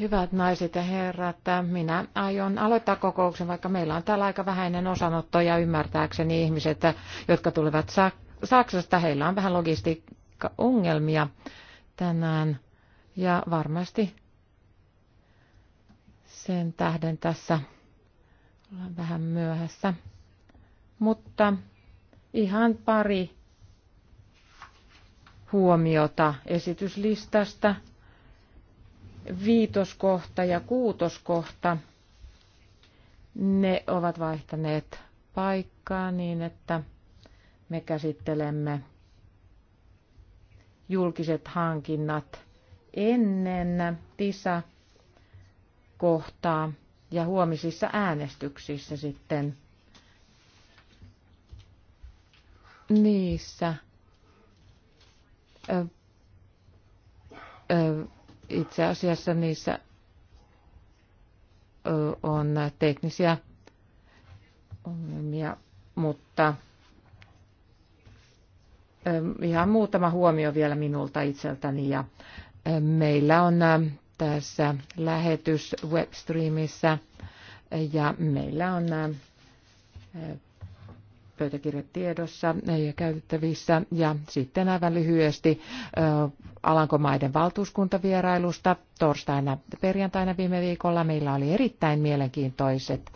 Hyvät naiset ja herrat, minä aion aloittaa kokouksen, vaikka meillä on täällä aika vähäinen osanotto ja ymmärtääkseni ihmiset, jotka tulevat Saksasta, heillä on vähän logistiikkaongelmia tänään ja varmasti sen tähden tässä ollaan vähän myöhässä. Mutta ihan pari huomiota esityslistasta. Viitoskohta ja kuutoskohta, ne ovat vaihtaneet paikkaa niin, että me käsittelemme julkiset hankinnat ennen TISA-kohtaa ja huomisissa äänestyksissä sitten niissä itse asiassa niissä on teknisiä ongelmia, mutta ihan muutama huomio vielä minulta itseltäni. Ja meillä on tässä lähetys webstreamissä ja meillä on pöytäkirjat tiedossa ja käytettävissä. Ja sitten aivan lyhyesti Alankomaiden valtuuskuntavierailusta torstaina perjantaina viime viikolla. Meillä oli erittäin mielenkiintoiset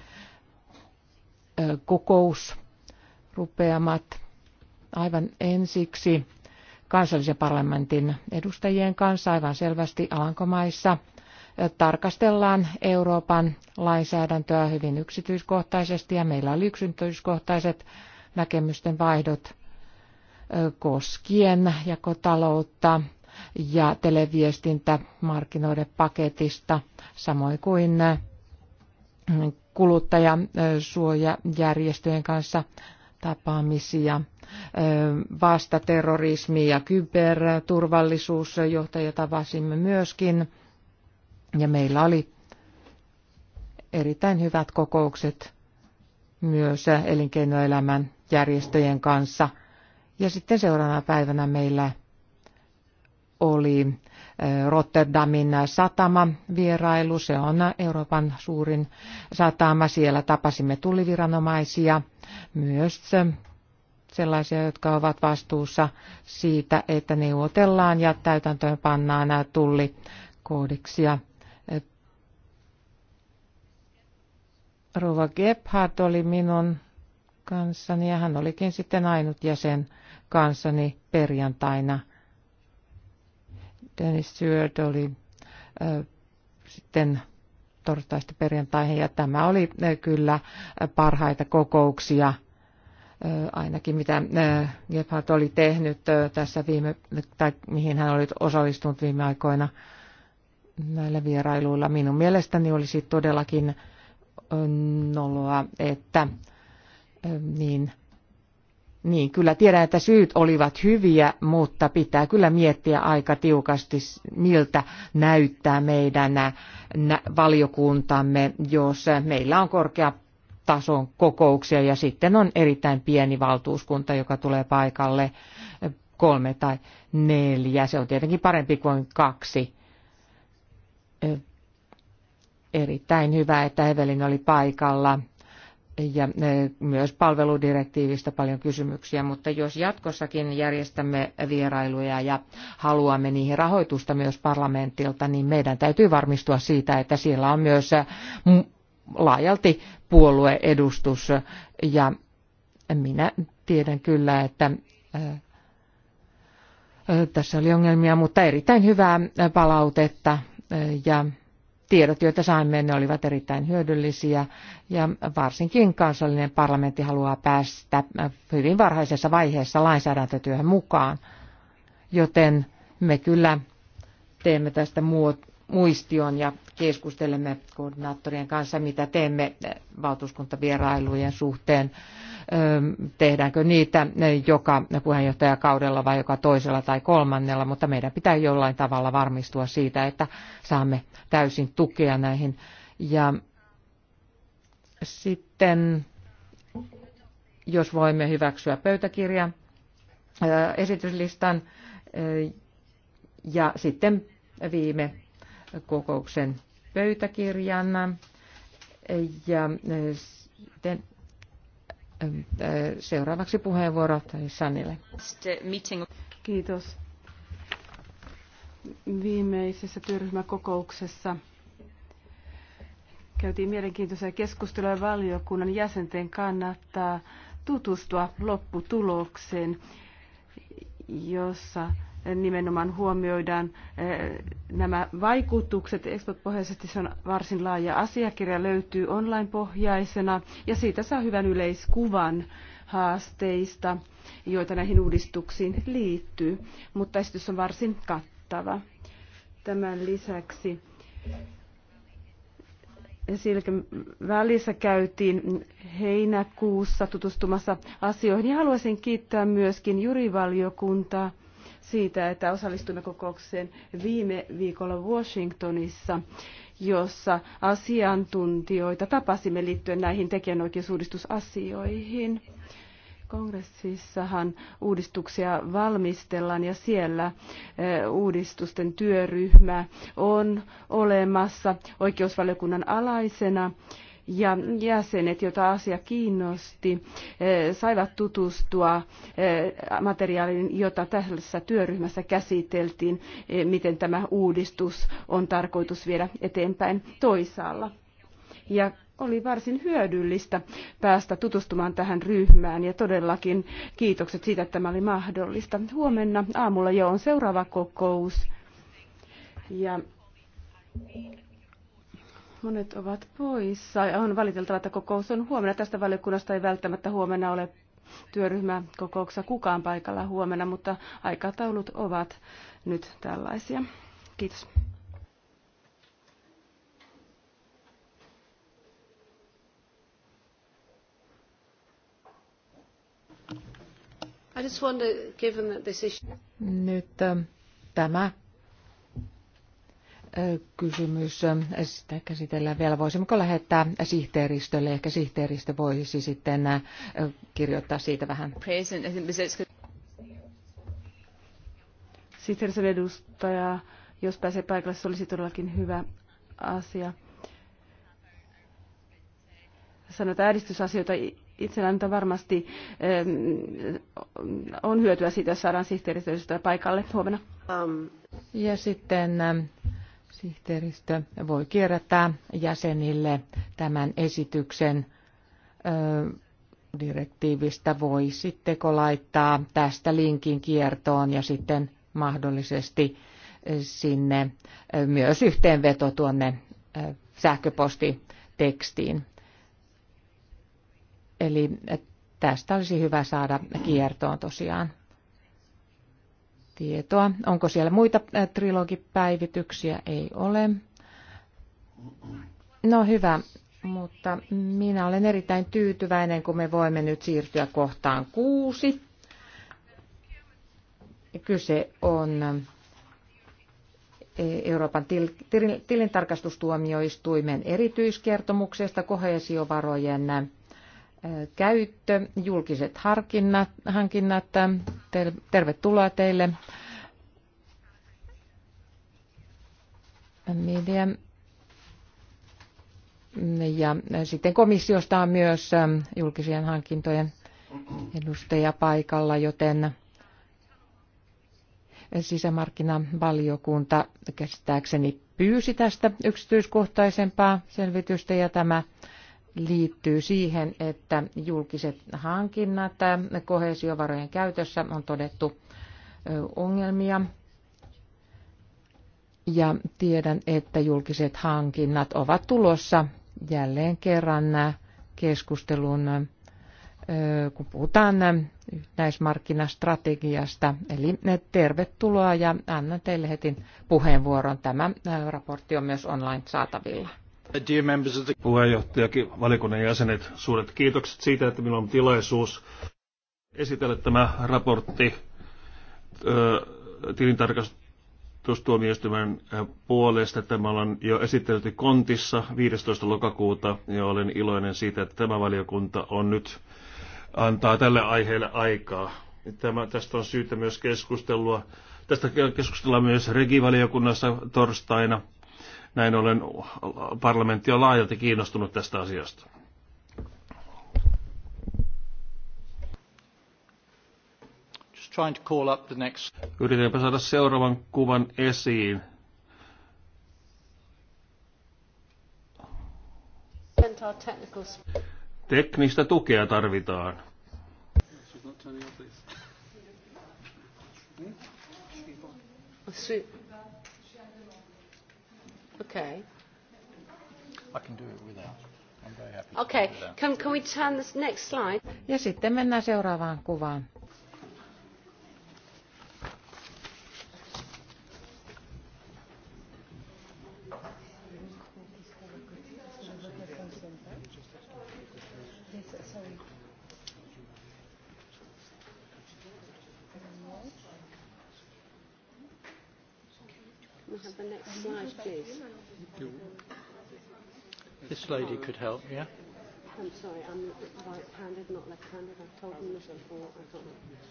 kokousrupeamat aivan ensiksi kansallisen parlamentin edustajien kanssa aivan selvästi Alankomaissa – tarkastellaan Euroopan lainsäädäntöä hyvin yksityiskohtaisesti ja meillä oli yksityiskohtaiset näkemysten vaihdot koskien jakotaloutta ja televiestintämarkkinoiden paketista, samoin kuin kuluttajasuojajärjestöjen kanssa tapaamisia, vastaterrorismi ja kyberturvallisuusjohtaja tavasimme myöskin ja meillä oli erittäin hyvät kokoukset myös elinkeinoelämän järjestöjen kanssa. Ja sitten seuraavana päivänä meillä oli eh, Rotterdamin satama vierailu. Se on Euroopan suurin satama. Siellä tapasimme tulliviranomaisia, myös sellaisia, jotka ovat vastuussa siitä, että neuvotellaan ja täytäntöön pannaan nämä tullikoodiksia. Rova Gebhardt oli minun kanssani ja hän olikin sitten ainut jäsen kanssani perjantaina. Dennis Stewart oli äh, sitten torstaista perjantaihin ja tämä oli äh, kyllä äh, parhaita kokouksia, ainakin mitä Gebhardt oli tehnyt tässä viime, tai mihin hän oli osallistunut viime aikoina näillä vierailuilla. Minun mielestäni olisi todellakin noloa, että niin, niin kyllä tiedän, että syyt olivat hyviä, mutta pitää kyllä miettiä aika tiukasti, miltä näyttää meidän valiokuntamme, jos meillä on korkea tason kokouksia ja sitten on erittäin pieni valtuuskunta, joka tulee paikalle kolme tai neljä. Se on tietenkin parempi kuin kaksi erittäin hyvä, että Evelin oli paikalla ja e, myös palveludirektiivistä paljon kysymyksiä, mutta jos jatkossakin järjestämme vierailuja ja haluamme niihin rahoitusta myös parlamentilta, niin meidän täytyy varmistua siitä, että siellä on myös e, laajalti puolueedustus ja minä tiedän kyllä, että e, tässä oli ongelmia, mutta erittäin hyvää palautetta ja tiedot, joita saimme, ne olivat erittäin hyödyllisiä ja varsinkin kansallinen parlamentti haluaa päästä hyvin varhaisessa vaiheessa lainsäädäntötyöhön mukaan, joten me kyllä teemme tästä muistion ja keskustelemme koordinaattorien kanssa, mitä teemme valtuuskuntavierailujen suhteen tehdäänkö niitä joka puheenjohtajakaudella vai joka toisella tai kolmannella, mutta meidän pitää jollain tavalla varmistua siitä, että saamme täysin tukea näihin. Ja sitten, jos voimme hyväksyä pöytäkirjan, esityslistan ja sitten viime kokouksen pöytäkirjan ja sitten Seuraavaksi puheenvuoro Sanille. Kiitos. Viimeisessä työryhmäkokouksessa käytiin mielenkiintoisia keskusteluja valiokunnan jäsenten kannattaa tutustua lopputulokseen, jossa nimenomaan huomioidaan eh, nämä vaikutukset. Export-pohjaisesti se on varsin laaja asiakirja, löytyy online-pohjaisena ja siitä saa hyvän yleiskuvan haasteista, joita näihin uudistuksiin liittyy, mutta esitys on varsin kattava. Tämän lisäksi Silke välissä käytiin heinäkuussa tutustumassa asioihin ja haluaisin kiittää myöskin jurivaliokuntaa siitä, että osallistuimme kokoukseen viime viikolla Washingtonissa, jossa asiantuntijoita tapasimme liittyen näihin tekijänoikeusuudistusasioihin. Kongressissahan uudistuksia valmistellaan ja siellä eh, uudistusten työryhmä on olemassa oikeusvaliokunnan alaisena ja jäsenet, joita asia kiinnosti, eh, saivat tutustua eh, materiaaliin, jota tässä työryhmässä käsiteltiin, eh, miten tämä uudistus on tarkoitus viedä eteenpäin toisaalla. Ja oli varsin hyödyllistä päästä tutustumaan tähän ryhmään ja todellakin kiitokset siitä, että tämä oli mahdollista. Huomenna aamulla jo on seuraava kokous. Ja Monet ovat poissa ja on valiteltava, että kokous on huomenna. Tästä valiokunnasta ei välttämättä huomenna ole työryhmäkokouksessa kukaan paikalla huomenna, mutta aikataulut ovat nyt tällaisia. Kiitos. I just wonder, given that this issue... Nyt äh, tämä kysymys. Sitä käsitellään vielä. Voisimmeko lähettää sihteeristölle? Ehkä sihteeristö voisi sitten kirjoittaa siitä vähän. Sihteeristön edustaja, jos pääsee paikalle, se olisi todellakin hyvä asia. Sanotaan äänestysasioita itsellään varmasti on hyötyä siitä, jos saadaan sihteeristöstä paikalle huomenna. Ja sitten Sihteeristö voi kierrättää jäsenille tämän esityksen direktiivistä. Voisitteko laittaa tästä linkin kiertoon ja sitten mahdollisesti sinne myös yhteenveto tuonne sähköpostitekstiin. Eli tästä olisi hyvä saada kiertoon tosiaan tietoa. Onko siellä muita trilogipäivityksiä? Ei ole. No hyvä, mutta minä olen erittäin tyytyväinen, kun me voimme nyt siirtyä kohtaan kuusi. Kyse on Euroopan tilintarkastustuomioistuimen erityiskertomuksesta kohesiovarojen käyttö, julkiset hankinnat, tervetuloa teille. Media. Ja sitten komissiosta on myös ähm, julkisien hankintojen edustaja paikalla, joten sisämarkkinavaliokunta käsittääkseni pyysi tästä yksityiskohtaisempaa selvitystä ja tämä liittyy siihen, että julkiset hankinnat kohesiovarojen käytössä on todettu ongelmia. Ja tiedän, että julkiset hankinnat ovat tulossa jälleen kerran keskustelun, kun puhutaan yhtenäismarkkinastrategiasta. Eli tervetuloa ja annan teille heti puheenvuoron. Tämä raportti on myös online saatavilla. Uh, Puheenjohtajakin, valiokunnan jäsenet, suuret kiitokset siitä, että minulla on tilaisuus esitellä tämä raportti tilintarkastustuomioistuimen puolesta. Tämä on jo esitelty Kontissa 15. lokakuuta ja olen iloinen siitä, että tämä valiokunta on nyt antaa tälle aiheelle aikaa. Tämä, tästä on syytä myös keskustelua. Tästä keskustellaan myös regivaliokunnassa torstaina näin ollen parlamentti on laajalti kiinnostunut tästä asiasta. trying to call up the next. Yritänpä saada seuraavan kuvan esiin. Teknistä tukea tarvitaan. Sweet. Okay. I can do it without. I'm very happy okay. To Can, can we turn this next slide? Ja sitten mennään seuraavaan kuvaan. have the next slide, please lady could help, yeah? I'm sorry, I'm right-handed, not left-handed. I've told them this before. I don't know.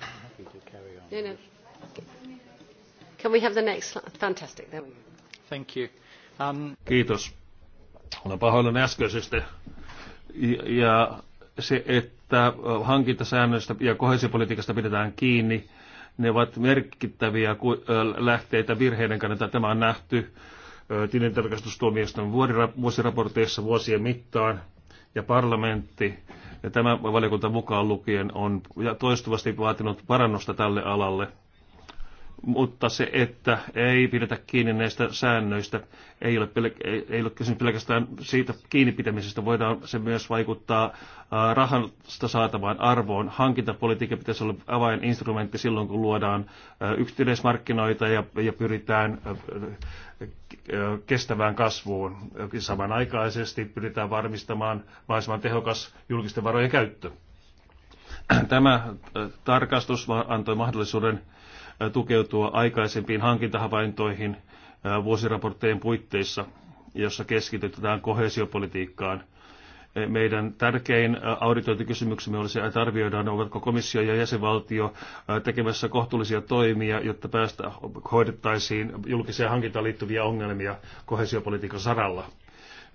I'm happy to carry on. No, no. Can we have the next slide? Fantastic. There we go. Thank you. Um... Kiitos. Olen pahoillani äskeisestä. ja se, että hankintasäännöistä ja kohesiopolitiikasta pidetään kiinni, ne ovat merkittäviä lähteitä virheiden kannalta. Tämä on nähty tilintarkastustuomioistuin vuosiraporteissa vuosien mittaan ja parlamentti ja tämä valiokunta mukaan lukien on toistuvasti vaatinut parannusta tälle alalle mutta se, että ei pidetä kiinni näistä säännöistä, ei ole, pelk- ei, ei ole kysymys pelkästään siitä kiinni pitämisestä, voidaan se myös vaikuttaa äh, rahasta saatavaan arvoon. Hankintapolitiikka pitäisi olla avaininstrumentti silloin, kun luodaan äh, yksityismarkkinoita ja, ja pyritään äh, kestävään kasvuun. Samanaikaisesti pyritään varmistamaan mahdollisimman tehokas julkisten varojen käyttö. Tämä tarkastus antoi mahdollisuuden tukeutua aikaisempiin hankintahavaintoihin vuosiraporttien puitteissa, jossa keskitytään kohesiopolitiikkaan. E, meidän tärkein auditointikysymyksemme olisi, että arvioidaan, ovatko komissio ja jäsenvaltio tekemässä kohtuullisia toimia, jotta päästä hoidettaisiin julkisia hankintaan liittyviä ongelmia kohesiopolitiikan saralla.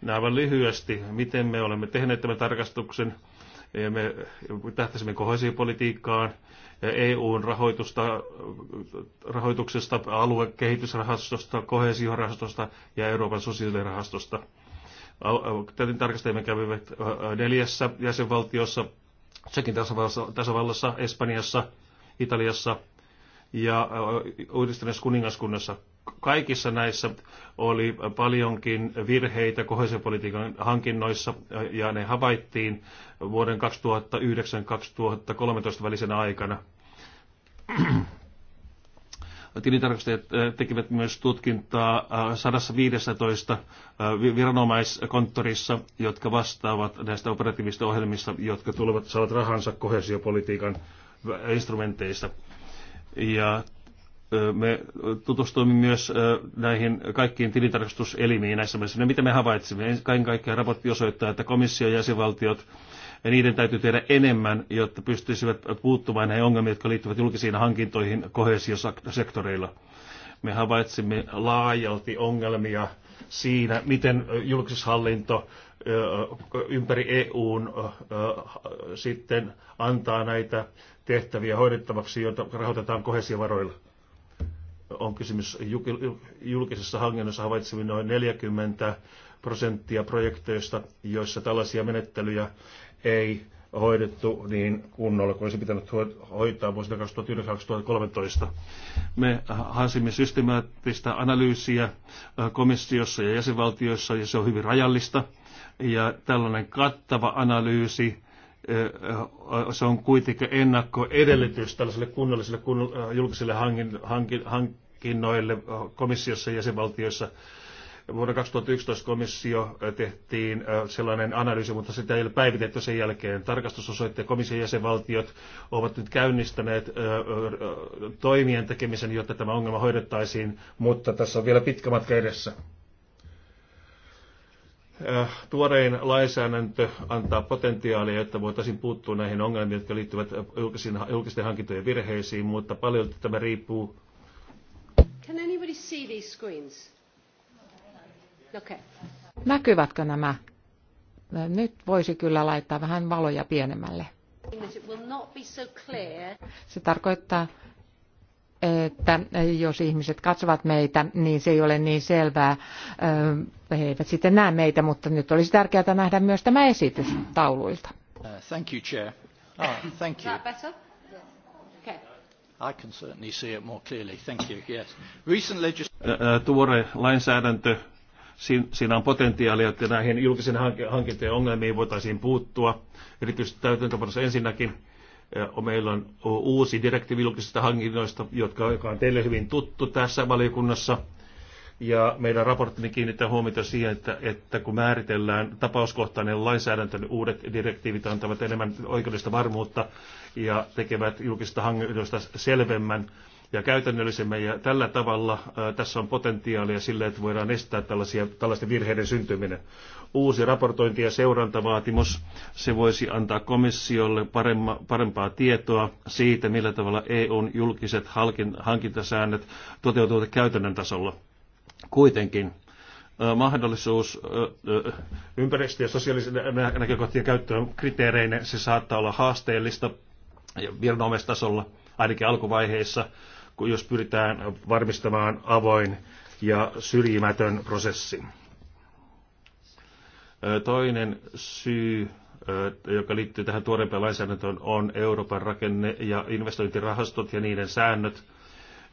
Nämä lyhyesti, miten me olemme tehneet tämän tarkastuksen. E, me tähtäisimme kohesiopolitiikkaan, EUn rahoitusta, rahoituksesta, aluekehitysrahastosta, kohesiorahastosta ja Euroopan sosiaalirahastosta. Äh, Tätin tarkastajamme kävivät äh, neljässä jäsenvaltiossa, Sekin tasavallassa, tasavallassa Espanjassa, Italiassa ja Uudistuneessa äh, kuningaskunnassa. Kaikissa näissä oli paljonkin virheitä kohesiopolitiikan hankinnoissa ja ne havaittiin vuoden 2009-2013 välisenä aikana – Tilintarkastajat äh, tekivät myös tutkintaa 115 äh, äh, viranomaiskonttorissa, jotka vastaavat näistä operatiivista ohjelmista, jotka tulevat saavat rahansa kohesiopolitiikan instrumenteista. Ja me tutustuimme myös näihin kaikkiin tilintarkastuselimiin näissä maissa. No, mitä me havaitsimme? Kaiken kaikkiaan raportti osoittaa, että komissio ja jäsenvaltiot ja niiden täytyy tehdä enemmän, jotta pystyisivät puuttumaan näihin ongelmiin, jotka liittyvät julkisiin hankintoihin kohesiosektoreilla. Me havaitsimme laajalti ongelmia siinä, miten julkishallinto ympäri EUn sitten antaa näitä tehtäviä hoidettavaksi, joita rahoitetaan kohesiovaroilla. On kysymys julkisessa hankinnassa havaitsimme noin 40 prosenttia projekteista, joissa tällaisia menettelyjä ei hoidettu niin kunnolla kuin olisi pitänyt hoitaa vuosina 2009-2013. Me hasimme systemaattista analyysiä komissiossa ja jäsenvaltioissa, ja se on hyvin rajallista. Ja tällainen kattava analyysi, se on kuitenkin ennakkoedellytys tällaiselle kunnolliselle julkiselle hankinnoille komissiossa ja jäsenvaltioissa Vuonna 2011 komissio tehtiin sellainen analyysi, mutta sitä ei ole päivitetty sen jälkeen. Tarkastus osoitti, että komission jäsenvaltiot ovat nyt käynnistäneet toimien tekemisen, jotta tämä ongelma hoidettaisiin, mutta tässä on vielä pitkä matka edessä. Tuorein lainsäädäntö antaa potentiaalia, että voitaisiin puuttua näihin ongelmiin, jotka liittyvät julkisten hankintojen virheisiin, mutta paljon tämä riippuu. Can anybody see these screens? Okay. Näkyvätkö nämä? Nyt voisi kyllä laittaa vähän valoja pienemmälle. Se tarkoittaa, että jos ihmiset katsovat meitä, niin se ei ole niin selvää. He eivät sitten näe meitä, mutta nyt olisi tärkeää nähdä myös tämä esitys tauluilta. Uh, thank you, Chair. Oh, thank you. I can certainly see it more clearly. Thank you. Yes. Recent legis- Tuore lainsäädäntö Siinä on potentiaalia, että näihin julkisen hankintojen ongelmiin voitaisiin puuttua. Erityisesti täytäntöpanossa ensinnäkin eh, meillä on uusi direktiivi julkisista hankinnoista, jotka, on teille hyvin tuttu tässä valiokunnassa. Ja meidän raporttini kiinnittää huomiota siihen, että, että kun määritellään tapauskohtainen lainsäädäntö, niin uudet direktiivit antavat enemmän oikeudellista varmuutta ja tekevät julkisista hankinnoista selvemmän ja käytännöllisemmän. Ja tällä tavalla ää, tässä on potentiaalia sille, että voidaan estää tällaisia, tällaisten virheiden syntyminen. Uusi raportointi- ja seurantavaatimus, se voisi antaa komissiolle paremma, parempaa tietoa siitä, millä tavalla EUn julkiset halkin, hankintasäännöt toteutuvat käytännön tasolla. Kuitenkin mahdollisuus ympäristö- ja sosiaalisen näkökohtien käyttöön kriteereinen, se saattaa olla haasteellista viranomaistasolla, ainakin alkuvaiheessa jos pyritään varmistamaan avoin ja syrjimätön prosessi. Toinen syy, joka liittyy tähän tuoreempaan lainsäädäntöön, on Euroopan rakenne- ja investointirahastot ja niiden säännöt.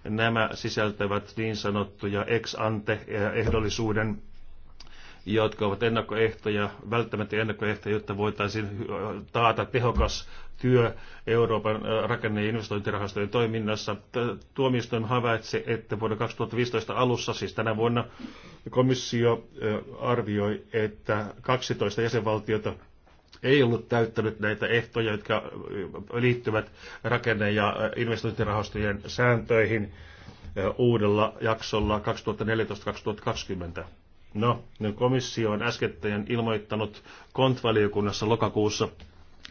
Nämä sisältävät niin sanottuja ex-ante-ehdollisuuden eh, jotka ovat ennakkoehtoja, välttämättä ennakkoehtoja, jotta voitaisiin taata tehokas työ Euroopan äh, rakenne- ja investointirahastojen toiminnassa. Tuomioistuin havaitsi, että vuoden 2015 alussa, siis tänä vuonna, komissio äh, arvioi, että 12 jäsenvaltiota ei ollut täyttänyt näitä ehtoja, jotka äh, liittyvät rakenne- ja investointirahastojen sääntöihin uudella jaksolla 2014-2020 No, niin komissio on äskettäin ilmoittanut kontvaliokunnassa lokakuussa,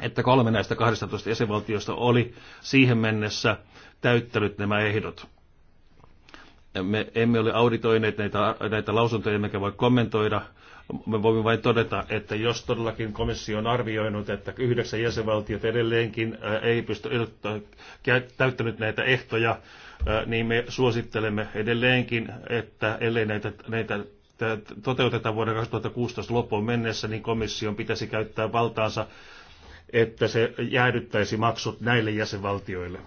että kolme näistä 12 jäsenvaltiosta oli siihen mennessä täyttänyt nämä ehdot. Me emme ole auditoineet näitä, näitä lausuntoja, emmekä voi kommentoida. Me voimme vain todeta, että jos todellakin komissio on arvioinut, että yhdeksän jäsenvaltiot edelleenkin äh, ei pysty täyttänyt näitä ehtoja, äh, niin me suosittelemme edelleenkin, että ellei näitä, näitä toteutetaan vuoden 2016 loppuun mennessä, niin komission pitäisi käyttää valtaansa, että se jäädyttäisi maksut näille jäsenvaltioille.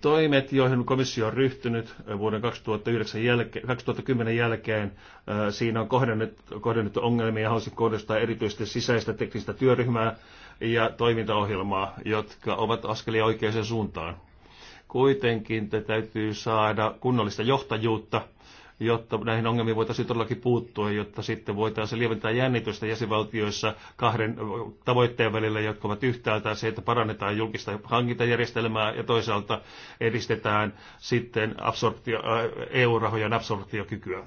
Toimet, joihin komissio on ryhtynyt vuoden 2009 jälke, 2010 jälkeen, äh, siinä on kohdennettu, kohdennettu ongelmia ja haluaisin kohdistaa erityisesti sisäistä teknistä työryhmää ja toimintaohjelmaa, jotka ovat askelia oikeaan suuntaan kuitenkin te täytyy saada kunnollista johtajuutta jotta näihin ongelmiin voitaisiin todellakin puuttua, jotta sitten voitaisiin lieventää jännitystä jäsenvaltioissa kahden tavoitteen välillä, jotka ovat yhtäältä se, että parannetaan julkista hankintajärjestelmää ja toisaalta edistetään sitten absorptio, EU-rahojen absorptiokykyä.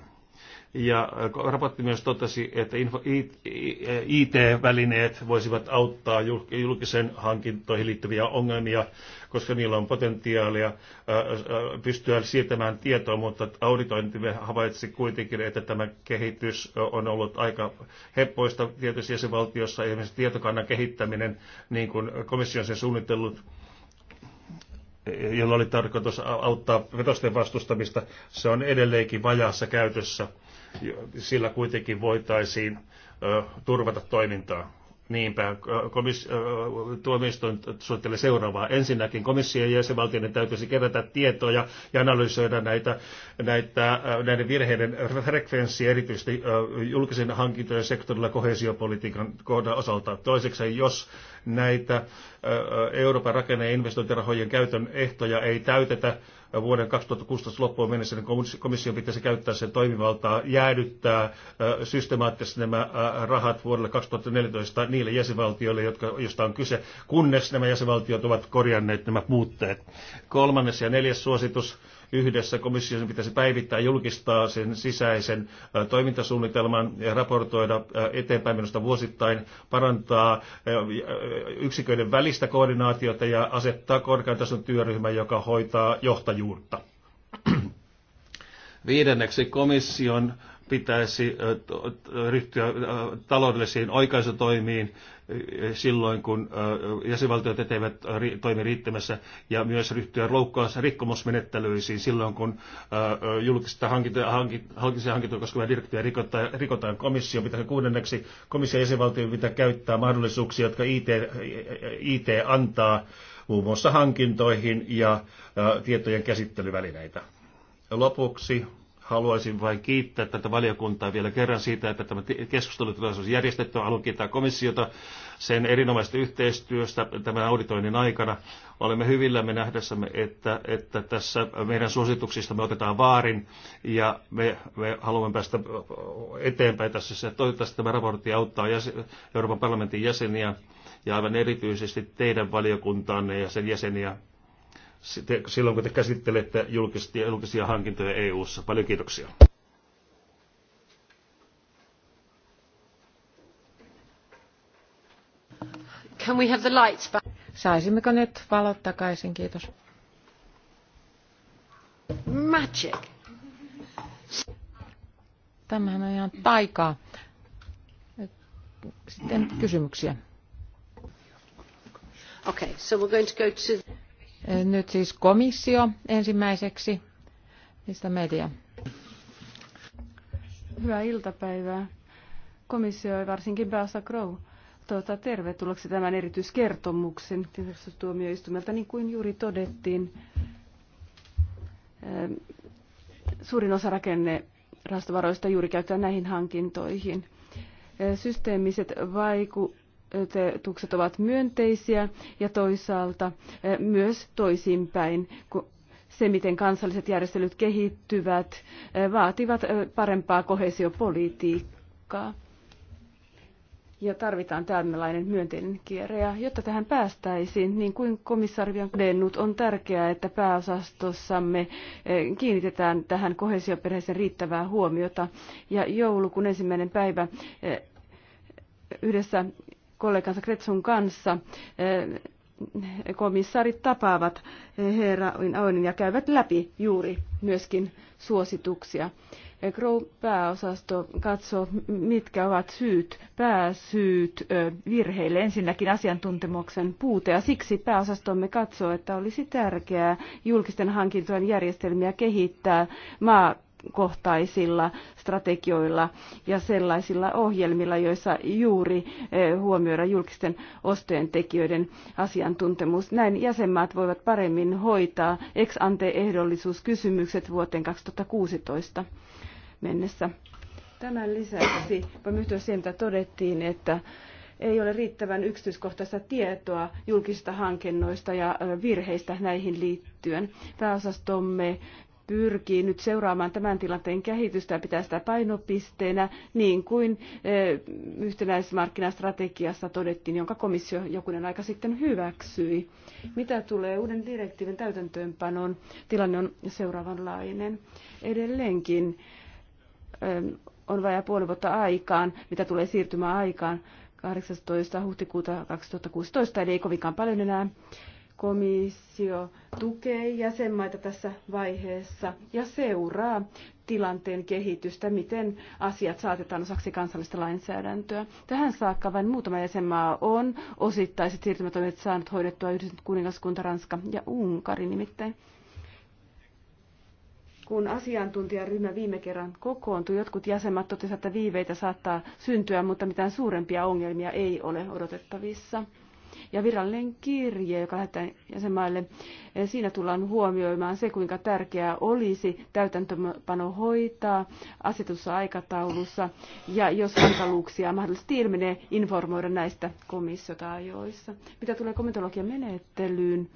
Ja äh, raportti myös totesi, että IT-välineet voisivat auttaa julkisen hankintoihin liittyviä ongelmia, koska niillä on potentiaalia äh, äh, pystyä siirtämään tietoa, mutta auditointi havaitsi kuitenkin, että tämä kehitys on ollut aika heppoista tietyissä valtiossa, esimerkiksi tietokannan kehittäminen, niin kuin komission sen suunnitellut, jolla oli tarkoitus auttaa vetosten vastustamista, se on edelleenkin vajaassa käytössä sillä kuitenkin voitaisiin turvata toimintaa. Niinpä, komis, tuomioistuin suunnittelee seuraavaa. Ensinnäkin komission ja jäsenvaltioiden täytyisi kerätä tietoja ja analysoida näitä, näitä, näiden virheiden frekvenssiä erityisesti julkisen hankintojen sektorilla kohesiopolitiikan kohdan osalta. Toiseksi, jos näitä Euroopan rakenne- ja investointirahojen käytön ehtoja ei täytetä, vuoden 2016 loppuun mennessä, niin komissio pitäisi käyttää sen toimivaltaa jäädyttää systemaattisesti nämä rahat vuodelle 2014 niille jäsenvaltioille, jotka, josta on kyse, kunnes nämä jäsenvaltiot ovat korjanneet nämä puutteet. Kolmannes ja neljäs suositus Yhdessä komission pitäisi päivittää julkistaa sen sisäisen toimintasuunnitelman ja raportoida eteenpäin minusta vuosittain, parantaa yksiköiden välistä koordinaatiota ja asettaa korkean tason työryhmä, joka hoitaa johtajuutta. Viidenneksi komission pitäisi ryhtyä taloudellisiin oikaisutoimiin silloin, kun jäsenvaltiot eivät toimi riittämässä, ja myös ryhtyä loukkaus- rikkomusmenettelyisiin silloin, kun julkista hankintoja, hankintoja, hankintoja koskevia direktiivejä rikotaan, rikotaan komissio. Pitää kuudenneksi komission jäsenvaltioiden pitää käyttää mahdollisuuksia, jotka IT, IT antaa muun muassa hankintoihin ja tietojen käsittelyvälineitä. Lopuksi Haluaisin vain kiittää tätä valiokuntaa vielä kerran siitä, että tämä keskustelutilaisuus on järjestetty. Haluan kiittää komissiota sen erinomaisesta yhteistyöstä tämän auditoinnin aikana. Olemme hyvillämme nähdessämme, että, että tässä meidän suosituksista me otetaan vaarin ja me, me haluamme päästä eteenpäin tässä. Toivottavasti tämä raportti auttaa jäsen, Euroopan parlamentin jäseniä ja aivan erityisesti teidän valiokuntaanne ja sen jäseniä silloin, kun te käsittelette julkisia, julkisia hankintoja EU-ssa. Paljon kiitoksia. Can we have the lights back? Saisimmeko nyt valot takaisin, kiitos. Magic. Tämähän on ihan taikaa. Sitten kysymyksiä. Okay, so we're going to go to... Nyt siis komissio ensimmäiseksi. Mistä media? Hyvää iltapäivää. Komissio varsinkin Bassa Crow tuota, tervetulleeksi tämän erityiskertomuksen tuomioistumelta. Niin kuin juuri todettiin, suurin osa rakennerahastovaroista juuri käytetään näihin hankintoihin. Systeemiset vaiku- odotukset ovat myönteisiä ja toisaalta eh, myös toisinpäin, se, miten kansalliset järjestelyt kehittyvät, eh, vaativat eh, parempaa kohesiopolitiikkaa. Ja tarvitaan tällainen myönteinen kierre. Ja jotta tähän päästäisiin, niin kuin komissaari on todennut, on tärkeää, että pääosastossamme kiinnitetään tähän kohesioperheeseen riittävää huomiota. Ja joulukuun ensimmäinen päivä yhdessä kollegansa Kretsun kanssa eh, komissaarit tapaavat herra Oinin ja käyvät läpi juuri myöskin suosituksia. Eh, Grow-pääosasto katsoo, mitkä ovat syyt, pääsyyt eh, virheille. Ensinnäkin asiantuntemuksen puute, ja siksi pääosastomme katsoo, että olisi tärkeää julkisten hankintojen järjestelmiä kehittää maa kohtaisilla strategioilla ja sellaisilla ohjelmilla, joissa juuri eh, huomioida julkisten ostojen tekijöiden asiantuntemus. Näin jäsenmaat voivat paremmin hoitaa ex ante ehdollisuuskysymykset vuoteen 2016 mennessä. Tämän lisäksi voimme yhtyä siihen, mitä todettiin, että ei ole riittävän yksityiskohtaista tietoa julkisista hankinnoista ja virheistä näihin liittyen. Pääosastomme pyrkii nyt seuraamaan tämän tilanteen kehitystä ja pitää sitä painopisteenä, niin kuin eh, yhtenäismarkkinastrategiassa todettiin, jonka komissio jokunen aika sitten hyväksyi. Mitä tulee uuden direktiivin täytäntöönpanoon, tilanne on seuraavanlainen. Edelleenkin eh, on vajaa puoli vuotta aikaan, mitä tulee siirtymäaikaan 18. huhtikuuta 2016, eli ei kovinkaan paljon enää komissio tukee jäsenmaita tässä vaiheessa ja seuraa tilanteen kehitystä, miten asiat saatetaan osaksi kansallista lainsäädäntöä. Tähän saakka vain muutama jäsenmaa on osittaiset siirtymätoimet saanut hoidettua yhdistetty kuningaskunta, Ranska ja Unkari nimittäin. Kun asiantuntijaryhmä viime kerran kokoontui, jotkut jäsenmaat totesivat, että viiveitä saattaa syntyä, mutta mitään suurempia ongelmia ei ole odotettavissa ja virallinen kirje, joka lähetetään jäsenmaille, eh, siinä tullaan huomioimaan se, kuinka tärkeää olisi täytäntöpano hoitaa asetussa aikataulussa ja jos hankaluuksia mahdollisesti ilmenee, informoida näistä komissiota ajoissa. Mitä tulee komentologian menettelyyn,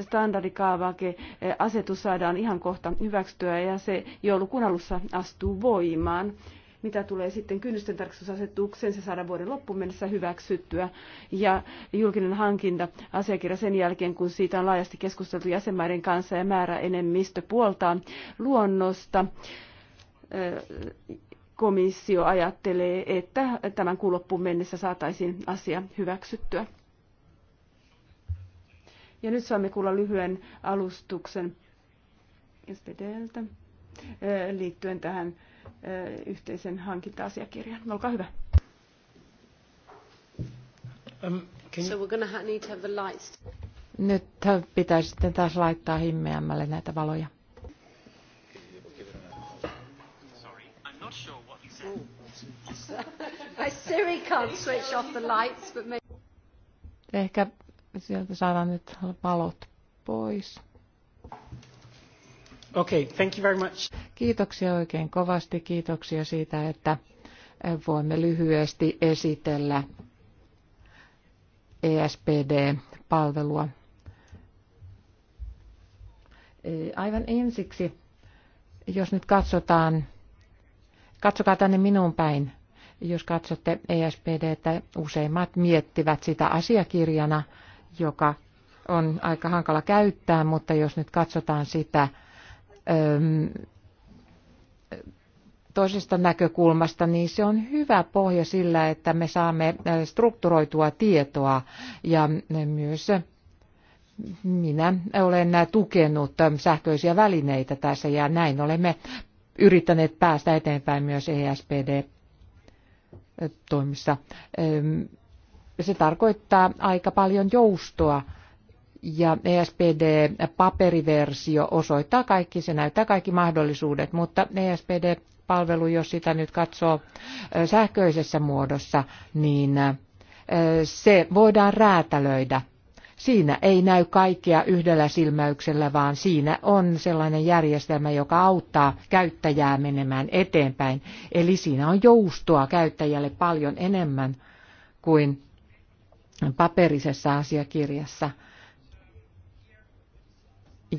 standardikaavake eh, asetus saadaan ihan kohta hyväksyttyä ja se joulukuun alussa astuu voimaan mitä tulee sitten kynnysten tarkastusasetukseen, se saadaan vuoden loppuun mennessä hyväksyttyä. Ja julkinen hankinta asiakirja sen jälkeen, kun siitä on laajasti keskusteltu jäsenmaiden kanssa ja määrä enemmistö puoltaa luonnosta komissio ajattelee, että tämän kuun loppuun mennessä saataisiin asia hyväksyttyä. Ja nyt saamme kuulla lyhyen alustuksen SPDltä liittyen tähän yhteisen hankinta-asiakirjan. Olkaa hyvä. Um, so we're gonna need to have the lights. Nyt pitäisi sitten taas laittaa himmeämmälle näitä valoja. Oh. Ehkä sieltä saadaan nyt valot pois. Okay, thank you very much. Kiitoksia oikein kovasti. Kiitoksia siitä, että voimme lyhyesti esitellä ESPD-palvelua. E, aivan ensiksi, jos nyt katsotaan, katsokaa tänne minun päin. Jos katsotte ESPD, että useimmat miettivät sitä asiakirjana, joka on aika hankala käyttää, mutta jos nyt katsotaan sitä, toisesta näkökulmasta, niin se on hyvä pohja sillä, että me saamme strukturoitua tietoa ja myös minä olen tukenut sähköisiä välineitä tässä ja näin olemme yrittäneet päästä eteenpäin myös ESPD-toimissa. Se tarkoittaa aika paljon joustoa ja ESPD-paperiversio osoittaa kaikki, se näyttää kaikki mahdollisuudet, mutta ESPD-palvelu, jos sitä nyt katsoo sähköisessä muodossa, niin se voidaan räätälöidä. Siinä ei näy kaikkea yhdellä silmäyksellä, vaan siinä on sellainen järjestelmä, joka auttaa käyttäjää menemään eteenpäin. Eli siinä on joustoa käyttäjälle paljon enemmän kuin paperisessa asiakirjassa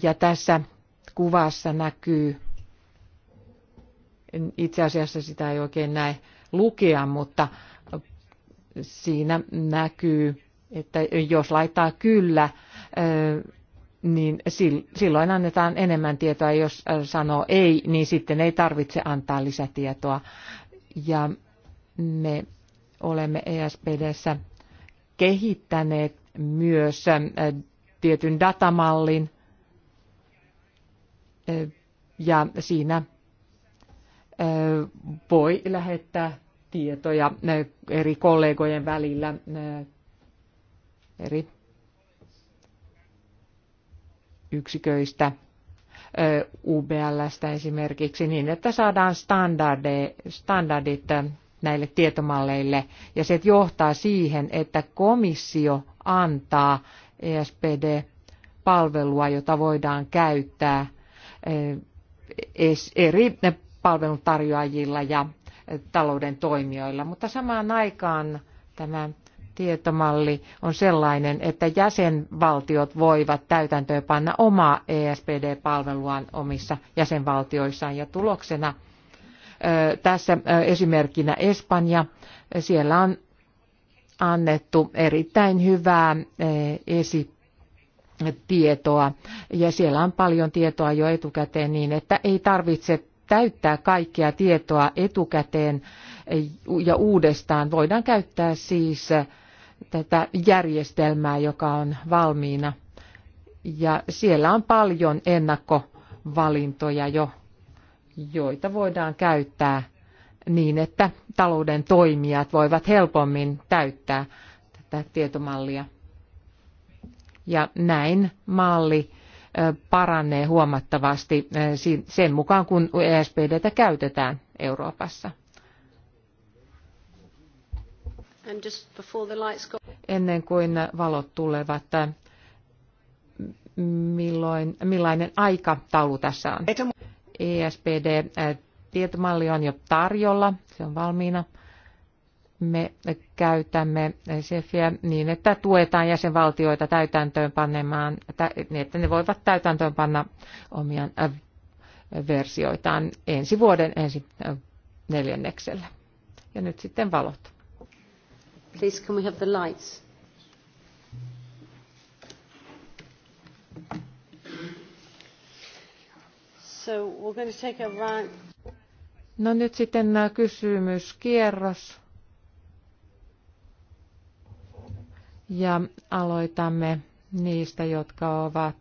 ja tässä kuvassa näkyy, itse asiassa sitä ei oikein näe lukea, mutta siinä näkyy, että jos laittaa kyllä, niin silloin annetaan enemmän tietoa. Jos sanoo ei, niin sitten ei tarvitse antaa lisätietoa. Ja me olemme ESPDssä kehittäneet myös tietyn datamallin, ja siinä voi lähettää tietoja eri kollegojen välillä eri yksiköistä, UBLstä esimerkiksi, niin että saadaan standardit näille tietomalleille, ja se johtaa siihen, että komissio antaa ESPD-palvelua, jota voidaan käyttää Eh, eri palveluntarjoajilla ja eh, talouden toimijoilla. Mutta samaan aikaan tämä tietomalli on sellainen, että jäsenvaltiot voivat täytäntöönpanna omaa ESPD-palveluaan omissa jäsenvaltioissaan ja tuloksena eh, tässä esimerkkinä Espanja. Siellä on annettu erittäin hyvää esittelyä tietoa ja siellä on paljon tietoa jo etukäteen niin, että ei tarvitse täyttää kaikkea tietoa etukäteen ja uudestaan. Voidaan käyttää siis tätä järjestelmää, joka on valmiina. Ja siellä on paljon ennakkovalintoja jo, joita voidaan käyttää niin, että talouden toimijat voivat helpommin täyttää tätä tietomallia ja näin malli paranee huomattavasti sen mukaan, kun ESPDtä käytetään Euroopassa. Ennen kuin valot tulevat, milloin, millainen aikataulu tässä on? ESPD-tietomalli e on jo tarjolla, se on valmiina me käytämme SEFiä niin, että tuetaan jäsenvaltioita täytäntöönpanemaan, niin että ne voivat täytäntöönpanna omia äh, versioitaan ensi vuoden ensi äh, neljänneksellä. Ja nyt sitten valot. Please can we have the lights? So we're going to take a round. No nyt sitten äh, kysymyskierros. ja aloitamme niistä, jotka ovat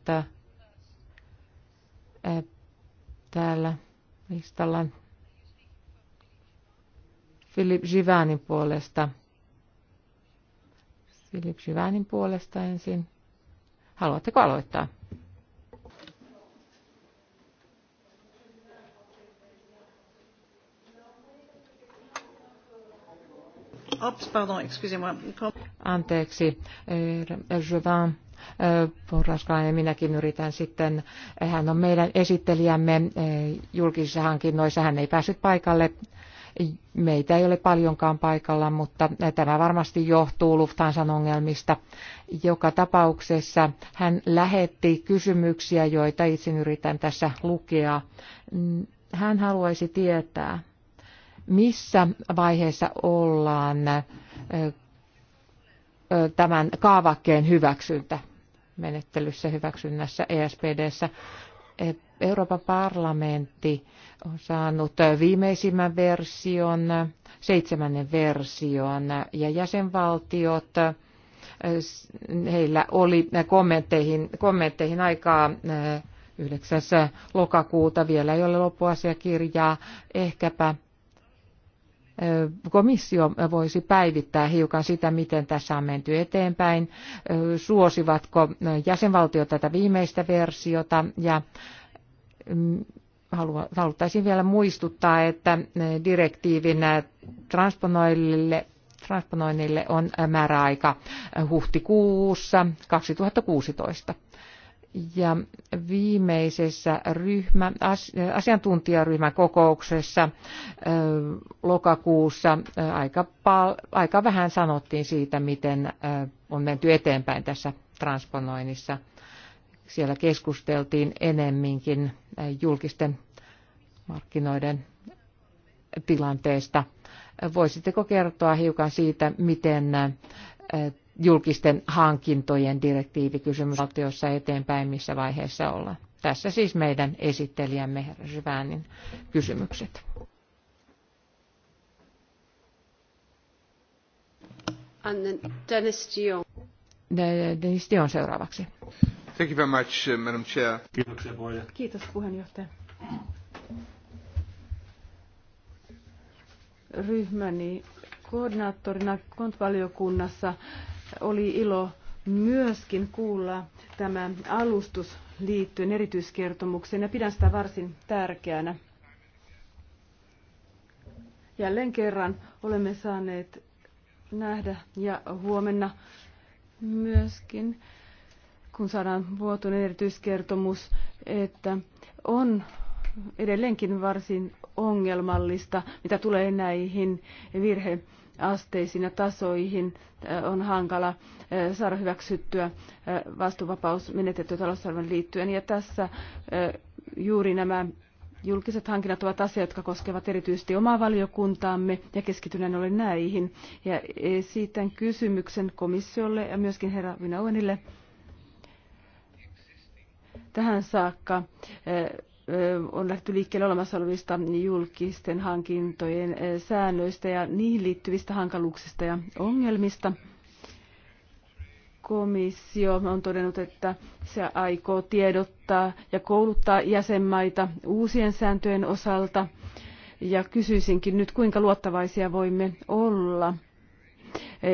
täällä listalla Philip Givanin puolesta. Philip Givanin puolesta ensin. Haluatteko aloittaa? Ops, pardon, Anteeksi, eh, Jovan eh, porraskainen, minäkin yritän sitten. Hän on meidän esittelijämme eh, julkisissa hankinnoissa. Hän ei päässyt paikalle. Meitä ei ole paljonkaan paikalla, mutta tämä varmasti johtuu Lufthansan ongelmista. Joka tapauksessa hän lähetti kysymyksiä, joita itse yritän tässä lukea. Hän haluaisi tietää, missä vaiheessa ollaan tämän kaavakkeen hyväksyntä menettelyssä hyväksynnässä ESPDssä. E, Euroopan parlamentti on saanut viimeisimmän version, seitsemännen version, ja jäsenvaltiot, heillä oli kommentteihin, kommentteihin aikaa 9. lokakuuta, vielä ei ole loppuasiakirjaa, ehkäpä komissio voisi päivittää hiukan sitä, miten tässä on menty eteenpäin, suosivatko jäsenvaltiot tätä viimeistä versiota ja mm, haluttaisiin vielä muistuttaa, että direktiivin transponoille transponoinnille on määräaika huhtikuussa 2016. Ja viimeisessä ryhmä, asiantuntijaryhmän kokouksessa lokakuussa aika, pal, aika vähän sanottiin siitä, miten on menty eteenpäin tässä transponoinnissa. Siellä keskusteltiin enemminkin julkisten markkinoiden tilanteesta. Voisitteko kertoa hiukan siitä, miten julkisten hankintojen direktiivikysymys valtioissa eteenpäin, missä vaiheessa ollaan. Tässä siis meidän esittelijämme Syväänin kysymykset. Dennis Dion. Dennis Dion seuraavaksi. Thank you very much, uh, Madam Chair. Kiitoksia puheenjohtaja. Kiitos puheenjohtaja. Ryhmäni koordinaattorina kontvaliokunnassa oli ilo myöskin kuulla tämä alustus liittyen erityiskertomukseen ja pidän sitä varsin tärkeänä. Jälleen kerran olemme saaneet nähdä ja huomenna myöskin, kun saadaan vuotuinen erityiskertomus, että on edelleenkin varsin ongelmallista, mitä tulee näihin virhe asteisiin ja tasoihin äh, on hankala äh, saada hyväksyttyä äh, vastuuvapaus menetettyä talousarvon liittyen. Ja tässä juuri nämä julkiset hankinnat ovat asia, jotka koskevat erityisesti omaa valiokuntaamme ja keskityneen olen näihin. Ja e, esitän kysymyksen komissiolle ja myöskin herra Vinauenille tähän saakka on lähdetty liikkeelle olemassa olevista julkisten hankintojen säännöistä ja niihin liittyvistä hankaluuksista ja ongelmista. Komissio on todennut, että se aikoo tiedottaa ja kouluttaa jäsenmaita uusien sääntöjen osalta. Ja kysyisinkin nyt, kuinka luottavaisia voimme olla –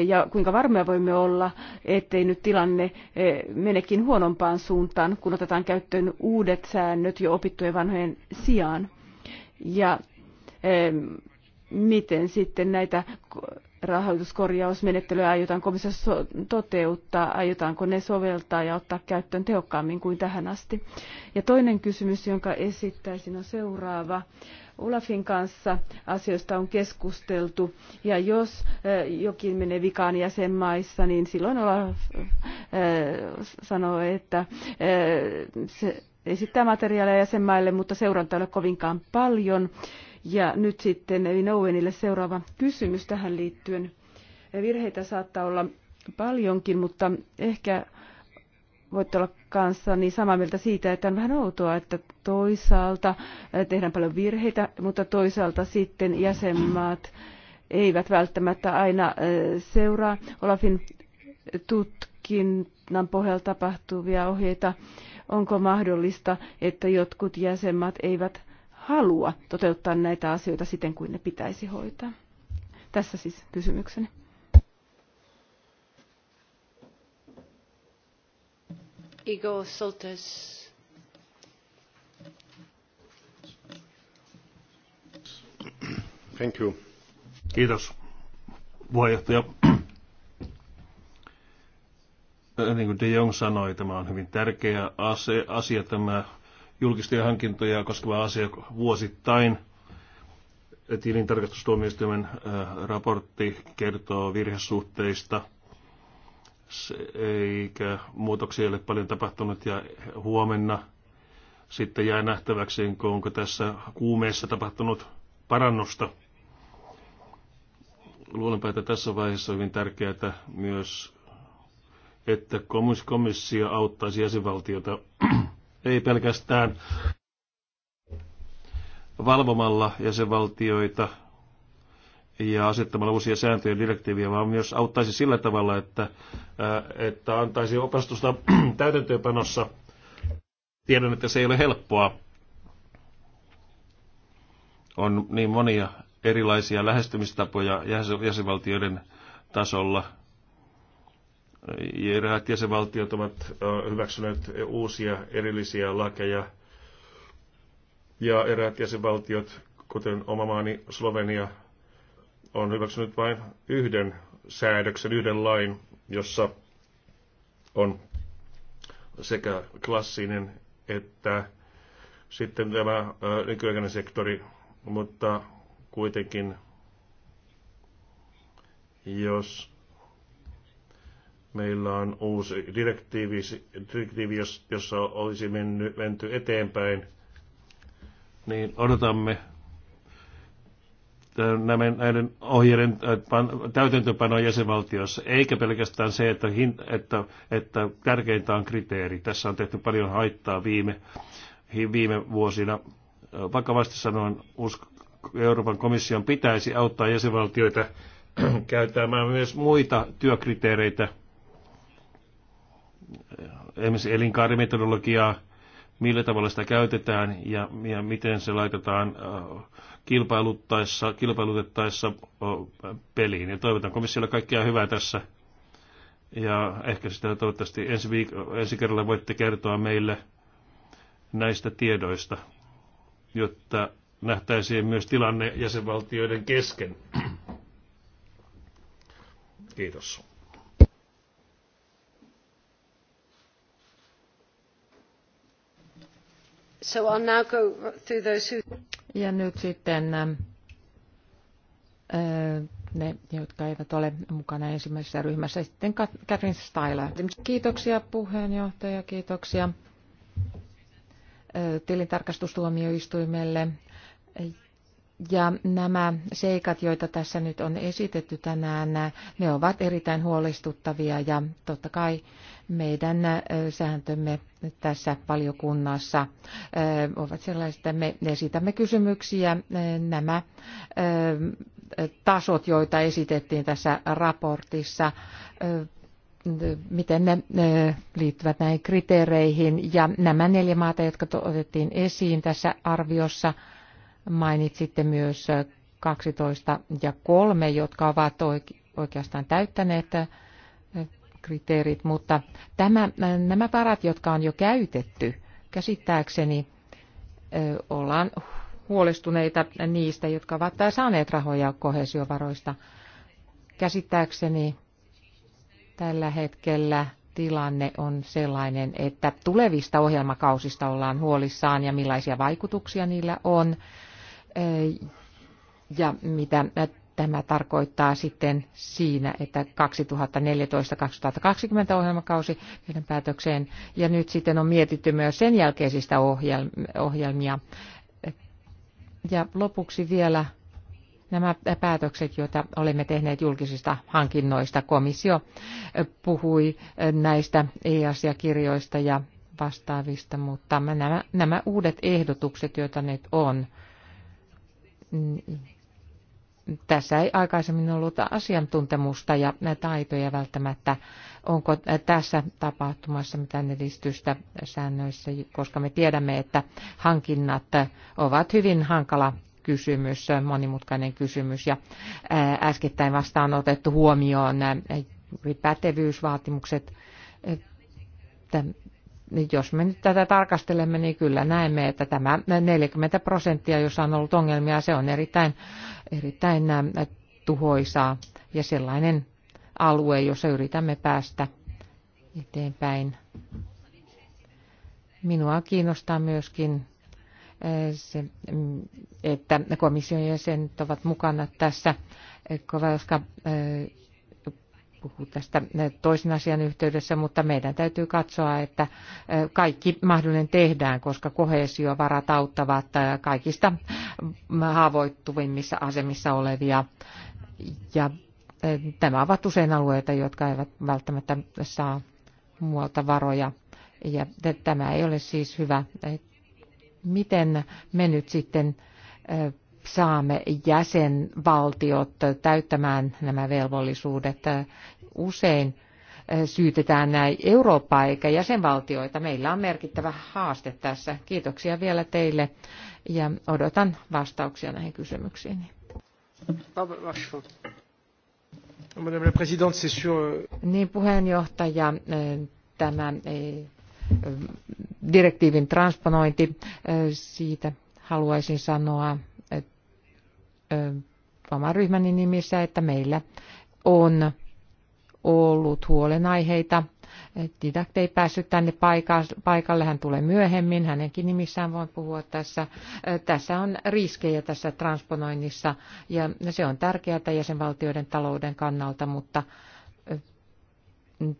ja kuinka varmoja voimme olla, ettei nyt tilanne eh, menekin huonompaan suuntaan, kun otetaan käyttöön uudet säännöt jo opittujen vanhojen sijaan. Ja miten sitten näitä rahoituskorjausmenettelyä aiotaan komissiossa toteuttaa, aiotaanko ne soveltaa ja ottaa käyttöön tehokkaammin kuin tähän asti. Ja toinen kysymys, jonka esittäisin, on seuraava. Olafin kanssa asioista on keskusteltu ja jos eh, jokin menee vikaan jäsenmaissa, niin silloin Olaf eh, sanoo, että eh, se esittää materiaalia jäsenmaille, mutta seuranta ei ole kovinkaan paljon. Ja nyt sitten Evin Owenille seuraava kysymys tähän liittyen. Virheitä saattaa olla paljonkin, mutta ehkä voitte olla niin samaa mieltä siitä, että on vähän outoa, että toisaalta eh, tehdään paljon virheitä, mutta toisaalta sitten jäsenmaat eivät välttämättä aina eh, seuraa Olafin tutkinnan pohjalta tapahtuvia ohjeita. Onko mahdollista, että jotkut jäsenmaat eivät halua toteuttaa näitä asioita siten kuin ne pitäisi hoitaa? Tässä siis kysymykseni. Kiitos puheenjohtaja. Äh, niin kuin De Jong sanoi, tämä on hyvin tärkeä asia, asia tämä julkisten hankintoja koskeva asia vuosittain. Tilintarkastustuomioistuimen äh, raportti kertoo virhesuhteista – eikä muutoksia ole paljon tapahtunut ja huomenna sitten jää nähtäväksi, onko tässä kuumeessa tapahtunut parannusta. Luulenpa, että tässä vaiheessa on hyvin tärkeää myös, että komissio auttaisi jäsenvaltiota ei pelkästään valvomalla jäsenvaltioita ja asettamalla uusia sääntöjä direktiiviä, vaan myös auttaisi sillä tavalla, että, äh, että antaisi opastusta täytäntöönpanossa. Tiedän, että se ei ole helppoa. On niin monia erilaisia lähestymistapoja jäsenvaltioiden tasolla. Eräät jäsenvaltiot ovat äh, hyväksyneet uusia erillisiä lakeja ja eräät jäsenvaltiot, kuten oma maani Slovenia, on hyväksynyt vain yhden säädöksen, yhden lain, jossa on sekä klassinen että sitten tämä nykyaikainen sektori, mutta kuitenkin jos meillä on uusi direktiivi, direktiivi jossa olisi menny, menty eteenpäin, niin odotamme nämä, näiden ohjeiden äh, täytäntöpano jäsenvaltioissa, eikä pelkästään se, että, hin, että, että tärkeintä on kriteeri. Tässä on tehty paljon haittaa viime, viime vuosina. Äh, vakavasti sanoen, Euroopan komission pitäisi auttaa jäsenvaltioita käyttämään myös muita työkriteereitä, esimerkiksi elinkaarimetodologiaa, millä tavalla sitä käytetään ja, ja miten se laitetaan äh, kilpailuttaessa, kilpailutettaessa peliin. Ja toivotan komissiolle kaikkea hyvää tässä. Ja ehkä sitä toivottavasti ensi, viik- ensi kerralla voitte kertoa meille näistä tiedoista, jotta nähtäisiin myös tilanne jäsenvaltioiden kesken. Kiitos. So I'll now go through those who... Ja nyt sitten ne, jotka eivät ole mukana ensimmäisessä ryhmässä, sitten Katrin Styler. Kiitoksia puheenjohtaja, kiitoksia tilintarkastustuomioistuimelle ja nämä seikat, joita tässä nyt on esitetty tänään, ne ovat erittäin huolestuttavia ja totta kai meidän sääntömme tässä valiokunnassa ovat sellaiset, että me esitämme kysymyksiä. Nämä tasot, joita esitettiin tässä raportissa, miten ne liittyvät näihin kriteereihin ja nämä neljä maata, jotka otettiin esiin tässä arviossa – Mainitsitte myös 12 ja 3, jotka ovat oikeastaan täyttäneet äh, kriteerit, mutta tämä, äh, nämä varat, jotka on jo käytetty, käsittääkseni äh, ollaan huolestuneita niistä, jotka ovat saaneet rahoja kohesiovaroista. Käsittääkseni tällä hetkellä tilanne on sellainen, että tulevista ohjelmakausista ollaan huolissaan ja millaisia vaikutuksia niillä on ja mitä tämä tarkoittaa sitten siinä, että 2014-2020 ohjelmakausi meidän päätökseen. Ja nyt sitten on mietitty myös sen jälkeisistä ohjelmia. Ja lopuksi vielä nämä päätökset, joita olemme tehneet julkisista hankinnoista. Komissio puhui näistä e-asiakirjoista ja vastaavista, mutta nämä, nämä uudet ehdotukset, joita nyt on, tässä ei aikaisemmin ollut asiantuntemusta ja taitoja välttämättä. Onko tässä tapahtumassa mitään edistystä säännöissä, koska me tiedämme, että hankinnat ovat hyvin hankala kysymys, monimutkainen kysymys ja äskettäin vastaan otettu huomioon pätevyysvaatimukset niin jos me nyt tätä tarkastelemme, niin kyllä näemme, että tämä 40 prosenttia, jossa on ollut ongelmia, se on erittäin, erittäin tuhoisaa ja sellainen alue, jossa yritämme päästä eteenpäin. Minua kiinnostaa myöskin se, mm, että komission jäsenet ovat mukana tässä, koska puhua tästä toisen asian yhteydessä, mutta meidän täytyy katsoa, että kaikki mahdollinen tehdään, koska kohesiovarat auttavat kaikista haavoittuvimmissa asemissa olevia. Ja nämä ovat usein alueita, jotka eivät välttämättä saa muualta varoja. Ja tämä ei ole siis hyvä. Miten me nyt sitten saamme jäsenvaltiot täyttämään nämä velvollisuudet. Usein eh, syytetään näin Eurooppaa eikä jäsenvaltioita. Meillä on merkittävä haaste tässä. Kiitoksia vielä teille ja odotan vastauksia näihin kysymyksiin. Madame la Présidente, c'est euh, Niin puheenjohtaja, eh, tämä eh, direktiivin transponointi, siitä haluaisin sanoa oman ryhmäni nimissä, että meillä on ollut huolenaiheita. Didakt ei päässyt tänne paikalle, hän tulee myöhemmin, hänenkin nimissään voin puhua tässä. Tässä on riskejä tässä transponoinnissa ja se on tärkeää jäsenvaltioiden talouden kannalta, mutta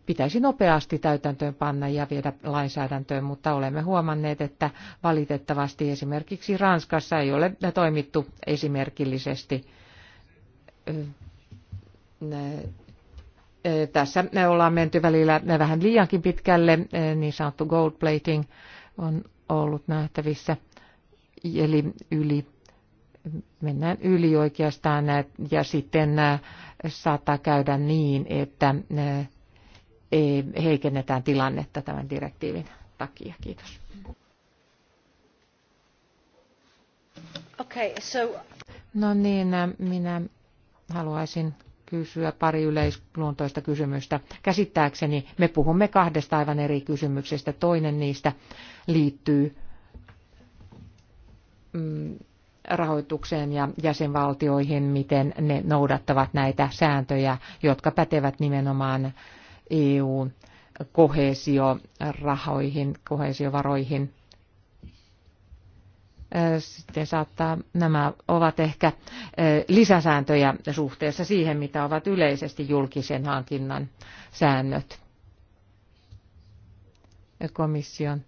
pitäisi nopeasti täytäntöön panna ja viedä lainsäädäntöön, mutta olemme huomanneet, että valitettavasti esimerkiksi Ranskassa ei ole toimittu esimerkillisesti. Tässä me ollaan menty välillä vähän liiankin pitkälle, niin sanottu gold plating on ollut nähtävissä, eli yli mennään yli oikeastaan ja sitten saattaa käydä niin, että heikennetään tilannetta tämän direktiivin takia. Kiitos. Okay, so... No niin, minä haluaisin kysyä pari yleisluontoista kysymystä. Käsittääkseni me puhumme kahdesta aivan eri kysymyksestä. Toinen niistä liittyy mm, rahoitukseen ja jäsenvaltioihin, miten ne noudattavat näitä sääntöjä, jotka pätevät nimenomaan EUn kohesiorahoihin, kohesiovaroihin. Sitten saattaa, nämä ovat ehkä e, lisäsääntöjä suhteessa siihen, mitä ovat yleisesti julkisen hankinnan säännöt komission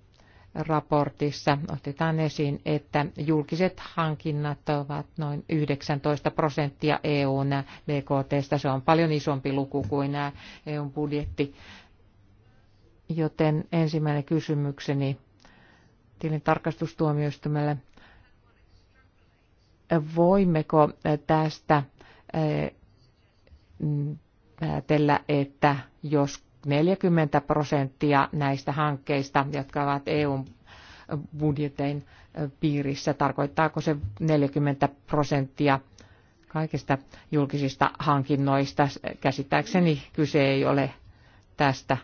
raportissa otetaan esiin, että julkiset hankinnat ovat noin 19 prosenttia EUn BKTstä. Se on paljon isompi luku kuin EUn budjetti. Joten ensimmäinen kysymykseni tilintarkastustuomioistumelle. Voimmeko tästä eh, mm, päätellä, että jos 40 prosenttia näistä hankkeista, jotka ovat EUn budjetein piirissä. Tarkoittaako se 40 prosenttia kaikista julkisista hankinnoista? Käsittääkseni kyse ei ole tästä,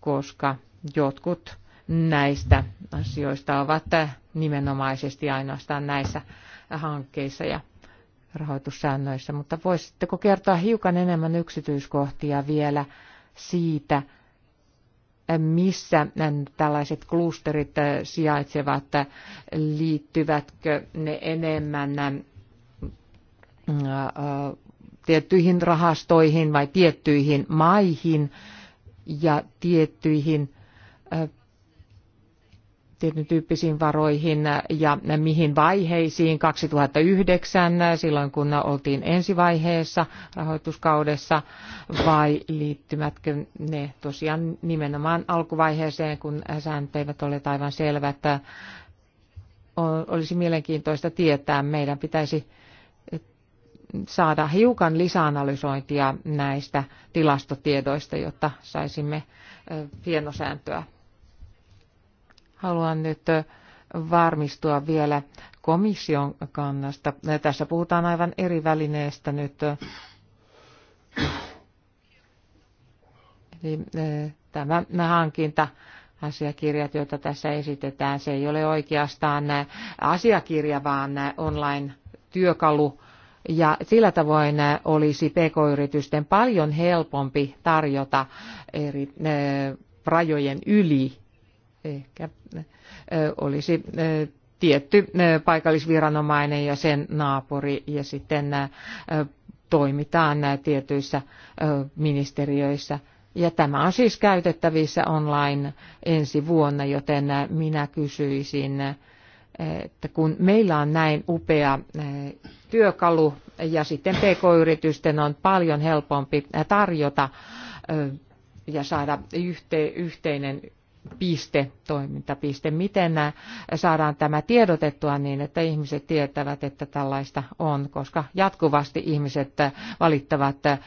koska jotkut näistä asioista ovat nimenomaisesti ainoastaan näissä hankkeissa ja rahoitussäännöissä, mutta voisitteko kertoa hiukan enemmän yksityiskohtia vielä siitä, missä tällaiset klusterit sijaitsevat, liittyvätkö ne enemmän tiettyihin rahastoihin vai tiettyihin maihin ja tiettyihin tietyn tyyppisiin varoihin ja mihin vaiheisiin 2009, silloin kun oltiin ensivaiheessa rahoituskaudessa, vai liittymätkö ne tosiaan nimenomaan alkuvaiheeseen, kun säännöt eivät ole aivan selvät. Olisi mielenkiintoista tietää, meidän pitäisi saada hiukan lisäanalysointia näistä tilastotiedoista, jotta saisimme hienosääntöä Haluan nyt varmistua vielä komission kannasta. Tässä puhutaan aivan eri välineestä nyt. Eli tämä hankinta asiakirjat, joita tässä esitetään, se ei ole oikeastaan asiakirja, vaan online-työkalu. Ja sillä tavoin olisi pk-yritysten paljon helpompi tarjota eri rajojen yli ehkä olisi tietty paikallisviranomainen ja sen naapuri ja sitten toimitaan tietyissä ministeriöissä. Ja tämä on siis käytettävissä online ensi vuonna, joten minä kysyisin, että kun meillä on näin upea työkalu ja sitten pk-yritysten on paljon helpompi tarjota ja saada yhteinen piste, toimintapiste, miten äh, saadaan tämä tiedotettua niin, että ihmiset tietävät, että tällaista on, koska jatkuvasti ihmiset äh, valittavat äh,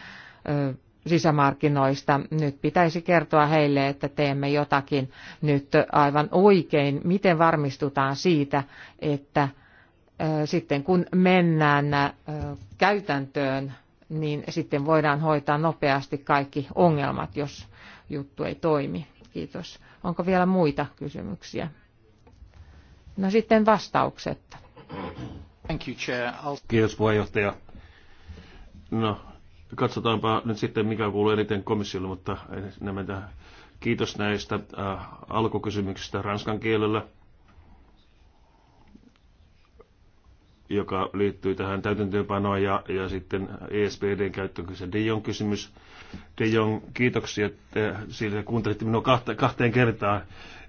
sisämarkkinoista. Nyt pitäisi kertoa heille, että teemme jotakin nyt aivan oikein. Miten varmistutaan siitä, että sitten kun mennään käytäntöön, niin sitten voidaan hoitaa nopeasti kaikki ongelmat, jos juttu ei toimi. Kiitos. Onko vielä muita kysymyksiä? No sitten vastaukset. Thank you, chair. I'll... Kiitos puheenjohtaja. No, katsotaanpa nyt sitten, mikä kuuluu eniten komissiolle, mutta nämä kiitos näistä äh, alkukysymyksistä ranskan kielellä. joka liittyy tähän täytäntöönpanoon ja, ja sitten ESPDn käyttöön kyse De Jong kysymys. De Jong, kiitoksia, että eh, siitä kuuntelitte minua kahta, kahteen kertaan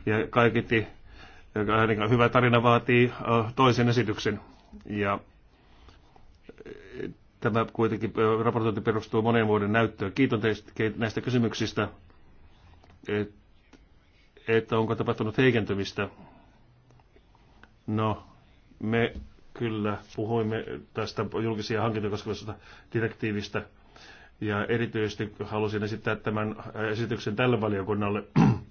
ja kaiketi eh, hyvä tarina vaatii eh, toisen esityksen. Ja tämä kuitenkin raportointi perustuu monen vuoden näyttöön. Kiitos teistä näistä kysymyksistä, että et onko tapahtunut heikentymistä. No, me kyllä puhuimme tästä julkisia hankintoja koskevasta direktiivistä ja erityisesti halusin esittää tämän esityksen tälle valiokunnalle,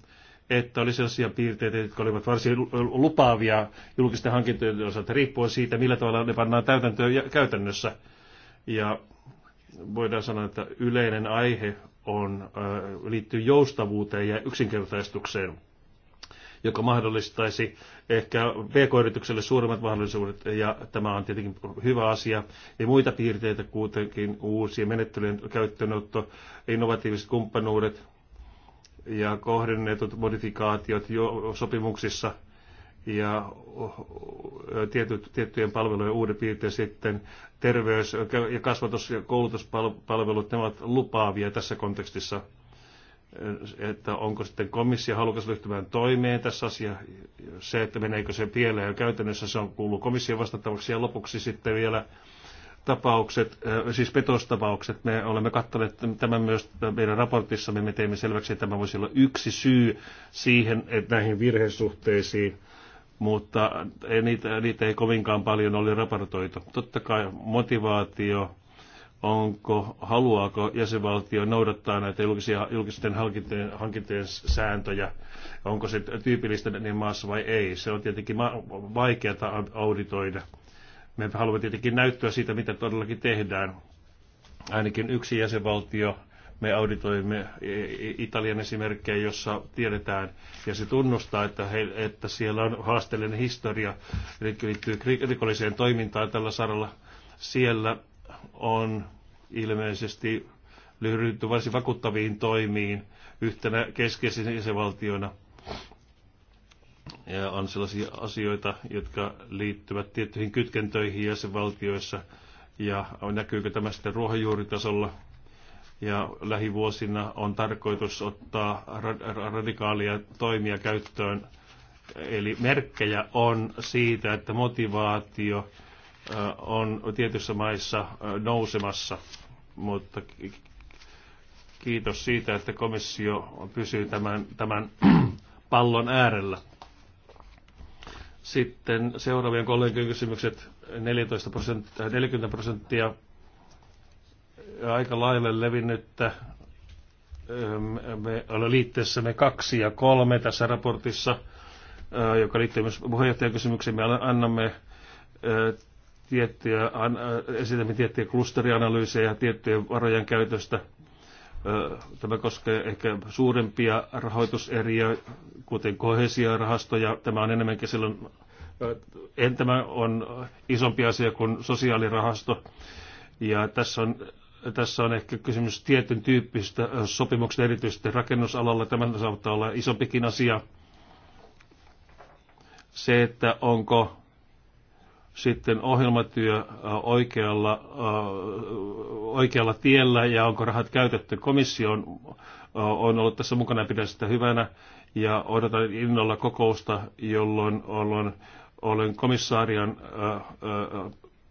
että oli sellaisia piirteitä, jotka olivat varsin lupaavia julkisten hankintojen osalta, riippuen siitä, millä tavalla ne pannaan täytäntöön käytännössä. Ja voidaan sanoa, että yleinen aihe on, liittyy joustavuuteen ja yksinkertaistukseen joka mahdollistaisi ehkä PK-yritykselle suuremmat mahdollisuudet, ja tämä on tietenkin hyvä asia. Ja muita piirteitä kuitenkin uusia menettelyjen käyttöönotto, innovatiiviset kumppanuudet ja kohdennetut modifikaatiot jo sopimuksissa ja tietyt, tiettyjen palvelujen uudet piirteet sitten, terveys- ja kasvatus- ja koulutuspalvelut, ne ovat lupaavia tässä kontekstissa että onko sitten komissio halukas ryhtymään toimeen tässä asia. Se, että meneekö se pieleen käytännössä, se on kuuluu komission vastattavaksi. Ja lopuksi sitten vielä tapaukset, äh, siis petostapaukset, me olemme kattaneet tämän myös meidän raportissamme, me teimme selväksi, että tämä voisi olla yksi syy siihen, että näihin virhesuhteisiin, mutta ei niitä, niitä ei kovinkaan paljon ole raportoitu. Totta kai motivaatio onko, haluaako jäsenvaltio noudattaa näitä julkisia, julkisten hankintojen, hankintojen sääntöjä, onko se tyypillistä niin maassa vai ei. Se on tietenkin vaikeaa auditoida. Me haluamme tietenkin näyttöä siitä, mitä todellakin tehdään. Ainakin yksi jäsenvaltio, me auditoimme Italian esimerkkejä, jossa tiedetään ja se tunnustaa, että, he, että siellä on haasteellinen historia, eli liittyy rikolliseen toimintaan tällä saralla. Siellä on ilmeisesti lyhdytty varsin vakuuttaviin toimiin yhtenä keskeisenä jäsenvaltiona. Ja on sellaisia asioita, jotka liittyvät tiettyihin kytkentöihin jäsenvaltioissa, ja näkyykö tämä sitten ruohonjuuritasolla. Ja lähivuosina on tarkoitus ottaa radikaalia toimia käyttöön. Eli merkkejä on siitä, että motivaatio on tietyissä maissa nousemassa, mutta kiitos siitä, että komissio pysyy tämän, tämän pallon äärellä. Sitten seuraavien kollegien kysymykset 14 äh, prosenttia, 40 prosenttia aika laille levinnyttä me, liitteessä me kaksi ja kolme tässä raportissa, joka liittyy myös puheenjohtajakysymykseen. Me annamme tiettyjä, äh, esitämme tiettyjä klusterianalyysejä tiettyjen varojen käytöstä. Tämä koskee ehkä suurempia rahoituseriä, kuten kohesiorahastoja. Tämä on enemmänkin silloin, en tämä on isompi asia kuin sosiaalirahasto. Ja tässä on tässä on ehkä kysymys tietyn tyyppistä sopimuksista, erityisesti rakennusalalla. Tämä saattaa olla isompikin asia. Se, että onko sitten ohjelmatyö äh, oikealla, äh, oikealla tiellä ja onko rahat käytetty. Komissio on, äh, on ollut tässä mukana pidän sitä hyvänä ja odotan innolla kokousta, jolloin olen, olen komissaarian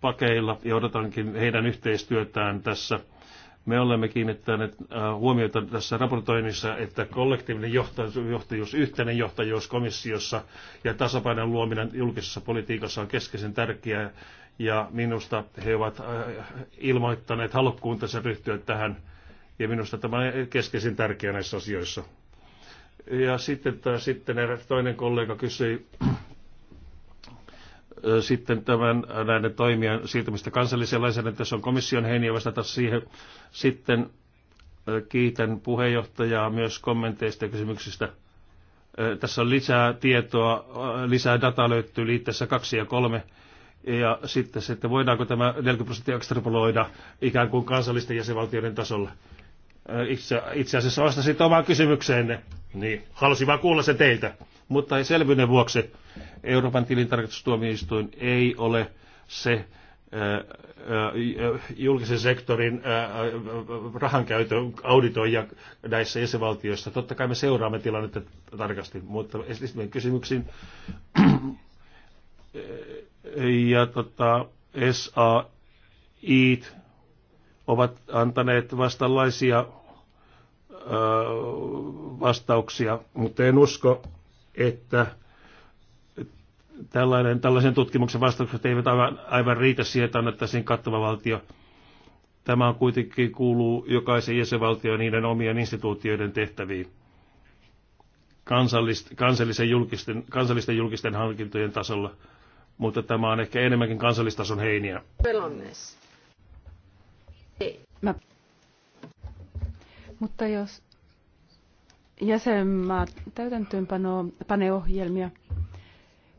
pakeilla ja odotankin heidän yhteistyötään tässä – me olemme kiinnittäneet äh, huomiota tässä raportoinnissa, että kollektiivinen johtajuus, yhteinen johtajuus komissiossa ja tasapainon luominen julkisessa politiikassa on keskeisen tärkeää. Ja minusta he ovat äh, ilmoittaneet halukkuuntansa ryhtyä tähän. Ja minusta tämä on keskeisen tärkeä näissä asioissa. Ja sitten, sitten toinen kollega kysyi sitten tämän, näiden toimien siirtymistä kansalliseen lainsäädäntöön. Se on komission heiniä vastata siihen. Sitten kiitän puheenjohtajaa myös kommenteista ja kysymyksistä. Tässä on lisää tietoa, lisää dataa löytyy liitteessä kaksi ja kolme. Ja sitten, että voidaanko tämä 40 prosenttia ekstrapoloida ikään kuin kansallisten jäsenvaltioiden tasolla? Itse, itse asiassa vastasit omaan kysymykseenne. Niin, halusin vaan kuulla se teiltä. Mutta ei selvyyden vuoksi Euroopan tilintarkastustuomioistuin ei ole se äh, äh, julkisen sektorin äh, rahankäytön auditoija näissä jäsenvaltioissa. Totta kai me seuraamme tilannetta tarkasti, mutta esitimme kysymyksiin. Ja tota, SAI ovat antaneet vastaanlaisia vastauksia, mutta en usko, että tällainen, tällaisen tutkimuksen vastaukset eivät aivan, aivan riitä siihen, että annettaisiin kattava valtio. Tämä on kuitenkin kuuluu jokaisen jäsenvaltion niiden omien instituutioiden tehtäviin kansallist, kansallisen julkisten, kansallisten julkisten hankintojen tasolla, mutta tämä on ehkä enemmänkin kansallistason heiniä. Pelonnes. Mä... Mutta jos jäsenmaat täytäntöönpano paneohjelmia,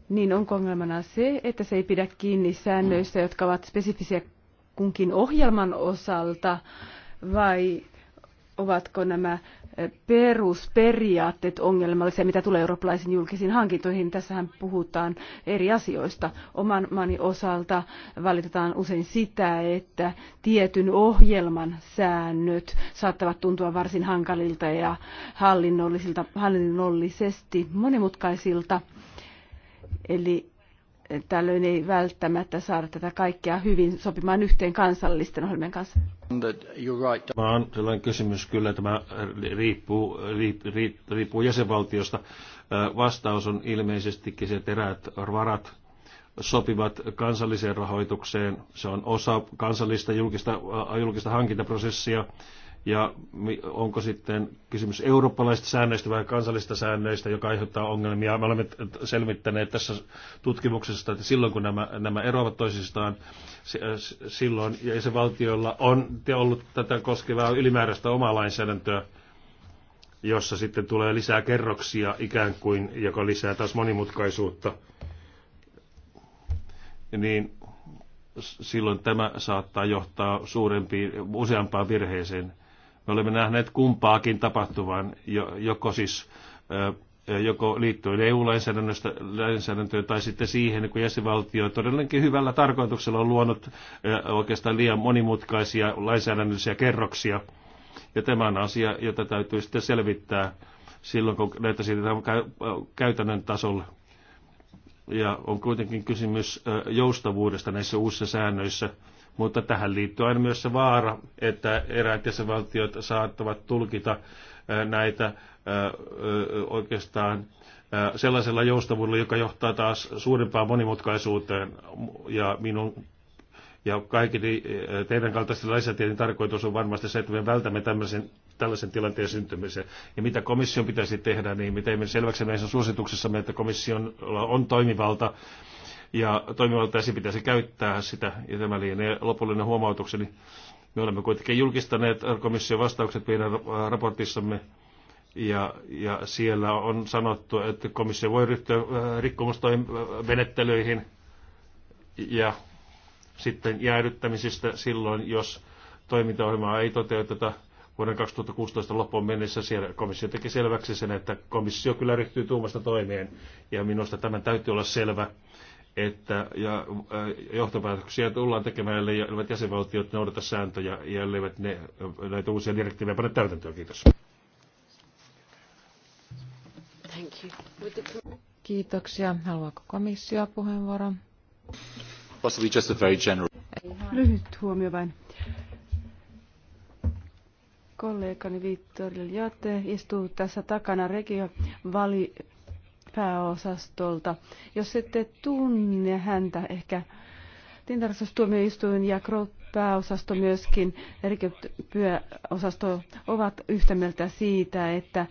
niin onko ongelmana se, että se ei pidä kiinni säännöistä, jotka ovat spesifisiä kunkin ohjelman osalta, vai ovatko nämä perusperiaatteet ongelmallisia, mitä tulee eurooppalaisiin julkisiin hankintoihin. Tässähän puhutaan eri asioista. Oman maani osalta valitetaan usein sitä, että tietyn ohjelman säännöt saattavat tuntua varsin hankalilta ja hallinnollisilta, hallinnollisesti monimutkaisilta. Eli eh, tällöin ei välttämättä saada tätä kaikkea hyvin sopimaan yhteen kansallisten ohjelmien kanssa. Tämä on sellainen kysymys kyllä, tämä riippuu, riippuu jäsenvaltiosta. Vastaus on ilmeisestikin se, että eräät varat sopivat kansalliseen rahoitukseen. Se on osa kansallista julkista, julkista hankintaprosessia ja onko sitten kysymys eurooppalaisista säännöistä vai kansallisista säännöistä, joka aiheuttaa ongelmia. Me olemme selvittäneet tässä tutkimuksessa, että silloin kun nämä, nämä eroavat toisistaan, äh, silloin jäsenvaltioilla on ollut tätä koskevaa ylimääräistä omaa lainsäädäntöä, jossa sitten tulee lisää kerroksia ikään kuin, joka lisää taas monimutkaisuutta. Niin silloin tämä saattaa johtaa suurempiin, useampaan virheeseen. Me olemme nähneet kumpaakin tapahtuvan, joko siis joko liittyen EU-lainsäädäntöön tai sitten siihen, kun jäsenvaltio todellakin hyvällä tarkoituksella on luonut oikeastaan liian monimutkaisia lainsäädännöllisiä kerroksia. Ja tämä on asia, jota täytyy sitten selvittää silloin, kun näitä siirretään käytännön tasolle. Ja on kuitenkin kysymys joustavuudesta näissä uusissa säännöissä mutta tähän liittyy aina myös se vaara, että eräät jäsenvaltiot saattavat tulkita näitä oikeastaan sellaisella joustavuudella, joka johtaa taas suurempaan monimutkaisuuteen. Ja minun ja kaikki teidän kaltaisten lainsäätiedon tarkoitus on varmasti se, että me vältämme tämmöisen, tällaisen tilanteen syntymisen. Ja mitä komission pitäisi tehdä, niin me teemme selväksi meidän suosituksessamme, että komission on toimivalta ja toimivaltaisiin pitäisi käyttää sitä, ja tämä lienee lopullinen huomautukseni. Me olemme kuitenkin julkistaneet komission vastaukset meidän raportissamme, ja, ja siellä on sanottu, että komissio voi ryhtyä venettelyihin äh, ja sitten jäädyttämisistä silloin, jos toimintaohjelmaa ei toteuteta vuoden 2016 loppuun mennessä. Siellä komissio teki selväksi sen, että komissio kyllä ryhtyy tuumasta toimeen, ja minusta tämän täytyy olla selvä että ja, johtopäätöksiä tullaan tekemään, ellei jäsenvaltiot noudata sääntöjä ja ellei ne näitä uusia direktiivejä pane täytäntöön. Kiitos. Kiitoksia. Haluaako komissio puheenvuoron? Possibly just a very general... Lyhyt huomio vain. Kollegani Vittorio Jate istuu tässä takana regio pääosastolta. Jos ette tunne häntä, ehkä tintarastustuomioistuin ja Krop pääosasto myöskin, erikoispyöosasto ovat yhtä mieltä siitä, että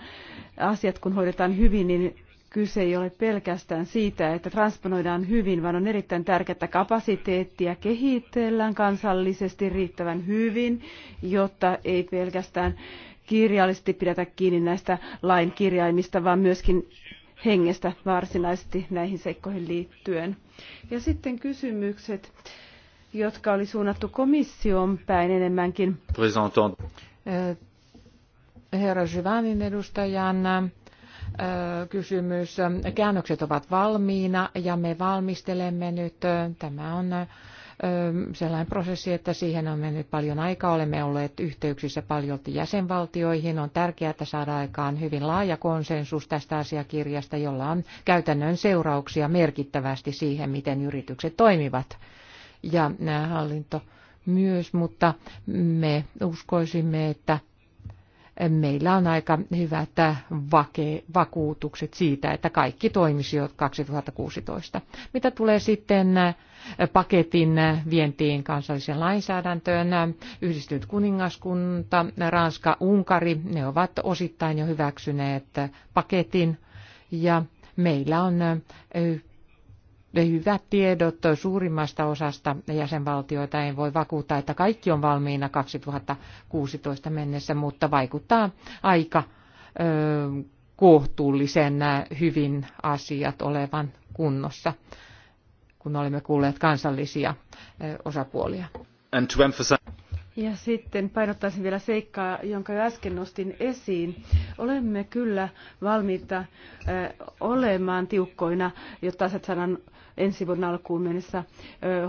asiat kun hoidetaan hyvin, niin kyse ei ole pelkästään siitä, että transponoidaan hyvin, vaan on erittäin tärkeää, että kapasiteettia kehitellään kansallisesti riittävän hyvin, jotta ei pelkästään kirjallisesti pidetä kiinni näistä lain kirjaimista, vaan myöskin hengestä varsinaisesti näihin seikkoihin liittyen. Ja sitten kysymykset, jotka oli suunnattu komission päin enemmänkin. Presentant. Herra Jyvänin edustajan äh, kysymys. Käännökset ovat valmiina ja me valmistelemme nyt. Tämä on sellainen prosessi, että siihen on mennyt paljon aikaa. Olemme olleet yhteyksissä paljolti jäsenvaltioihin. On tärkeää, että saadaan aikaan hyvin laaja konsensus tästä asiakirjasta, jolla on käytännön seurauksia merkittävästi siihen, miten yritykset toimivat ja äh, hallinto myös, mutta me uskoisimme, että meillä on aika hyvät vakuutukset siitä, että kaikki toimisi jo 2016. Mitä tulee sitten paketin vientiin kansalliseen lainsäädäntöön, yhdistynyt kuningaskunta, Ranska, Unkari, ne ovat osittain jo hyväksyneet paketin ja meillä on hyvät tiedot suurimmasta osasta jäsenvaltioita. En voi vakuuttaa, että kaikki on valmiina 2016 mennessä, mutta vaikuttaa aika kohtuullisen hyvin asiat olevan kunnossa, kun olemme kuulleet kansallisia osapuolia. Ja sitten painottaisin vielä seikkaa, jonka jo äsken nostin esiin. Olemme kyllä valmiita olemaan tiukkoina, jotta asiat saadaan ensi vuoden alkuun mennessä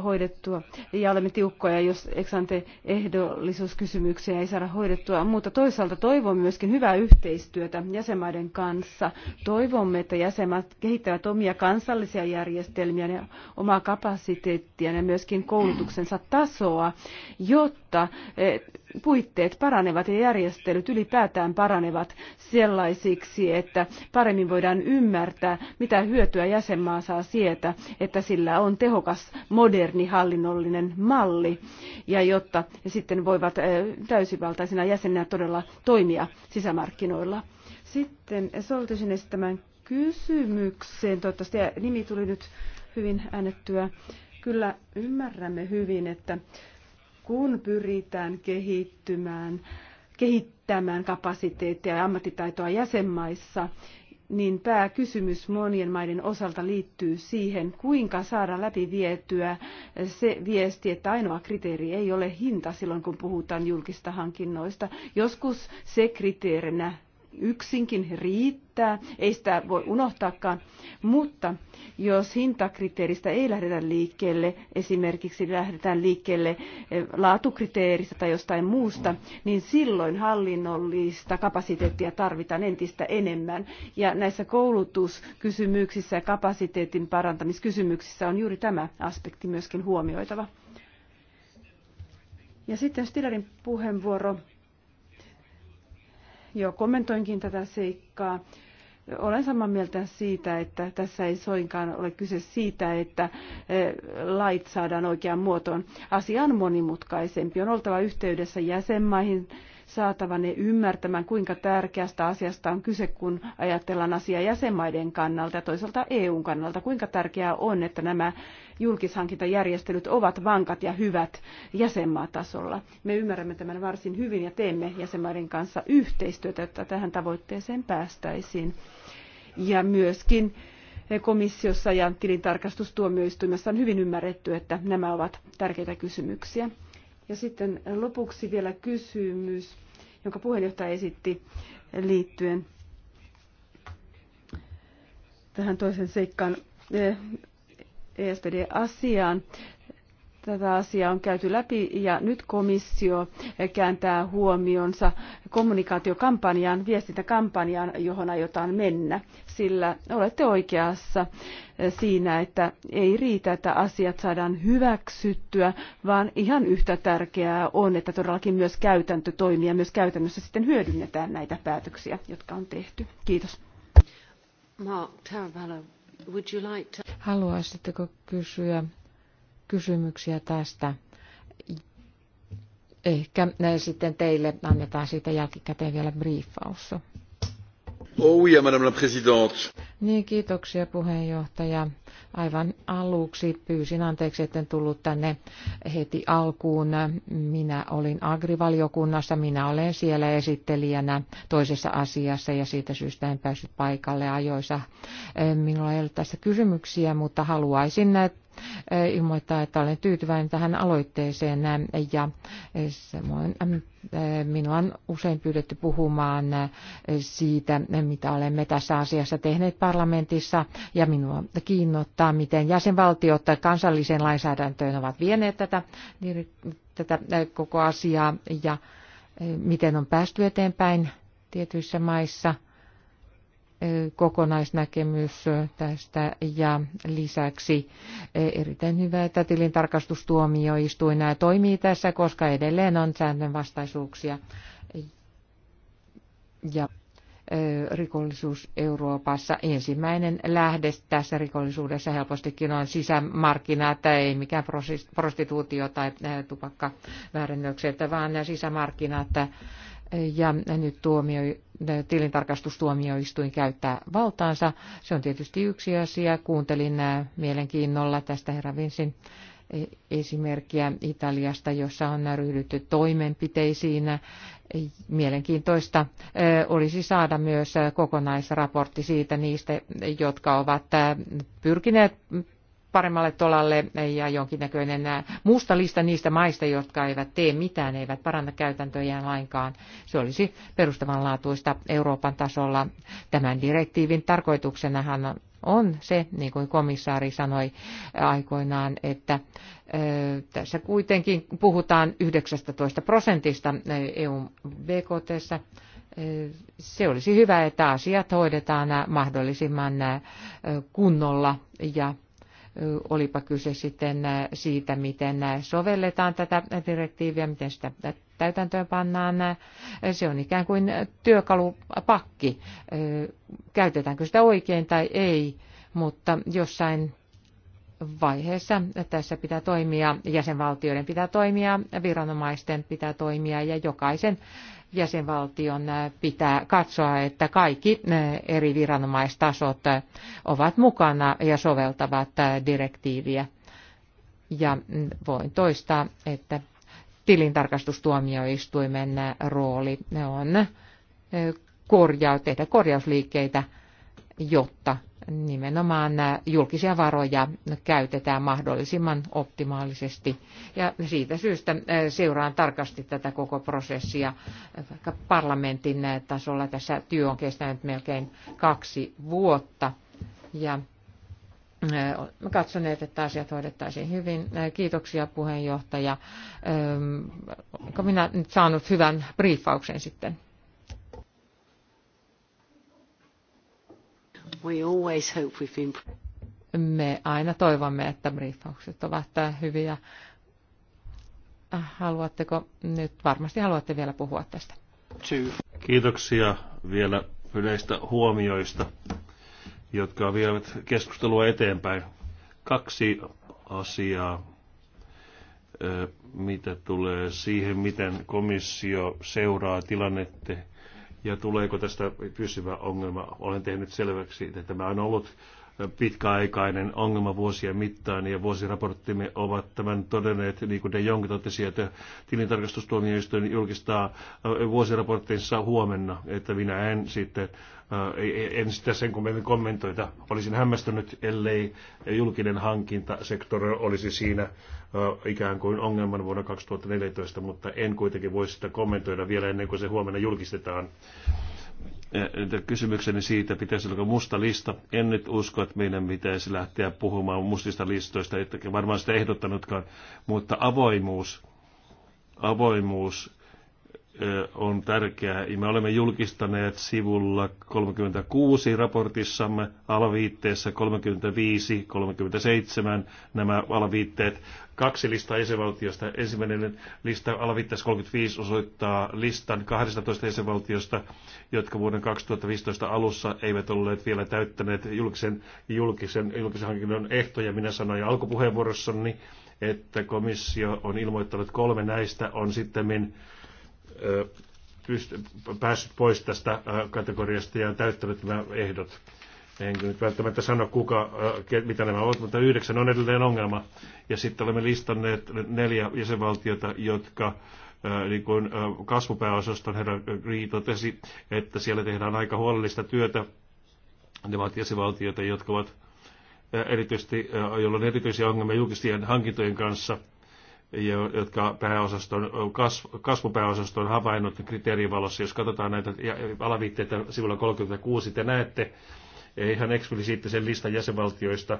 hoidettua. Ja olemme tiukkoja, jos eksante ehdollisuuskysymyksiä ei saada hoidettua. Mutta toisaalta toivon myöskin hyvää yhteistyötä jäsenmaiden kanssa. Toivomme, että jäsenmaat kehittävät omia kansallisia järjestelmiä ja omaa kapasiteettia ja myöskin koulutuksensa tasoa, jotta puitteet paranevat ja järjestelyt ylipäätään paranevat sellaisiksi, että paremmin voidaan ymmärtää, mitä hyötyä jäsenmaa saa sieltä, että sillä on tehokas moderni hallinnollinen malli ja jotta he sitten voivat eh, täysivaltaisina jäseninä todella toimia sisämarkkinoilla. Sitten Soltisin esittämään kysymykseen, toivottavasti nimi tuli nyt hyvin äänettyä. Kyllä ymmärrämme hyvin, että kun pyritään kehittymään, kehittämään kapasiteettia ja ammattitaitoa jäsenmaissa, niin pääkysymys monien maiden osalta liittyy siihen, kuinka saada vietyä se viesti, että ainoa kriteeri ei ole hinta silloin, kun puhutaan julkista hankinnoista. Joskus se kriteerinä yksinkin riittää, ei sitä voi unohtaakaan, mutta jos hintakriteeristä ei lähdetä liikkeelle, esimerkiksi lähdetään liikkeelle eh, laatukriteeristä tai jostain muusta, niin silloin hallinnollista kapasiteettia tarvitaan entistä enemmän. Ja näissä koulutuskysymyksissä ja kapasiteetin parantamiskysymyksissä on juuri tämä aspekti myöskin huomioitava. Ja sitten Stilerin puheenvuoro jo kommentoinkin tätä seikkaa. Olen samaa mieltä siitä, että tässä ei soinkaan ole kyse siitä, että eh, lait saadaan oikeaan muotoon. Asia on monimutkaisempi. On oltava yhteydessä jäsenmaihin saatava ne ymmärtämään, kuinka tärkeästä asiasta on kyse, kun ajatellaan asiaa jäsenmaiden kannalta ja toisaalta EUn kannalta. Kuinka tärkeää on, että nämä julkishankintajärjestelyt ovat vankat ja hyvät jäsenmaatasolla. Me ymmärrämme tämän varsin hyvin ja teemme jäsenmaiden kanssa yhteistyötä, että tähän tavoitteeseen päästäisiin. Ja myöskin komissiossa ja tilintarkastustuomioistuimessa on hyvin ymmärretty, että nämä ovat tärkeitä kysymyksiä. Ja sitten lopuksi vielä kysymys, jonka puheenjohtaja esitti liittyen tähän toisen seikkaan ESPD-asiaan. Eh, e Tätä asiaa on käyty läpi ja nyt komissio kääntää huomionsa kommunikaatiokampanjaan, viestintäkampanjaan, johon aiotaan mennä, sillä olette oikeassa siinä, että ei riitä, että asiat saadaan hyväksyttyä, vaan ihan yhtä tärkeää on, että todellakin myös käytäntö toimii ja myös käytännössä sitten hyödynnetään näitä päätöksiä, jotka on tehty. Kiitos. Mark would you like to... Haluaisitteko kysyä kysymyksiä tästä. Ehkä sitten teille annetaan siitä jälkikäteen vielä briefaus. Oh oui, madame la présidente. Niin, kiitoksia puheenjohtaja. Aivan aluksi pyysin anteeksi, etten tullut tänne heti alkuun. Minä olin agrivaliokunnassa, minä olen siellä esittelijänä toisessa asiassa ja siitä syystä en päässyt paikalle ajoissa. Minulla ei ole tässä kysymyksiä, mutta haluaisin äh, ilmoittaa, että olen tyytyväinen tähän aloitteeseen ja samoin äh, minua on usein pyydetty puhumaan äh, siitä, mitä olemme tässä asiassa tehneet parlamentissa ja minua osoittaa, miten jäsenvaltiot tai kansalliseen lainsäädäntöön ovat vieneet tätä, niin tätä koko asiaa ja miten on päästy eteenpäin tietyissä maissa kokonaisnäkemys tästä ja lisäksi erittäin hyvä, että tilintarkastustuomioistuin toimii tässä, koska edelleen on säännönvastaisuuksia. Ja rikollisuus Euroopassa. Ensimmäinen lähde tässä rikollisuudessa helpostikin on sisämarkkinat, ei mikään prostituutio tai tupakkaväärennökset, vaan sisämarkkinat. Ja nyt tuomio, tilintarkastustuomioistuin käyttää valtaansa. Se on tietysti yksi asia. Kuuntelin mielenkiinnolla tästä herra Vinsin E, esimerkkiä Italiasta, jossa on ryhdytty toimenpiteisiin. Mielenkiintoista e, olisi saada myös kokonaisraportti siitä niistä, jotka ovat e, pyrkineet paremmalle tolalle ja jonkinnäköinen musta lista niistä maista, jotka eivät tee mitään, eivät paranna käytäntöjään lainkaan. Se olisi perustavanlaatuista Euroopan tasolla. Tämän direktiivin tarkoituksenahan on se, niin kuin komissaari sanoi aikoinaan, että tässä kuitenkin puhutaan 19 prosentista EUn BKT. Se olisi hyvä, että asiat hoidetaan mahdollisimman kunnolla ja olipa kyse sitten siitä, miten sovelletaan tätä direktiiviä, miten sitä täytäntöön pannaan. Se on ikään kuin työkalupakki, käytetäänkö sitä oikein tai ei, mutta jossain vaiheessa tässä pitää toimia, jäsenvaltioiden pitää toimia, viranomaisten pitää toimia ja jokaisen jäsenvaltion pitää katsoa, että kaikki eri viranomaistasot ovat mukana ja soveltavat direktiiviä. Ja voin toistaa, että tilintarkastustuomioistuimen rooli on korjaa, tehdä korjausliikkeitä, jotta nimenomaan julkisia varoja käytetään mahdollisimman optimaalisesti. Ja siitä syystä seuraan tarkasti tätä koko prosessia. Vaikka parlamentin tasolla tässä työ on kestänyt melkein kaksi vuotta. Ja katsoneet, että asiat hoidettaisiin hyvin. Kiitoksia puheenjohtaja. Onko minä nyt saanut hyvän briefauksen sitten? We always hope we've been... Me aina toivomme, että briefaukset ovat äh, hyviä. Äh, haluatteko nyt, varmasti haluatte vielä puhua tästä. Kiitoksia vielä yleistä huomioista jotka vievät keskustelua eteenpäin. Kaksi asiaa, mitä tulee siihen, miten komissio seuraa tilannetta ja tuleeko tästä pysyvä ongelma. Olen tehnyt selväksi, että tämä on ollut pitkäaikainen ongelma vuosien mittaan ja vuosiraporttimme ovat tämän todenneet, niin kuin De Jong totesi, että tilintarkastustuomioistuin julkistaa vuosiraporttinsa huomenna, että minä en sitten Äh, en sitä sen kummemmin kommentoita. Olisin hämmästynyt, ellei julkinen hankintasektori olisi siinä äh, ikään kuin ongelman vuonna 2014, mutta en kuitenkin voi sitä kommentoida vielä ennen kuin se huomenna julkistetaan äh, kysymykseni siitä, pitäisi olla musta lista. En nyt usko, että meidän pitäisi lähteä puhumaan mustista listoista, ettekä varmaan sitä ehdottanutkaan, mutta avoimuus, avoimuus on tärkeää. Me olemme julkistaneet sivulla 36 raportissamme alaviitteessä 35-37 nämä alaviitteet. Kaksi listaa jäsenvaltiosta. Ensimmäinen lista alaviitteessä 35 osoittaa listan 12 jäsenvaltiosta, jotka vuoden 2015 alussa eivät olleet vielä täyttäneet julkisen, julkisen, julkisen hankinnon ehtoja. Minä sanoin alkupuheenvuorossani, että komissio on ilmoittanut kolme näistä on sitten päässyt pois tästä kategoriasta ja on täyttänyt nämä ehdot. Enkä nyt välttämättä sano, kuka, mitä nämä ovat, mutta yhdeksän on edelleen ongelma. Ja sitten olemme listanneet neljä jäsenvaltiota, jotka niin kuin kasvupääosaston herra Gri totesi, että siellä tehdään aika huolellista työtä. Ne ovat jäsenvaltioita, jotka ovat erityisesti, joilla on erityisiä ongelmia julkisten hankintojen kanssa – jotka pääosaston, kasvupääosasto on havainnut kriteerien valossa. Jos katsotaan näitä alaviitteitä sivulla 36, te näette e, ihan eksplisiittisen listan jäsenvaltioista,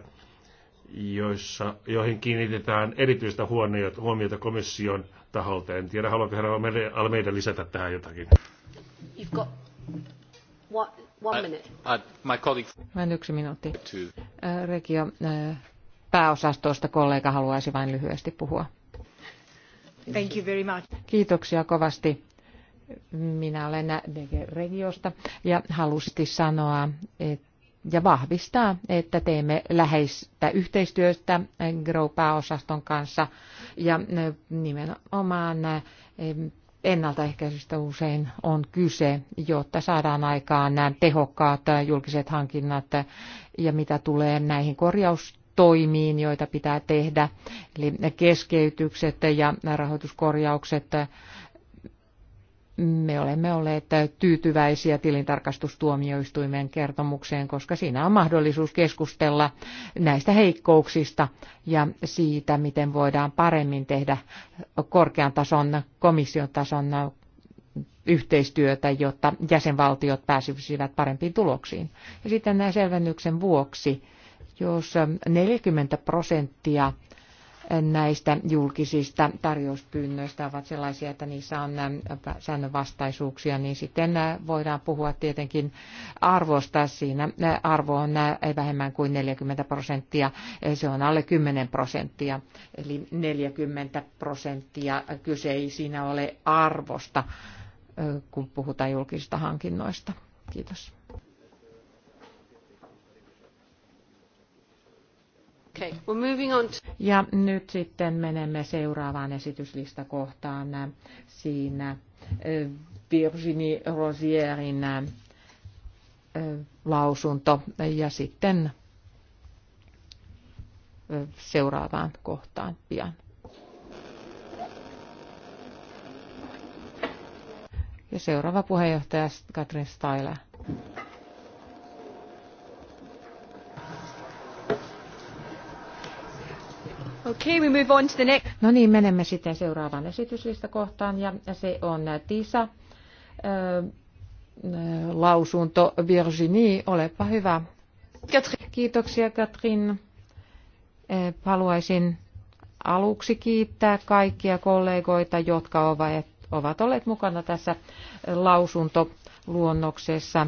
joissa, joihin kiinnitetään erityistä huomiota komission taholta. En tiedä, haluatko herra Almeida lisätä tähän jotakin. You've got one, one minute. I, I, my colleague... Vain yksi minuutti. Äh, Regio, äh, pääosastosta kollega haluaisi vain lyhyesti puhua. Thank you very much. Kiitoksia kovasti. Minä olen Regiosta ja halusti sanoa ja vahvistaa, että teemme läheistä yhteistyöstä Grow-pääosaston kanssa ja nimenomaan ennaltaehkäisystä usein on kyse, jotta saadaan aikaan nämä tehokkaat julkiset hankinnat ja mitä tulee näihin korjaus toimiin, joita pitää tehdä, eli keskeytykset ja rahoituskorjaukset. Me olemme olleet tyytyväisiä tilintarkastustuomioistuimen kertomukseen, koska siinä on mahdollisuus keskustella näistä heikkouksista ja siitä, miten voidaan paremmin tehdä korkean tason, komission tason yhteistyötä, jotta jäsenvaltiot pääsisivät parempiin tuloksiin. Ja sitten näin selvennyksen vuoksi jos 40 prosenttia näistä julkisista tarjouspyynnöistä ovat sellaisia, että niissä on säännönvastaisuuksia, niin sitten voidaan puhua tietenkin arvosta. Siinä arvo on ei vähemmän kuin 40 prosenttia, se on alle 10 prosenttia, eli 40 prosenttia kyse ei siinä ole arvosta, kun puhutaan julkisista hankinnoista. Kiitos. Okay, we're moving on to... Ja nyt sitten menemme seuraavaan esityslistakohtaan. Siinä Virginie Rosierin lausunto ja sitten seuraavaan kohtaan pian. Ja seuraava puheenjohtaja Katrin Steiler. Okay, we move on to the next. No niin, menemme sitten seuraavaan esityslistakohtaan ja se on TISA. Lausunto Virginie, olepa hyvä. Kiitoksia Katrin. Haluaisin aluksi kiittää kaikkia kollegoita, jotka ovat olleet mukana tässä lausuntoluonnoksessa.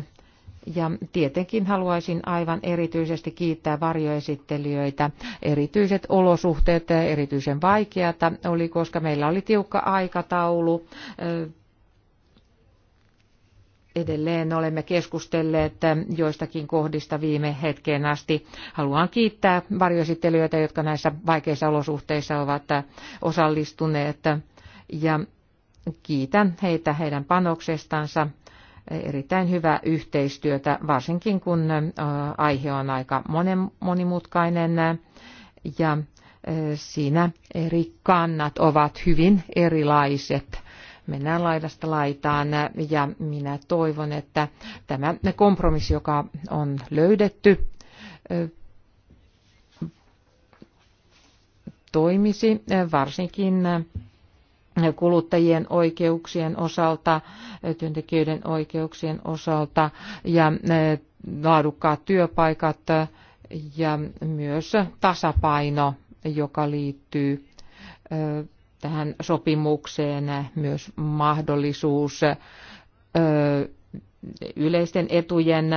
Ja tietenkin haluaisin aivan erityisesti kiittää varjoesittelijöitä. Erityiset olosuhteet ja erityisen vaikeata oli, koska meillä oli tiukka aikataulu. Edelleen olemme keskustelleet joistakin kohdista viime hetkeen asti. Haluan kiittää varjoesittelijöitä, jotka näissä vaikeissa olosuhteissa ovat osallistuneet. Ja kiitän heitä heidän panoksestansa erittäin hyvää yhteistyötä, varsinkin kun aihe on aika monen, monimutkainen ja siinä eri kannat ovat hyvin erilaiset. Mennään laidasta laitaan ja minä toivon, että tämä kompromissi, joka on löydetty, toimisi varsinkin kuluttajien oikeuksien osalta, työntekijöiden oikeuksien osalta ja eh, laadukkaat työpaikat ja myös tasapaino, joka liittyy eh, tähän sopimukseen, myös mahdollisuus eh, yleisten etujen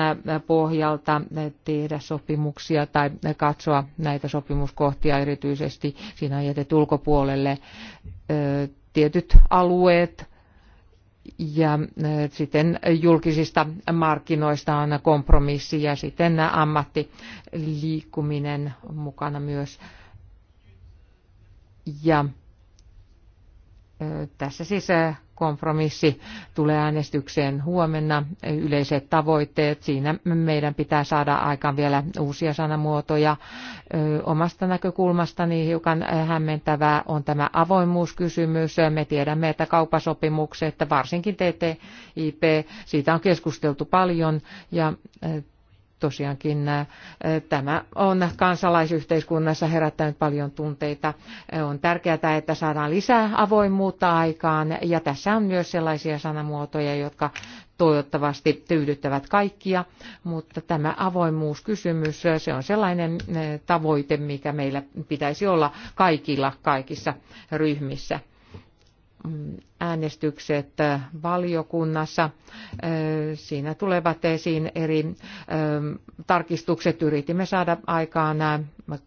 pohjalta tehdä sopimuksia tai katsoa näitä sopimuskohtia erityisesti. Siinä on jätetty ulkopuolelle tietyt alueet ja eh, sitten julkisista markkinoista on kompromissi ja sitten ammattiliikkuminen on mukana myös. Ja eh, tässä siis eh, kompromissi tulee äänestykseen huomenna. Yleiset tavoitteet, siinä meidän pitää saada aikaan vielä uusia sanamuotoja. Omasta näkökulmastani hiukan hämmentävää on tämä avoimuuskysymys. Me tiedämme, että kaupasopimukset, varsinkin TTIP, siitä on keskusteltu paljon ja tosiaankin tämä on kansalaisyhteiskunnassa herättänyt paljon tunteita. On tärkeää, että saadaan lisää avoimuutta aikaan ja tässä on myös sellaisia sanamuotoja, jotka toivottavasti tyydyttävät kaikkia, mutta tämä avoimuuskysymys, se on sellainen tavoite, mikä meillä pitäisi olla kaikilla kaikissa ryhmissä äänestykset valiokunnassa. Siinä tulevat esiin eri tarkistukset. Yritimme saada aikaan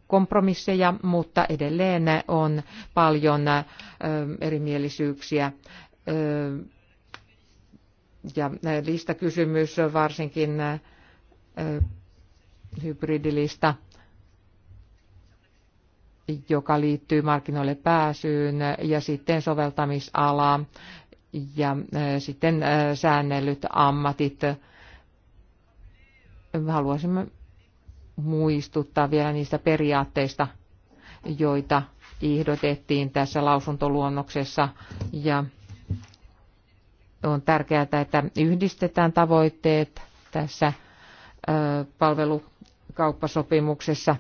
kompromisseja, mutta edelleen on paljon erimielisyyksiä. Ja listakysymys varsinkin hybridilista joka liittyy markkinoille pääsyyn ja sitten soveltamisala ja äh, sitten äh, säännellyt ammatit. Haluaisimme muistuttaa vielä niistä periaatteista, joita ehdotettiin tässä lausuntoluonnoksessa ja on tärkeää, että yhdistetään tavoitteet tässä äh, palvelukauppasopimuksessa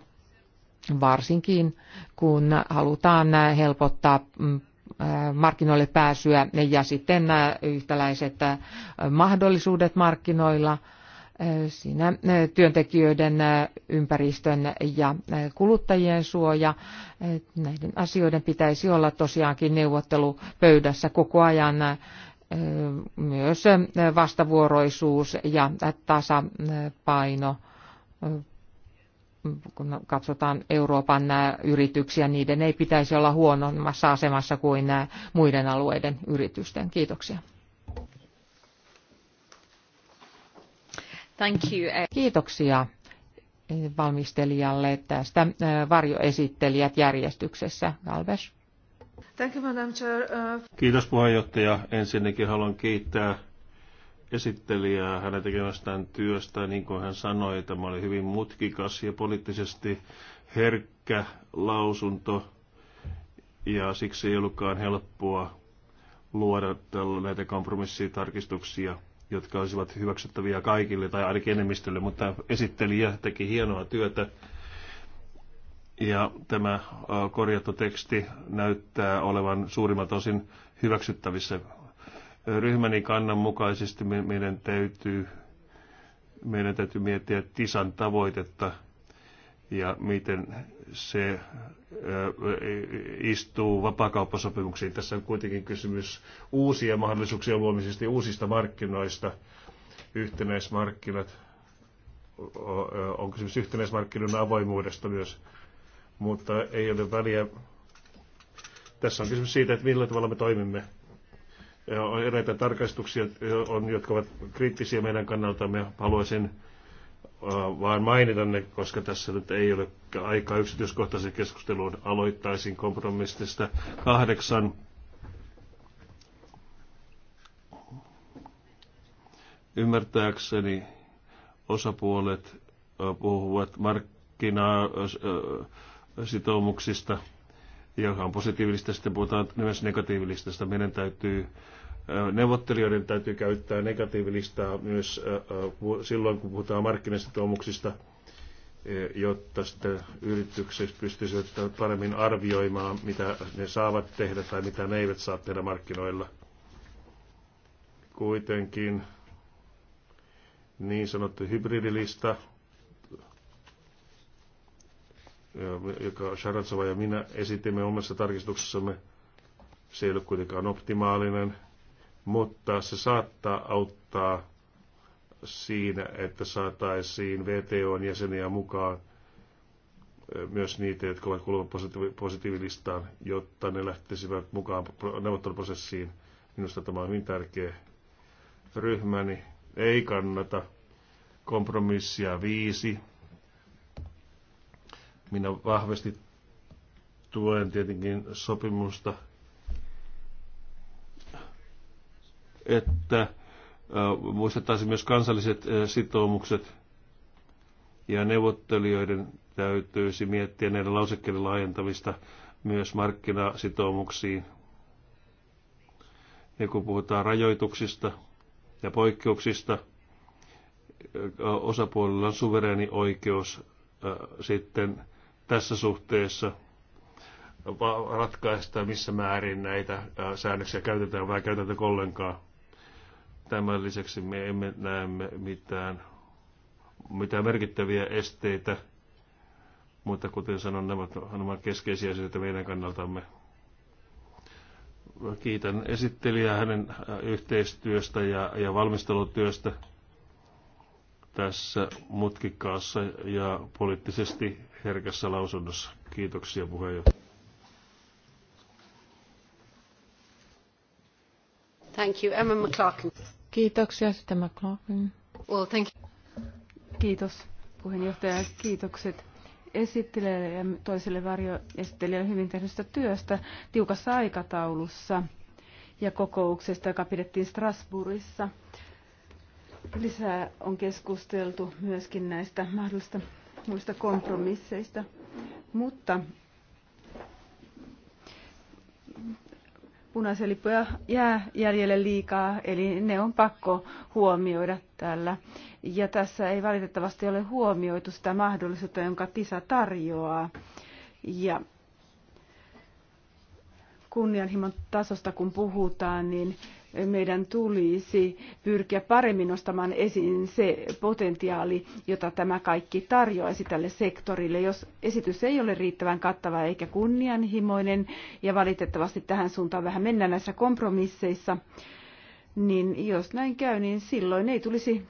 varsinkin kun halutaan helpottaa mm, äh, markkinoille pääsyä ja sitten nämä äh, yhtäläiset äh, mahdollisuudet markkinoilla siinä työntekijöiden ympäristön ja kuluttajien suoja. Näiden asioiden pitäisi olla tosiaankin neuvottelupöydässä koko ajan myös vastavuoroisuus ja tasapaino kun katsotaan Euroopan yrityksiä, niiden ei pitäisi olla huonommassa asemassa kuin muiden alueiden yritysten. Kiitoksia. Thank you. Kiitoksia valmistelijalle tästä varjoesittelijät järjestyksessä. Galves. Thank you, Madam Chair. Uh, Kiitos puheenjohtaja. Ensinnäkin haluan kiittää esittelijää hänen tekemästään työstä. Niin kuin hän sanoi, tämä oli hyvin mutkikas ja poliittisesti herkkä lausunto ja siksi ei ollutkaan helppoa luoda näitä kompromissitarkistuksia, jotka olisivat hyväksyttäviä kaikille tai ainakin enemmistölle, mutta esittelijä teki hienoa työtä. Ja tämä korjattu teksti näyttää olevan suurimmat osin hyväksyttävissä ryhmäni kannan mukaisesti meidän täytyy, meidän täytyy miettiä TISAn tavoitetta ja miten se istuu vapaakauppasopimuksiin. Tässä on kuitenkin kysymys uusia mahdollisuuksia luomisesti uusista markkinoista, yhtenäismarkkinat. On kysymys yhtenäismarkkinoiden avoimuudesta myös, mutta ei ole väliä. Tässä on kysymys siitä, että millä tavalla me toimimme on eräitä tarkastuksia, on, jotka ovat kriittisiä meidän kannaltamme. Haluaisin vaan mainita ne, koska tässä nyt ei ole aikaa yksityiskohtaisen keskusteluun. Aloittaisin kompromissista kahdeksan. Ymmärtääkseni osapuolet puhuvat markkinaa sitoumuksista joka on positiivista, sitten puhutaan myös negatiivilistasta. Meidän täytyy, neuvottelijoiden täytyy käyttää negatiivilistaa myös silloin, kun puhutaan markkinasitoumuksista, e, jotta sitten yritykset pystyisivät paremmin arvioimaan, mitä ne saavat tehdä tai mitä ne eivät saa tehdä markkinoilla. Kuitenkin niin sanottu hybridilista, Äh, joka Sharatsova ja minä esitimme omassa tarkistuksessamme. Se ei ole kuitenkaan optimaalinen, mutta se saattaa auttaa siinä, että saataisiin VTOn jäseniä mukaan äh, myös niitä, jotka ovat kuuluvat positiivilistaan, jotta ne lähtisivät mukaan neuvotteluprosessiin. Minusta tämä on hyvin tärkeä ryhmäni. Ei kannata kompromissia viisi minä vahvasti tuen tietenkin sopimusta, että muistettaisiin myös kansalliset sitoumukset ja neuvottelijoiden täytyisi miettiä näiden lausekkeiden laajentamista myös markkinasitoumuksiin. Ja kun puhutaan rajoituksista ja poikkeuksista, osapuolilla on suvereeni oikeus sitten tässä suhteessa ratkaista, missä määrin näitä säännöksiä käytetään vai käytetään ollenkaan. Tämän lisäksi me emme näemme mitään, mitään merkittäviä esteitä, mutta kuten sanon, nämä, nämä ovat keskeisiä asioita meidän kannaltamme. Kiitän esittelijää hänen yhteistyöstä ja, ja valmistelutyöstä tässä mutkikkaassa ja poliittisesti herkässä lausunnossa. Kiitoksia puheenjohtaja. Thank you. Emma McLaughlin. Kiitoksia. Sitten McLaughlin. Well, thank you. Kiitos puheenjohtaja. Kiitokset esittelijälle ja toiselle varjoesittelijälle hyvin tehdystä työstä tiukassa aikataulussa ja kokouksesta, joka pidettiin Strasbourgissa. Lisää on keskusteltu myöskin näistä mahdollisista muista kompromisseista, mutta punaisia lippuja jää jäljelle liikaa, eli ne on pakko huomioida tällä. Ja tässä ei valitettavasti ole huomioitu sitä mahdollisuutta, jonka TISA tarjoaa. Ja kunnianhimon tasosta kun puhutaan, niin meidän tulisi pyrkiä paremmin nostamaan esiin se potentiaali, jota tämä kaikki tarjoaisi tälle sektorille. Jos esitys ei ole riittävän kattava eikä kunnianhimoinen, ja valitettavasti tähän suuntaan vähän mennään näissä kompromisseissa, niin jos näin käy, niin silloin ei tulisi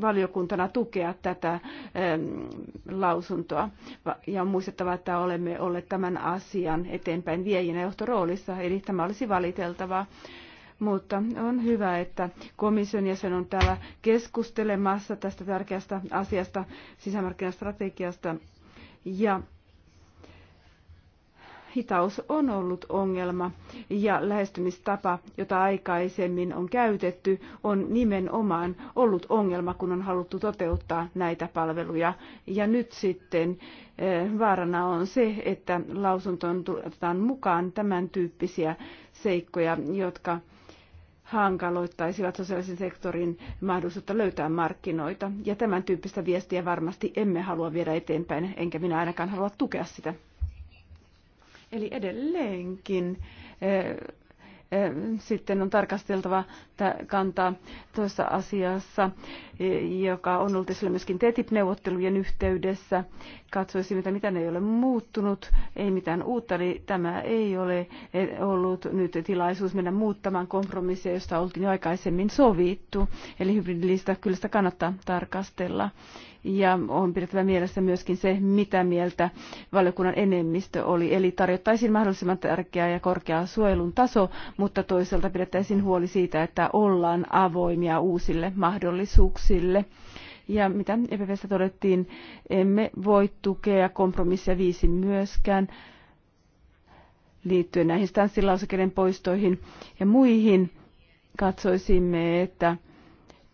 valiokuntana tukea tätä ähm, lausuntoa. Ja on muistettava, että olemme olleet tämän asian eteenpäin viejinä johtoroolissa, eli tämä olisi valiteltavaa mutta on hyvä, että komission jäsen on täällä keskustelemassa tästä tärkeästä asiasta, sisämarkkinastrategiasta. Ja hitaus on ollut ongelma ja lähestymistapa, jota aikaisemmin on käytetty, on nimenomaan ollut ongelma, kun on haluttu toteuttaa näitä palveluja. Ja nyt sitten eh, vaarana on se, että lausuntoon tuotetaan mukaan tämän tyyppisiä seikkoja, jotka hankaloittaisivat sosiaalisen sektorin mahdollisuutta löytää markkinoita. Ja tämän tyyppistä viestiä varmasti emme halua viedä eteenpäin, enkä minä ainakaan halua tukea sitä. Eli edelleenkin eh, sitten on tarkasteltava kantaa toisessa asiassa, e, joka on ollut esillä myöskin TTIP-neuvottelujen yhteydessä. Katsoisimme, että mitä ei ole muuttunut, ei mitään uutta, eli tämä ei ole e, ollut nyt tilaisuus mennä muuttamaan kompromissia, josta oltiin jo aikaisemmin sovittu. Eli hybridilista kyllä sitä kannattaa tarkastella ja on pidettävä mielessä myöskin se, mitä mieltä valiokunnan enemmistö oli. Eli tarjottaisiin mahdollisimman tärkeä ja korkea suojelun taso, mutta toisaalta pidettäisiin huoli siitä, että ollaan avoimia uusille mahdollisuuksille. Ja mitä EPPstä todettiin, emme voi tukea kompromissia viisi myöskään liittyen näihin stanssilausekkeiden poistoihin ja muihin. Katsoisimme, että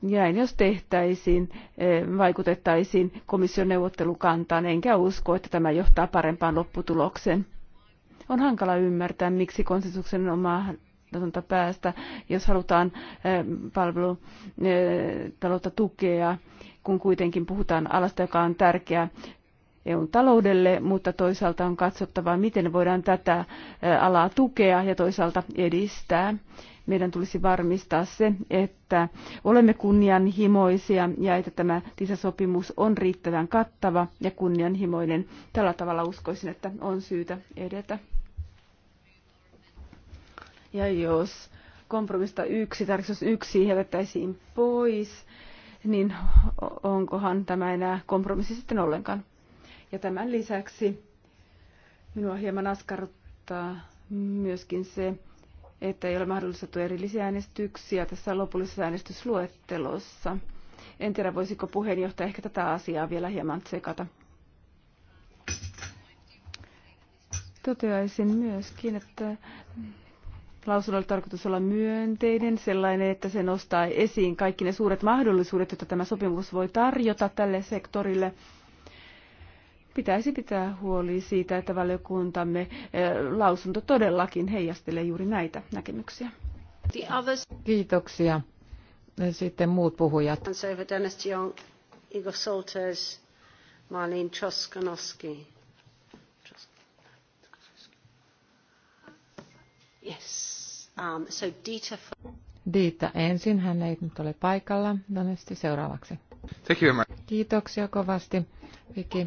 näin jos tehtäisiin, eh, vaikutettaisiin komission neuvottelukantaan, enkä usko, että tämä johtaa parempaan lopputulokseen. On hankala ymmärtää, miksi konsensuksen on mahdotonta päästä, jos halutaan eh, palvelutaloutta eh, tukea, kun kuitenkin puhutaan alasta, joka on tärkeä EUn taloudelle, mutta toisaalta on katsottava, miten voidaan tätä alaa tukea ja toisaalta edistää meidän tulisi varmistaa se, että olemme kunnianhimoisia ja että tämä TISA-sopimus on riittävän kattava ja kunnianhimoinen. Tällä tavalla uskoisin, että on syytä edetä. Ja jos kompromista yksi, tarkistus yksi jätettäisiin pois, niin onkohan tämä enää kompromissi sitten ollenkaan. Ja tämän lisäksi minua hieman askarruttaa myöskin se, että ei ole mahdollistettu erillisiä äänestyksiä tässä lopullisessa äänestysluettelossa. En tiedä, voisiko puheenjohtaja ehkä tätä asiaa vielä hieman tsekata. Toteaisin myöskin, että lausunnolla tarkoitus olla myönteinen, sellainen, että se nostaa esiin kaikki ne suuret mahdollisuudet, joita tämä sopimus voi tarjota tälle sektorille – pitäisi pitää huoli siitä, että valiokuntamme eh, lausunto todellakin heijastelee juuri näitä näkemyksiä. Kiitoksia. Sitten muut puhujat. Igor Yes. Um, so Dita... Diita ensin, hän ei nyt ole paikalla. Donesti seuraavaksi. Kiitoksia kovasti, Viki.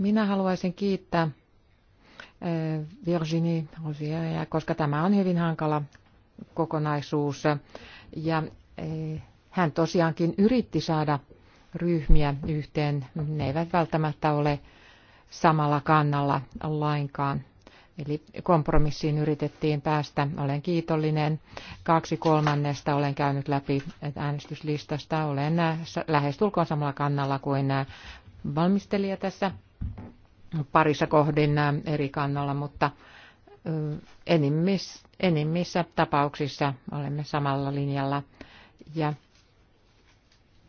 Minä haluaisin kiittää eh, Virginie Rosieria, koska tämä on hyvin hankala kokonaisuus. Ja eh, hän tosiaankin yritti saada ryhmiä yhteen. Ne eivät välttämättä ole samalla kannalla lainkaan. Eli kompromissiin yritettiin päästä. Olen kiitollinen. Kaksi kolmannesta olen käynyt läpi äänestyslistasta. Olen eh, lähestulkoon samalla kannalla kuin valmistelija tässä parissa kohdin eri kannalla, mutta enimmissä, enimmissä tapauksissa olemme samalla linjalla. Ja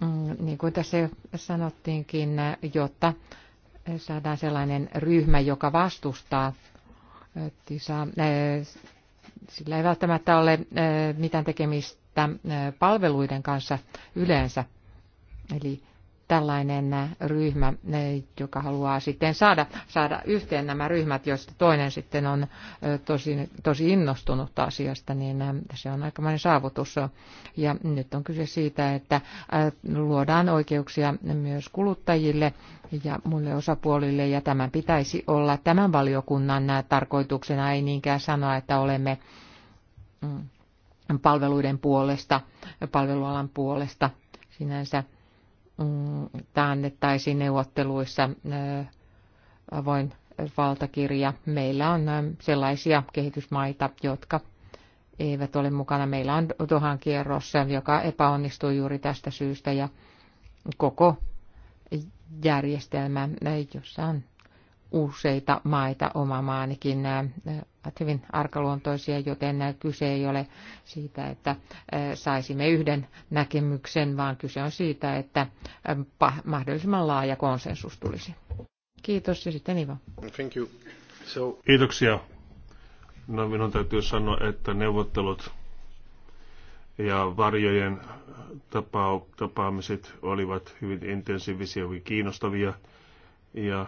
mm, niin kuin tässä sanottiinkin, jotta saadaan sellainen ryhmä, joka vastustaa sillä ei välttämättä ole mitään tekemistä palveluiden kanssa yleensä. Eli tällainen ryhmä, joka haluaa sitten saada, saada yhteen nämä ryhmät, joista toinen sitten on tosi, tosi innostunut asiasta, niin se on aikamoinen saavutus. Ja nyt on kyse siitä, että luodaan oikeuksia myös kuluttajille ja muille osapuolille, ja tämän pitäisi olla tämän valiokunnan tarkoituksena, ei niinkään sanoa, että olemme mm, palveluiden puolesta, palvelualan puolesta sinänsä taannettaisiin neuvotteluissa avoin valtakirja. Meillä on sellaisia kehitysmaita, jotka eivät ole mukana. Meillä on Dohan kierros, joka epäonnistui juuri tästä syystä ja koko järjestelmä, jossa on useita maita, oma maanikin, ovat hyvin arkaluontoisia, joten kyse ei ole siitä, että saisimme yhden näkemyksen, vaan kyse on siitä, että mahdollisimman laaja konsensus tulisi. Kiitos ja sitten Ivo. Thank you. So... Kiitoksia. No, minun täytyy sanoa, että neuvottelut ja varjojen tapaamiset olivat hyvin intensiivisiä ja kiinnostavia. Ja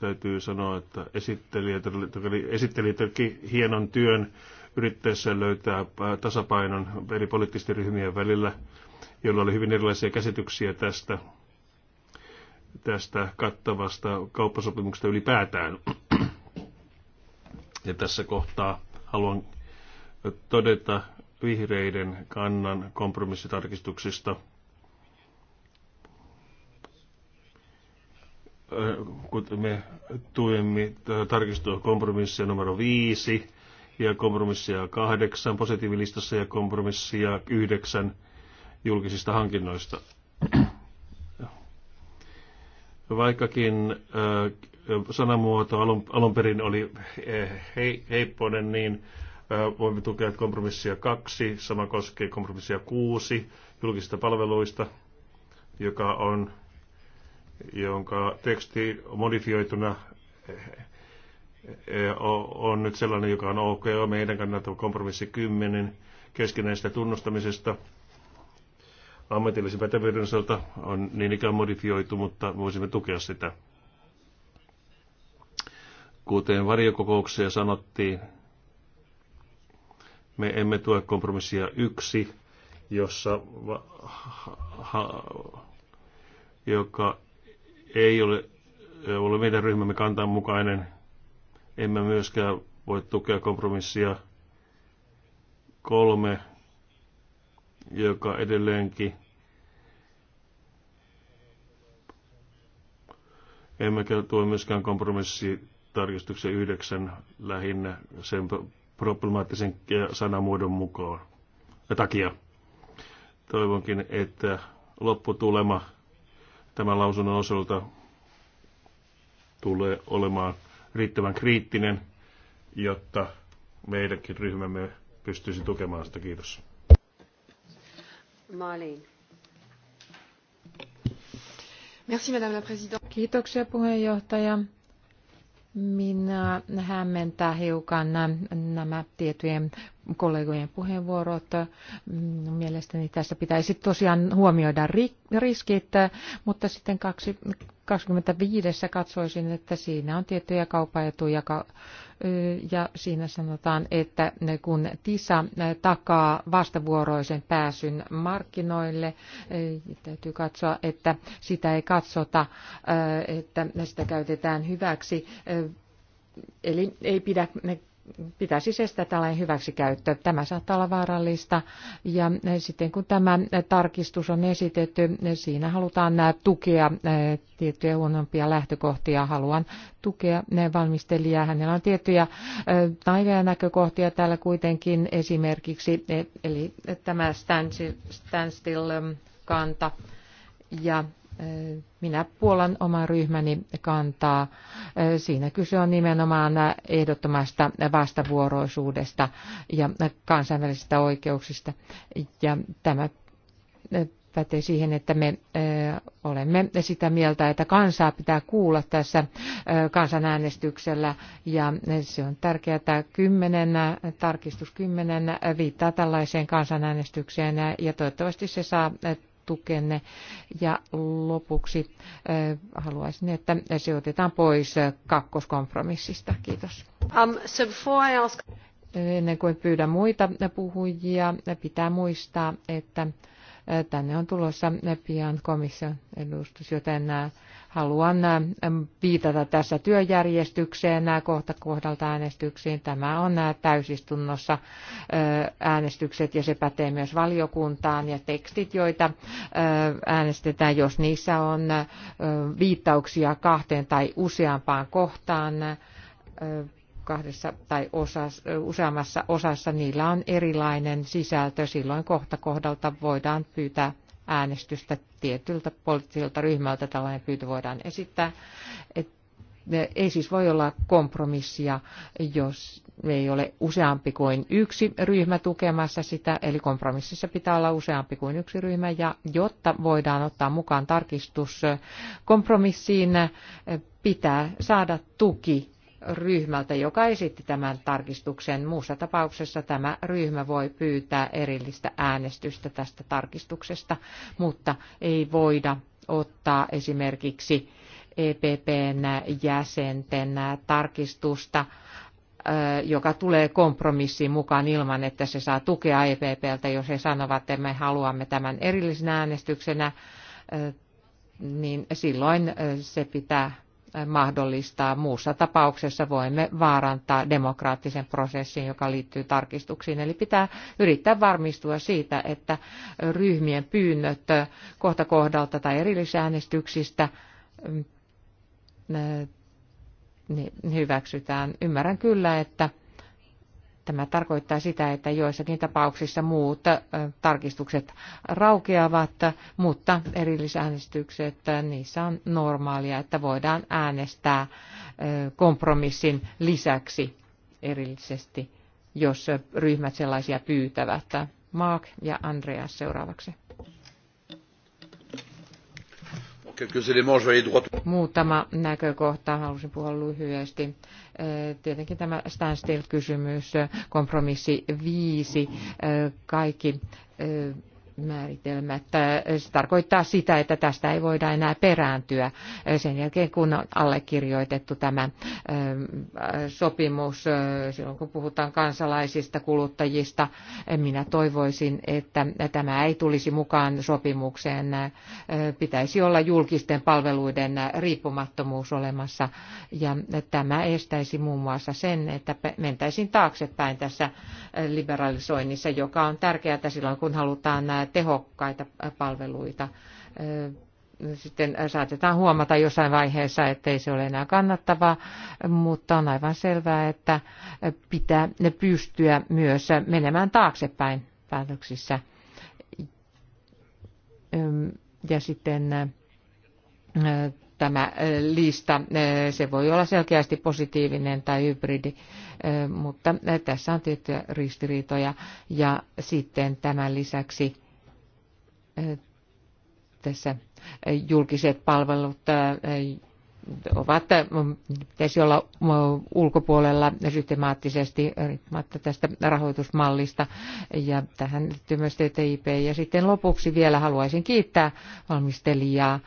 Täytyy sanoa, että esitteli toki hienon työn yrittäessään löytää äh, tasapainon eri poliittisten ryhmien välillä, joilla oli hyvin erilaisia käsityksiä tästä, tästä kattavasta kauppasopimuksesta ylipäätään. Ja tässä kohtaa haluan todeta vihreiden kannan kompromissitarkistuksista – kun me tuemme tarkistua kompromissia numero viisi ja kompromissia kahdeksan positiivilistassa ja kompromissia yhdeksän julkisista hankinnoista. Vaikkakin äh, sanamuoto alun, alun perin oli äh, heipponen, niin äh, voimme tukea kompromissia kaksi, sama koskee kompromissia kuusi julkisista palveluista, joka on jonka teksti modifioituna eh, eh, on nyt sellainen, joka on ok meidän kannalta kompromissi 10 keskinäisestä tunnustamisesta ammatillisen pätevyyden osalta on niin ikään modifioitu, mutta voisimme tukea sitä. Kuten varjokokouksia sanottiin, me emme tue kompromissia yksi, jossa, joka ei ole, ole meidän ryhmämme kantaan mukainen. Emme myöskään voi tukea kompromissia kolme, joka edelleenkin Emmekä tuo myöskään kompromissitarkistuksen yhdeksän lähinnä sen problemaattisen sanamuodon mukaan ja takia. Toivonkin, että lopputulema tämän lausunnon osalta tulee olemaan riittävän kriittinen, jotta meidänkin ryhmämme pystyisi tukemaan sitä. Kiitos. Malin. Merci, Madame la Présidente. Kiitoksia puheenjohtaja. Minä hämmentää hiukan nämä tiettyjen kollegojen puheenvuorot. Mielestäni tässä pitäisi tosiaan huomioida riskit, mutta sitten 25 katsoisin, että siinä on tiettyjä kaupaetuja ja siinä sanotaan, että kun TISA takaa vastavuoroisen pääsyn markkinoille, täytyy katsoa, että sitä ei katsota, että sitä käytetään hyväksi Eli ei pidä pitäisi estää tällainen hyväksikäyttö. Tämä saattaa olla vaarallista. Ja eh, sitten kun tämä eh, tarkistus on esitetty, eh, siinä halutaan tukea tiettyjä huonompia lähtökohtia. Haluan tukea valmistelijaa. Hänellä on tiettyjä naiveja näkökohtia täällä kuitenkin esimerkiksi, eli tämä standstill-kanta ja minä puolan oman ryhmäni kantaa. Siinä kyse on nimenomaan ehdottomasta vastavuoroisuudesta ja kansainvälisistä oikeuksista. Ja tämä pätee siihen, että me olemme sitä mieltä, että kansaa pitää kuulla tässä kansanäänestyksellä. Ja se on tärkeää, että kymmenen, tarkistus kymmenen viittaa tällaiseen kansanäänestykseen ja toivottavasti se saa tukenne. Ja lopuksi äh, haluaisin, että se otetaan pois kakkoskompromissista. Kiitos. Um, so before I ask... Ennen kuin pyydän muita puhujia, pitää muistaa, että äh, tänne on tulossa pian komission edustus, joten äh, Haluan ähm, viitata tässä työjärjestykseen äh, kohta kohdalta äänestyksiin. Tämä on äh, täysistunnossa äh, äänestykset ja se pätee myös valiokuntaan ja tekstit, joita äänestetään, jos niissä on viittauksia kahteen tai useampaan kohtaan kahdessa tai osas, useammassa osassa niillä on erilainen sisältö. Silloin kohta kohdalta voidaan pyytää äänestystä tietyltä poliittiselta ryhmältä tällainen pyyntö voidaan esittää. Et, ei siis voi olla kompromissia, jos ei ole useampi kuin yksi ryhmä tukemassa sitä, eli kompromississa pitää olla useampi kuin yksi ryhmä, ja jotta voidaan ottaa mukaan tarkistus kompromissiin, pitää saada tuki ryhmältä, joka esitti tämän tarkistuksen. Muussa tapauksessa tämä ryhmä voi pyytää erillistä äänestystä tästä tarkistuksesta, mutta ei voida ottaa esimerkiksi EPPn jäsenten tarkistusta, joka tulee kompromissiin mukaan ilman, että se saa tukea EPPltä, jos he sanovat, että me haluamme tämän erillisenä äänestyksenä, niin silloin se pitää mahdollistaa. Muussa tapauksessa voimme vaarantaa demokraattisen prosessin, joka liittyy tarkistuksiin. Eli pitää yrittää varmistua siitä, että ryhmien pyynnöt kohta kohdalta tai erillisäänestyksistä mm, ne hyväksytään. Ymmärrän kyllä, että Tämä tarkoittaa sitä, että joissakin tapauksissa muut tarkistukset raukeavat, mutta erillisäänestykset, niissä on normaalia, että voidaan äänestää kompromissin lisäksi erillisesti, jos ryhmät sellaisia pyytävät. Mark ja Andreas seuraavaksi. Muutama näkökohta, halusin puhua lyhyesti. Tietenkin tämä standstill-kysymys, kompromissi viisi, kaikki määritelmät. Äh, se tarkoittaa sitä, että tästä ei voida enää perääntyä äh, sen jälkeen, kun on allekirjoitettu tämä äh, sopimus, silloin kun puhutaan kansalaisista, kuluttajista. Minä toivoisin, että tämä ei tulisi mukaan sopimukseen. Pitäisi olla julkisten palveluiden riippumattomuus olemassa, ja tämä estäisi muun muassa sen, että mentäisiin taaksepäin tässä liberalisoinnissa, joka on tärkeää silloin, kun halutaan tehokkaita palveluita. Sitten saatetaan huomata jossain vaiheessa, ettei se ole enää kannattavaa, mutta on aivan selvää, että pitää ne pystyä myös menemään taaksepäin päätöksissä. Ja sitten tämä lista, se voi olla selkeästi positiivinen tai hybridi, mutta tässä on tiettyjä ristiriitoja. Ja sitten tämän lisäksi tässä julkiset palvelut ovat, pitäisi olla ulkopuolella systemaattisesti riippumatta tästä rahoitusmallista. Ja tähän liittyy myös TTIP. Ja sitten lopuksi vielä haluaisin kiittää valmistelijaa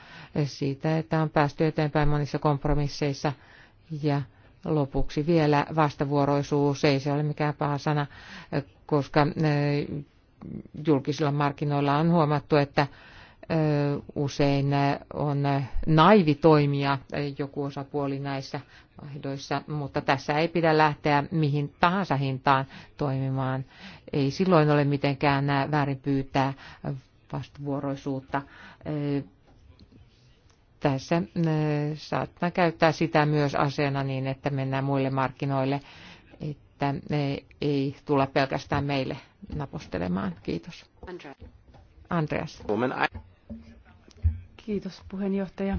siitä, että on päästy eteenpäin monissa kompromisseissa. Ja lopuksi vielä vastavuoroisuus, ei se ole mikään paha sana, koska julkisilla markkinoilla on huomattu, että usein on naivi toimia joku osapuoli näissä vaihdoissa, mutta tässä ei pidä lähteä mihin tahansa hintaan toimimaan. Ei silloin ole mitenkään väärin pyytää vastavuoroisuutta. Tässä saattaa käyttää sitä myös aseena niin, että mennään muille markkinoille että ne ei tule pelkästään meille napostelemaan. Kiitos. Andreas. Kiitos puheenjohtaja.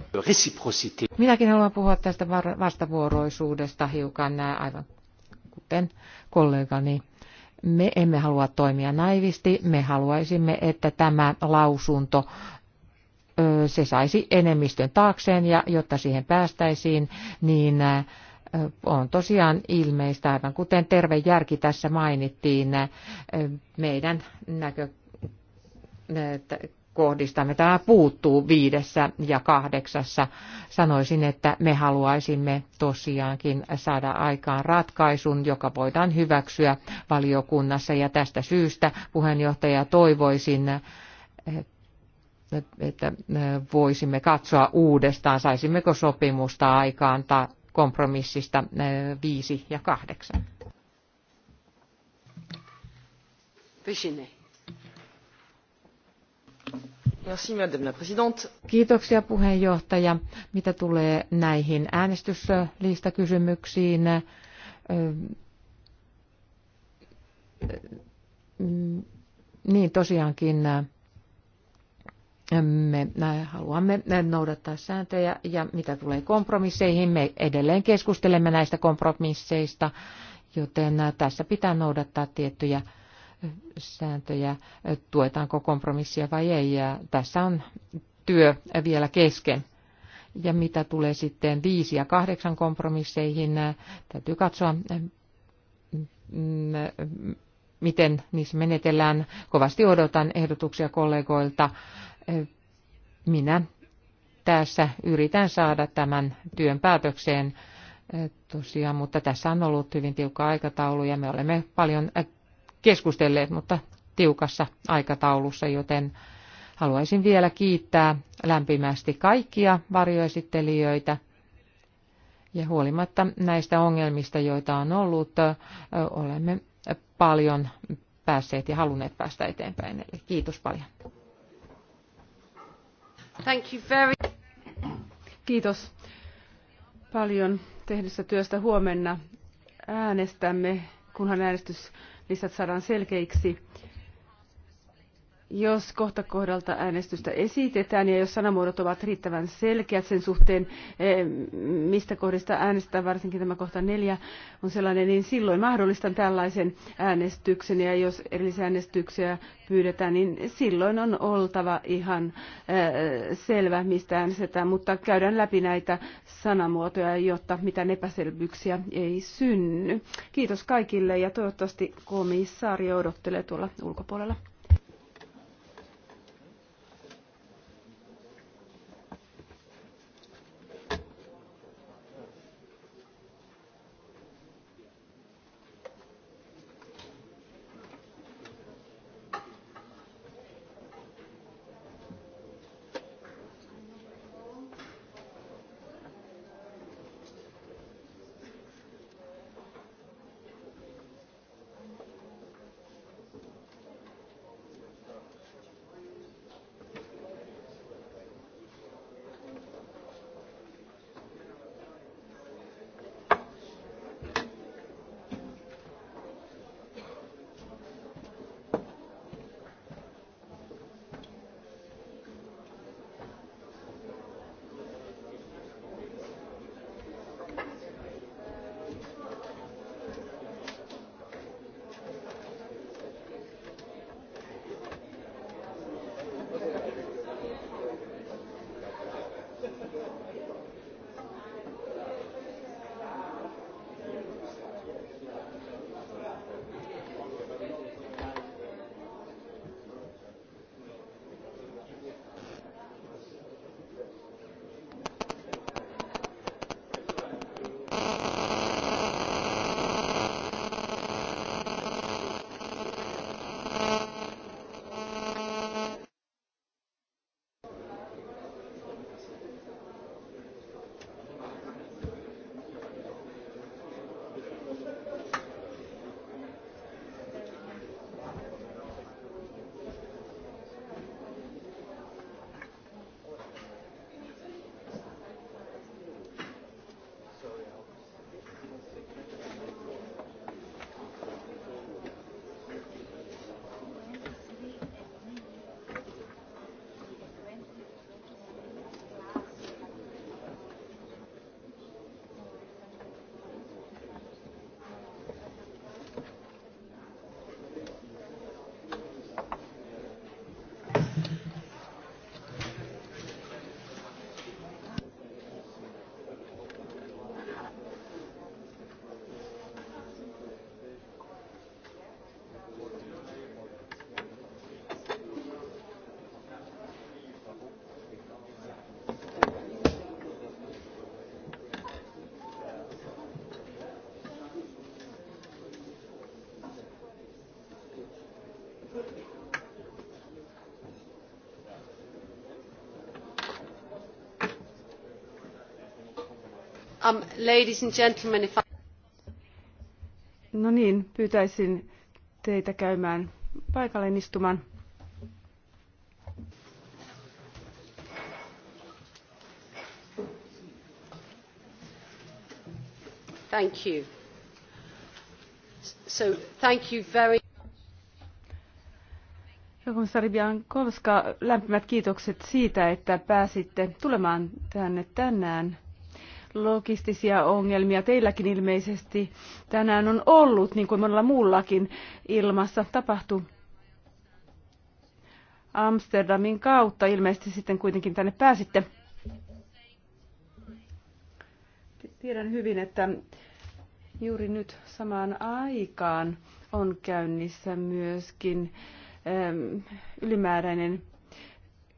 Minäkin haluan puhua tästä vastavuoroisuudesta hiukan äh, aivan kuten kollegani. Me emme halua toimia naivisti, me haluaisimme, että tämä lausunto se saisi enemmistön taakseen ja jotta siihen päästäisiin, niin äh, on tosiaan ilmeistä, aivan kuten terve järki tässä mainittiin, meidän näkö kohdistamme. Tämä puuttuu viidessä ja kahdeksassa. Sanoisin, että me haluaisimme tosiaankin saada aikaan ratkaisun, joka voidaan hyväksyä valiokunnassa. Ja tästä syystä puheenjohtaja toivoisin, että voisimme katsoa uudestaan, saisimmeko sopimusta aikaan kompromissista eh, viisi ja kahdeksan. Pysyne. Kiitoksia puheenjohtaja. Mitä tulee näihin äänestyslistakysymyksiin, eh, mm, niin tosiaankin eh, me äh, haluamme äh, noudattaa sääntöjä ja mitä tulee kompromisseihin, me edelleen keskustelemme näistä kompromisseista, joten äh, tässä pitää noudattaa tiettyjä sääntöjä, tuetaanko kompromissia vai ei. Ja tässä on työ vielä kesken. Ja mitä tulee sitten 5 ja 8 kompromisseihin, täytyy katsoa, miten niissä menetellään. Kovasti odotan ehdotuksia kollegoilta minä tässä yritän saada tämän työn päätökseen tosiaan, mutta tässä on ollut hyvin tiukka aikataulu ja me olemme paljon keskustelleet, mutta tiukassa aikataulussa, joten haluaisin vielä kiittää lämpimästi kaikkia varjoesittelijöitä. Ja huolimatta näistä ongelmista, joita on ollut, olemme paljon päässeet ja halunneet päästä eteenpäin. Eli kiitos paljon. Kiitos paljon tehdystä työstä huomenna. Äänestämme, kunhan äänestyslistat saadaan selkeiksi jos kohta kohdalta äänestystä esitetään ja jos sanamuodot ovat riittävän selkeät sen suhteen, eh, mistä kohdista äänestetään, varsinkin tämä kohta neljä on sellainen, niin silloin mahdollistan tällaisen äänestyksen ja jos erillisäänestyksiä pyydetään, niin silloin on oltava ihan eh, selvä, mistä äänestetään, mutta käydään läpi näitä sanamuotoja, jotta mitään epäselvyyksiä ei synny. Kiitos kaikille ja toivottavasti komissaari odottelee tuolla ulkopuolella. Um, no niin, pyytäisin teitä käymään paikalleen istumaan. Thank you. So, thank you very Komissaari Biankovska, lämpimät kiitokset siitä, että pääsitte tulemaan tänne tänään logistisia ongelmia teilläkin ilmeisesti tänään on ollut, niin kuin monella muullakin ilmassa tapahtuu. Amsterdamin kautta ilmeisesti sitten kuitenkin tänne pääsitte. Tiedän hyvin, että juuri nyt samaan aikaan on käynnissä myöskin ylimääräinen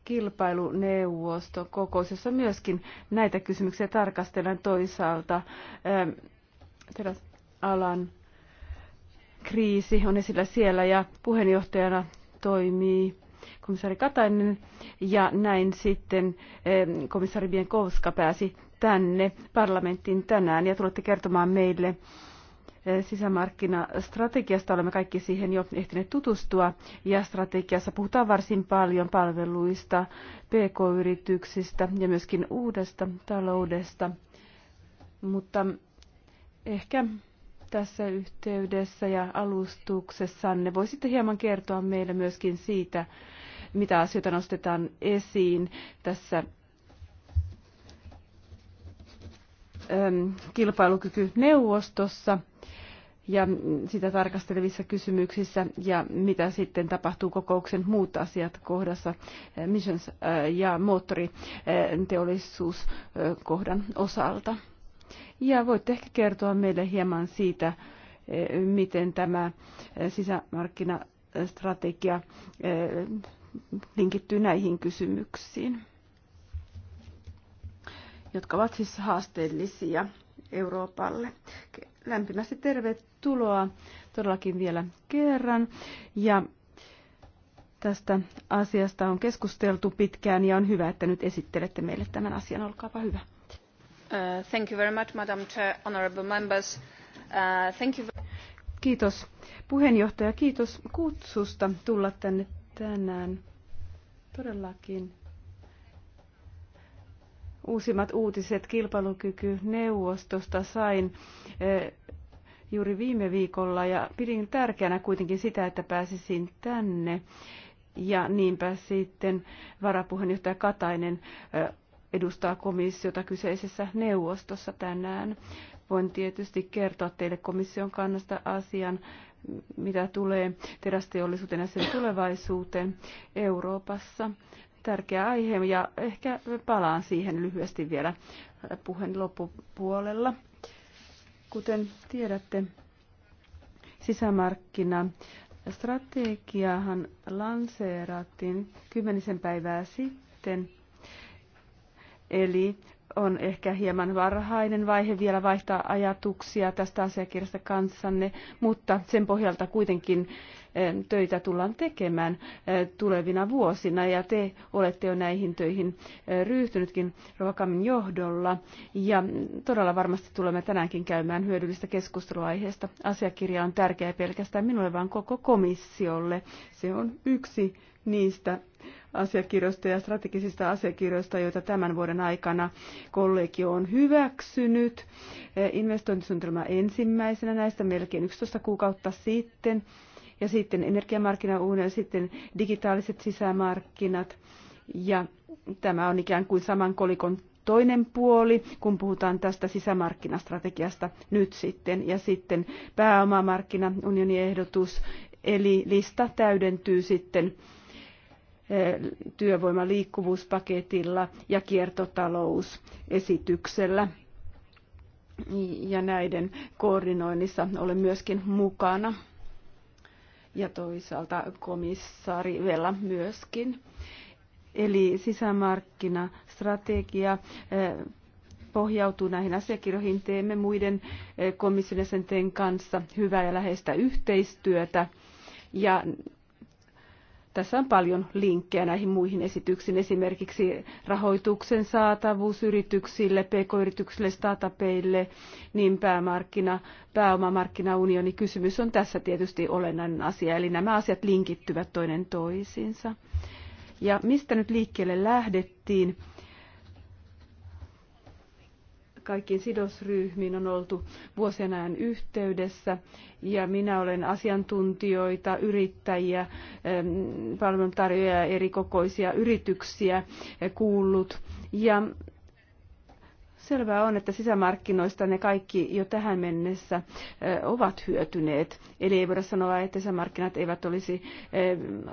kilpailuneuvoston kokous, jossa myöskin näitä kysymyksiä tarkastellaan toisaalta. Ehm, alan kriisi on esillä siellä ja puheenjohtajana toimii komissaari Katainen ja näin sitten ehm, komissaari Bienkowska pääsi tänne parlamenttiin tänään ja tulette kertomaan meille Eh, sisämarkkinastrategiasta. Olemme kaikki siihen jo ehtineet tutustua. Ja strategiassa puhutaan varsin paljon palveluista, pk-yrityksistä ja myöskin uudesta taloudesta. Mutta ehkä tässä yhteydessä ja alustuksessanne voisitte hieman kertoa meille myöskin siitä, mitä asioita nostetaan esiin tässä kilpailukykyneuvostossa. neuvostossa ja sitä tarkastelevissa kysymyksissä ja mitä sitten tapahtuu kokouksen muut asiat kohdassa eh, missions eh, ja kohdan osalta. Ja voitte ehkä kertoa meille hieman siitä, eh, miten tämä sisämarkkinastrategia linkittyy näihin kysymyksiin, jotka ovat siis haasteellisia Euroopalle lämpimästi tervetuloa todellakin vielä kerran. Ja tästä asiasta on keskusteltu pitkään ja on hyvä, että nyt esittelette meille tämän asian. Olkaapa hyvä. Uh, thank you very much, Madam Chair, members. Uh, thank you. Kiitos puheenjohtaja, kiitos kutsusta tulla tänne tänään. Todellakin uusimmat uutiset kilpailukykyneuvostosta sain eh, juuri viime viikolla ja pidin tärkeänä kuitenkin sitä, että pääsisin tänne. Ja niinpä sitten varapuheenjohtaja Katainen eh, edustaa komissiota kyseisessä neuvostossa tänään. Voin tietysti kertoa teille komission kannasta asian, mitä tulee terästeollisuuteen ja sen tulevaisuuteen Euroopassa tärkeä aihe ja ehkä palaan siihen lyhyesti vielä puheen loppupuolella. Kuten tiedätte, sisämarkkina strategiahan lanseerattiin kymmenisen päivää sitten, eli on ehkä hieman varhainen vaihe vielä vaihtaa ajatuksia tästä asiakirjasta kanssanne, mutta sen pohjalta kuitenkin eh, töitä tullaan tekemään eh, tulevina vuosina ja te olette jo näihin töihin eh, ryhtynytkin Rovakamin johdolla ja todella varmasti tulemme tänäänkin käymään hyödyllistä keskusteluaiheesta. Asiakirja on tärkeä pelkästään minulle vaan koko komissiolle. Se on yksi niistä asiakirjoista ja strategisista asiakirjoista, joita tämän vuoden aikana kollegio on hyväksynyt. E, investointisuunnitelma ensimmäisenä näistä melkein 11 kuukautta sitten. Ja sitten ja sitten digitaaliset sisämarkkinat. Ja tämä on ikään kuin saman kolikon toinen puoli, kun puhutaan tästä sisämarkkinastrategiasta nyt sitten, ja sitten pääomamarkkinaunionin ehdotus, eli lista täydentyy sitten työvoiman liikkuvuuspaketilla ja kiertotalousesityksellä. Ja näiden koordinoinnissa olen myöskin mukana. Ja toisaalta komissaari Vella myöskin. Eli sisämarkkinastrategia eh, pohjautuu näihin asiakirjoihin. Teemme muiden eh, komission jäsenten kanssa hyvää ja läheistä yhteistyötä ja tässä on paljon linkkejä näihin muihin esityksiin, esimerkiksi rahoituksen saatavuus yrityksille, pk-yrityksille, startupeille, niin päämarkkina, pääomamarkkinaunioni. Kysymys on tässä tietysti olennainen asia, eli nämä asiat linkittyvät toinen toisiinsa. Ja mistä nyt liikkeelle lähdettiin? kaikkiin sidosryhmiin on oltu vuosien ajan yhteydessä ja minä olen asiantuntijoita, yrittäjiä, palveluntarjoajia, erikokoisia yrityksiä kuullut ja Selvää on, että sisämarkkinoista ne kaikki jo tähän mennessä ovat hyötyneet. Eli ei voida sanoa, että sisämarkkinat eivät olisi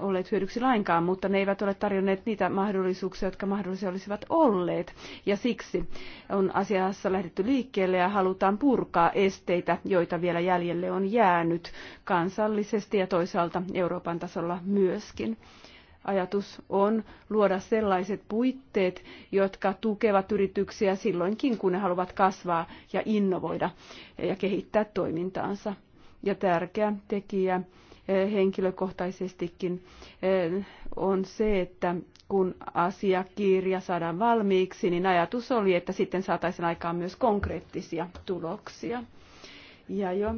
olleet hyödyksi lainkaan, mutta ne eivät ole tarjonneet niitä mahdollisuuksia, jotka mahdollisia olisivat olleet. Ja siksi on asiassa lähdetty liikkeelle ja halutaan purkaa esteitä, joita vielä jäljelle on jäänyt kansallisesti ja toisaalta Euroopan tasolla myöskin. Ajatus on luoda sellaiset puitteet, jotka tukevat yrityksiä silloinkin, kun ne haluavat kasvaa ja innovoida ja kehittää toimintaansa. Ja tärkeä tekijä eh, henkilökohtaisestikin eh, on se, että kun asiakirja saadaan valmiiksi, niin ajatus oli, että sitten saataisiin aikaan myös konkreettisia tuloksia. Ja jo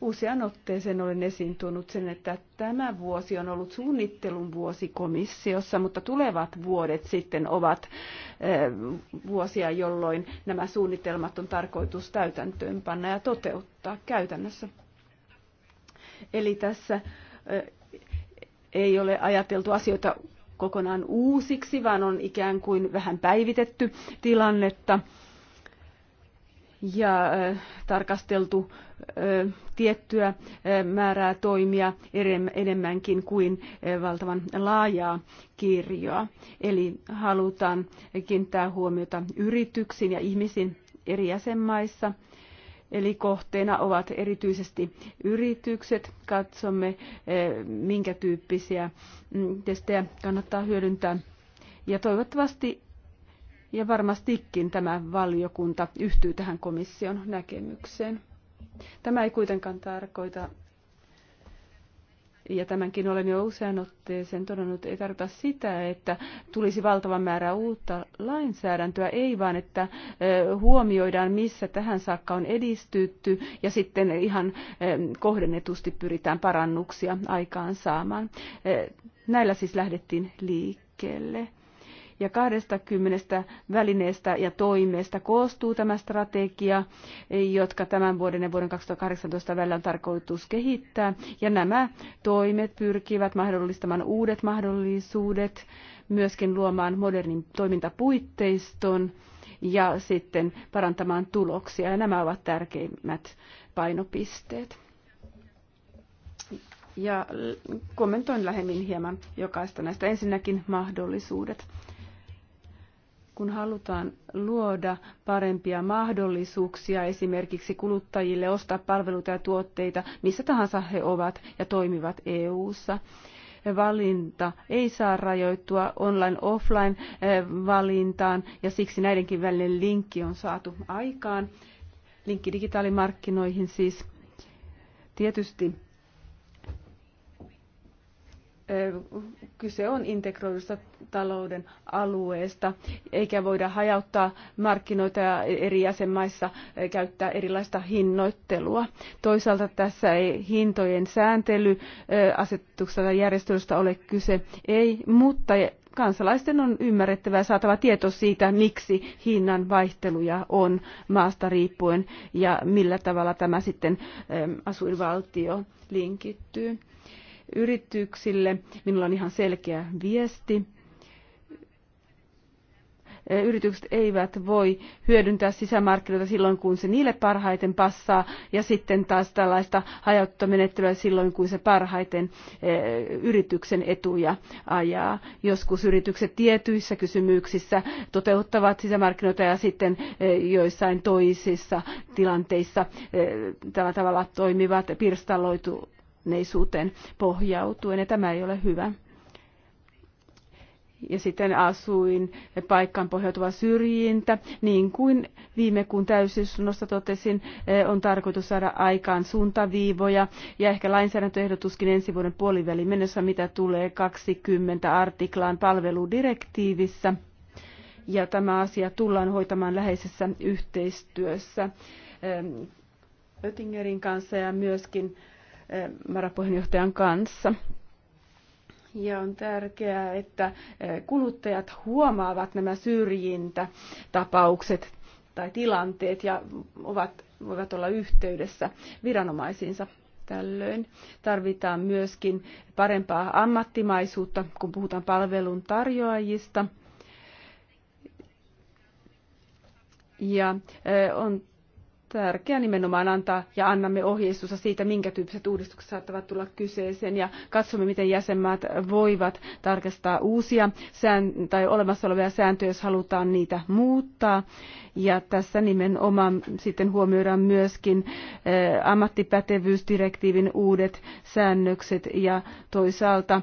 Usean otteeseen olen esiin tuonut sen, että tämä vuosi on ollut suunnittelun vuosi komissiossa, mutta tulevat vuodet sitten ovat eh, vuosia, jolloin nämä suunnitelmat on tarkoitus täytäntöönpanna ja toteuttaa käytännössä. Eli tässä eh, ei ole ajateltu asioita kokonaan uusiksi, vaan on ikään kuin vähän päivitetty tilannetta ja tarkasteltu tiettyä määrää toimia enemmänkin kuin valtavan laajaa kirjoa. Eli halutaan kiinnittää huomiota yrityksiin ja ihmisiin eri jäsenmaissa. Eli kohteena ovat erityisesti yritykset. Katsomme, minkä tyyppisiä mm, testejä kannattaa hyödyntää. Ja toivottavasti ja varmastikin tämä valiokunta yhtyy tähän komission näkemykseen. Tämä ei kuitenkaan tarkoita, ja tämänkin olen jo usean otteeseen todennut, ei tarkoita sitä, että tulisi valtava määrä uutta lainsäädäntöä, ei vaan, että huomioidaan, missä tähän saakka on edistytty, ja sitten ihan kohdennetusti pyritään parannuksia aikaan saamaan. Näillä siis lähdettiin liikkeelle ja 20 välineestä ja toimeesta koostuu tämä strategia, jotka tämän vuoden ja vuoden 2018 välillä on tarkoitus kehittää. Ja nämä toimet pyrkivät mahdollistamaan uudet mahdollisuudet, myöskin luomaan modernin toimintapuitteiston ja sitten parantamaan tuloksia. Ja nämä ovat tärkeimmät painopisteet. Ja kommentoin lähemmin hieman jokaista näistä. Ensinnäkin mahdollisuudet kun halutaan luoda parempia mahdollisuuksia esimerkiksi kuluttajille ostaa palveluita ja tuotteita, missä tahansa he ovat ja toimivat EU-ssa. Valinta ei saa rajoittua online-offline-valintaan eh, ja siksi näidenkin välinen linkki on saatu aikaan. Linkki digitaalimarkkinoihin siis tietysti kyse on integroidusta talouden alueesta, eikä voida hajauttaa markkinoita ja eri jäsenmaissa käyttää erilaista hinnoittelua. Toisaalta tässä ei hintojen sääntely asetuksesta tai järjestelystä ole kyse, ei, mutta kansalaisten on ymmärrettävä ja saatava tieto siitä, miksi hinnan vaihteluja on maasta riippuen ja millä tavalla tämä sitten asuinvaltio linkittyy yrityksille. Minulla on ihan selkeä viesti. Yritykset eivät voi hyödyntää sisämarkkinoita silloin, kun se niille parhaiten passaa, ja sitten taas tällaista hajauttamenettelyä silloin, kun se parhaiten yrityksen etuja ajaa. Joskus yritykset tietyissä kysymyksissä toteuttavat sisämarkkinoita ja sitten joissain toisissa tilanteissa tällä tavalla toimivat pirstaloituneesti sitoutuneisuuteen pohjautuen, ja tämä ei ole hyvä. Ja sitten asuin paikkaan pohjautuva syrjintä, niin kuin viime kuun täysistunnossa totesin, eh, on tarkoitus saada aikaan suuntaviivoja ja ehkä lainsäädäntöehdotuskin ensi vuoden puoliväliin mennessä, mitä tulee 20 artiklaan palveludirektiivissä ja tämä asia tullaan hoitamaan läheisessä yhteistyössä eh, Oettingerin kanssa ja myöskin Eh, varapuheenjohtajan kanssa. Ja on tärkeää, että eh, kuluttajat huomaavat nämä syrjintätapaukset tai tilanteet ja ovat, voivat olla yhteydessä viranomaisiinsa tällöin. Tarvitaan myöskin parempaa ammattimaisuutta, kun puhutaan palvelun tarjoajista. Ja eh, on tärkeää nimenomaan antaa ja annamme ohjeistusta siitä, minkä tyyppiset uudistukset saattavat tulla kyseeseen ja katsomme, miten jäsenmaat voivat tarkastaa uusia sään- tai olemassa olevia sääntöjä, jos halutaan niitä muuttaa. Ja tässä nimenomaan sitten huomioidaan myöskin eh, ammattipätevyysdirektiivin uudet säännökset ja toisaalta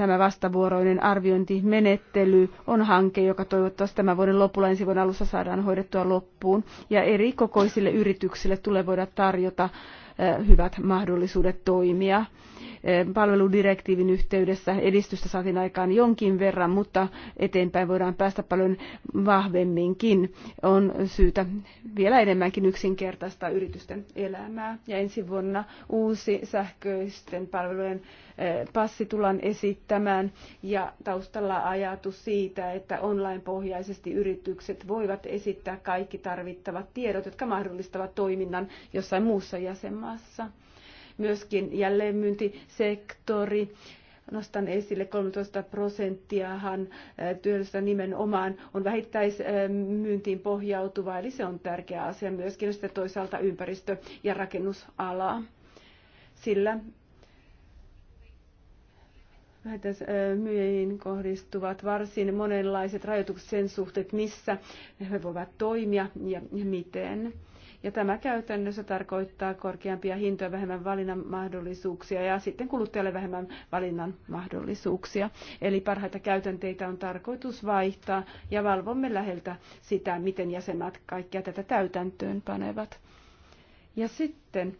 Tämä vastavuoroinen arviointimenettely on hanke, joka toivottavasti tämän vuoden lopulla ensi vuoden alussa saadaan hoidettua loppuun. Ja eri kokoisille yrityksille tulee voida tarjota hyvät mahdollisuudet toimia. Palveludirektiivin yhteydessä edistystä saatiin aikaan jonkin verran, mutta eteenpäin voidaan päästä paljon vahvemminkin. On syytä vielä enemmänkin yksinkertaista yritysten elämää. Ja ensi vuonna uusi sähköisten palvelujen passi tullaan esittämään ja taustalla ajatus siitä, että online-pohjaisesti yritykset voivat esittää kaikki tarvittavat tiedot, jotka mahdollistavat toiminnan jossain muussa jäsenmaassa. Myöskin jälleenmyyntisektori nostan esille 13 prosenttiahan työllistä nimenomaan on vähittäismyyntiin pohjautuva, eli se on tärkeä asia myöskin sitten toisaalta ympäristö- ja rakennusalaa. Sillä vähittäismyyjiin kohdistuvat varsin monenlaiset rajoitukset sen suhteen, missä he voivat toimia ja miten. Ja tämä käytännössä tarkoittaa korkeampia hintoja, vähemmän valinnan mahdollisuuksia ja sitten kuluttajalle vähemmän valinnan mahdollisuuksia. Eli parhaita käytänteitä on tarkoitus vaihtaa ja valvomme läheltä sitä, miten jäsenmaat kaikkia tätä täytäntöön panevat. Ja sitten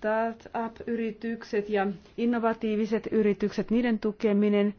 startup-yritykset ja innovatiiviset yritykset, niiden tukeminen.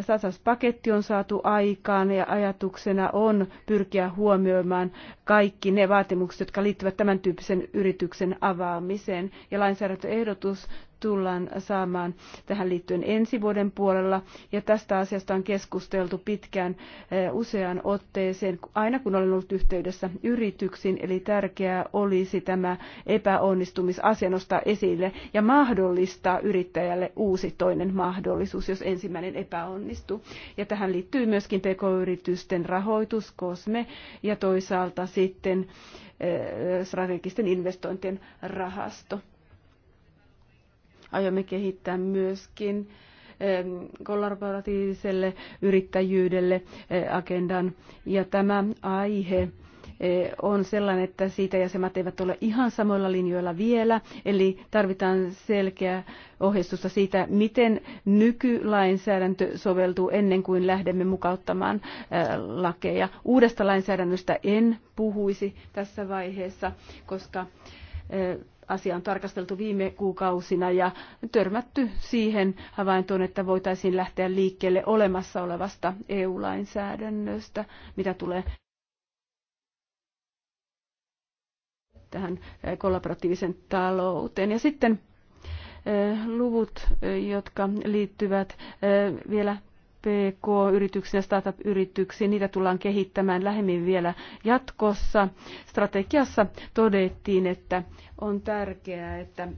Satsauspaketti on saatu aikaan ja ajatuksena on pyrkiä huomioimaan kaikki ne vaatimukset, jotka liittyvät tämän tyyppisen yrityksen avaamiseen. Ja lainsäädäntöehdotus tullaan saamaan tähän liittyen ensi vuoden puolella. Ja tästä asiasta on keskusteltu pitkään eh, useaan otteeseen, aina kun olen ollut yhteydessä yrityksiin. Eli tärkeää olisi tämä epäonnistumisasia nostaa esille ja mahdollistaa yrittäjälle uusi toinen mahdollisuus, jos ensimmäinen epäonnistuu. Ja tähän liittyy myöskin pk-yritysten rahoitus, kosme ja toisaalta sitten eh, strategisten investointien rahasto. Aiomme kehittää myöskin kollaboratiiviselle yrittäjyydelle e, agendan. Ja tämä aihe e, on sellainen, että siitä jäsenmät eivät ole ihan samoilla linjoilla vielä, eli tarvitaan selkeää ohjeistusta siitä, miten nykylainsäädäntö soveltuu ennen kuin lähdemme mukauttamaan e, lakeja. Uudesta lainsäädännöstä en puhuisi tässä vaiheessa, koska Asia on tarkasteltu viime kuukausina ja törmätty siihen havaintoon, että voitaisiin lähteä liikkeelle olemassa olevasta EU-lainsäädännöstä, mitä tulee tähän eh, kollaboratiivisen talouteen. Ja sitten eh, luvut, eh, jotka liittyvät vielä PK-yrityksiin ja startup-yrityksiin. Niitä tullaan kehittämään lähemmin vielä jatkossa. Strategiassa todettiin, että on tärkeää, että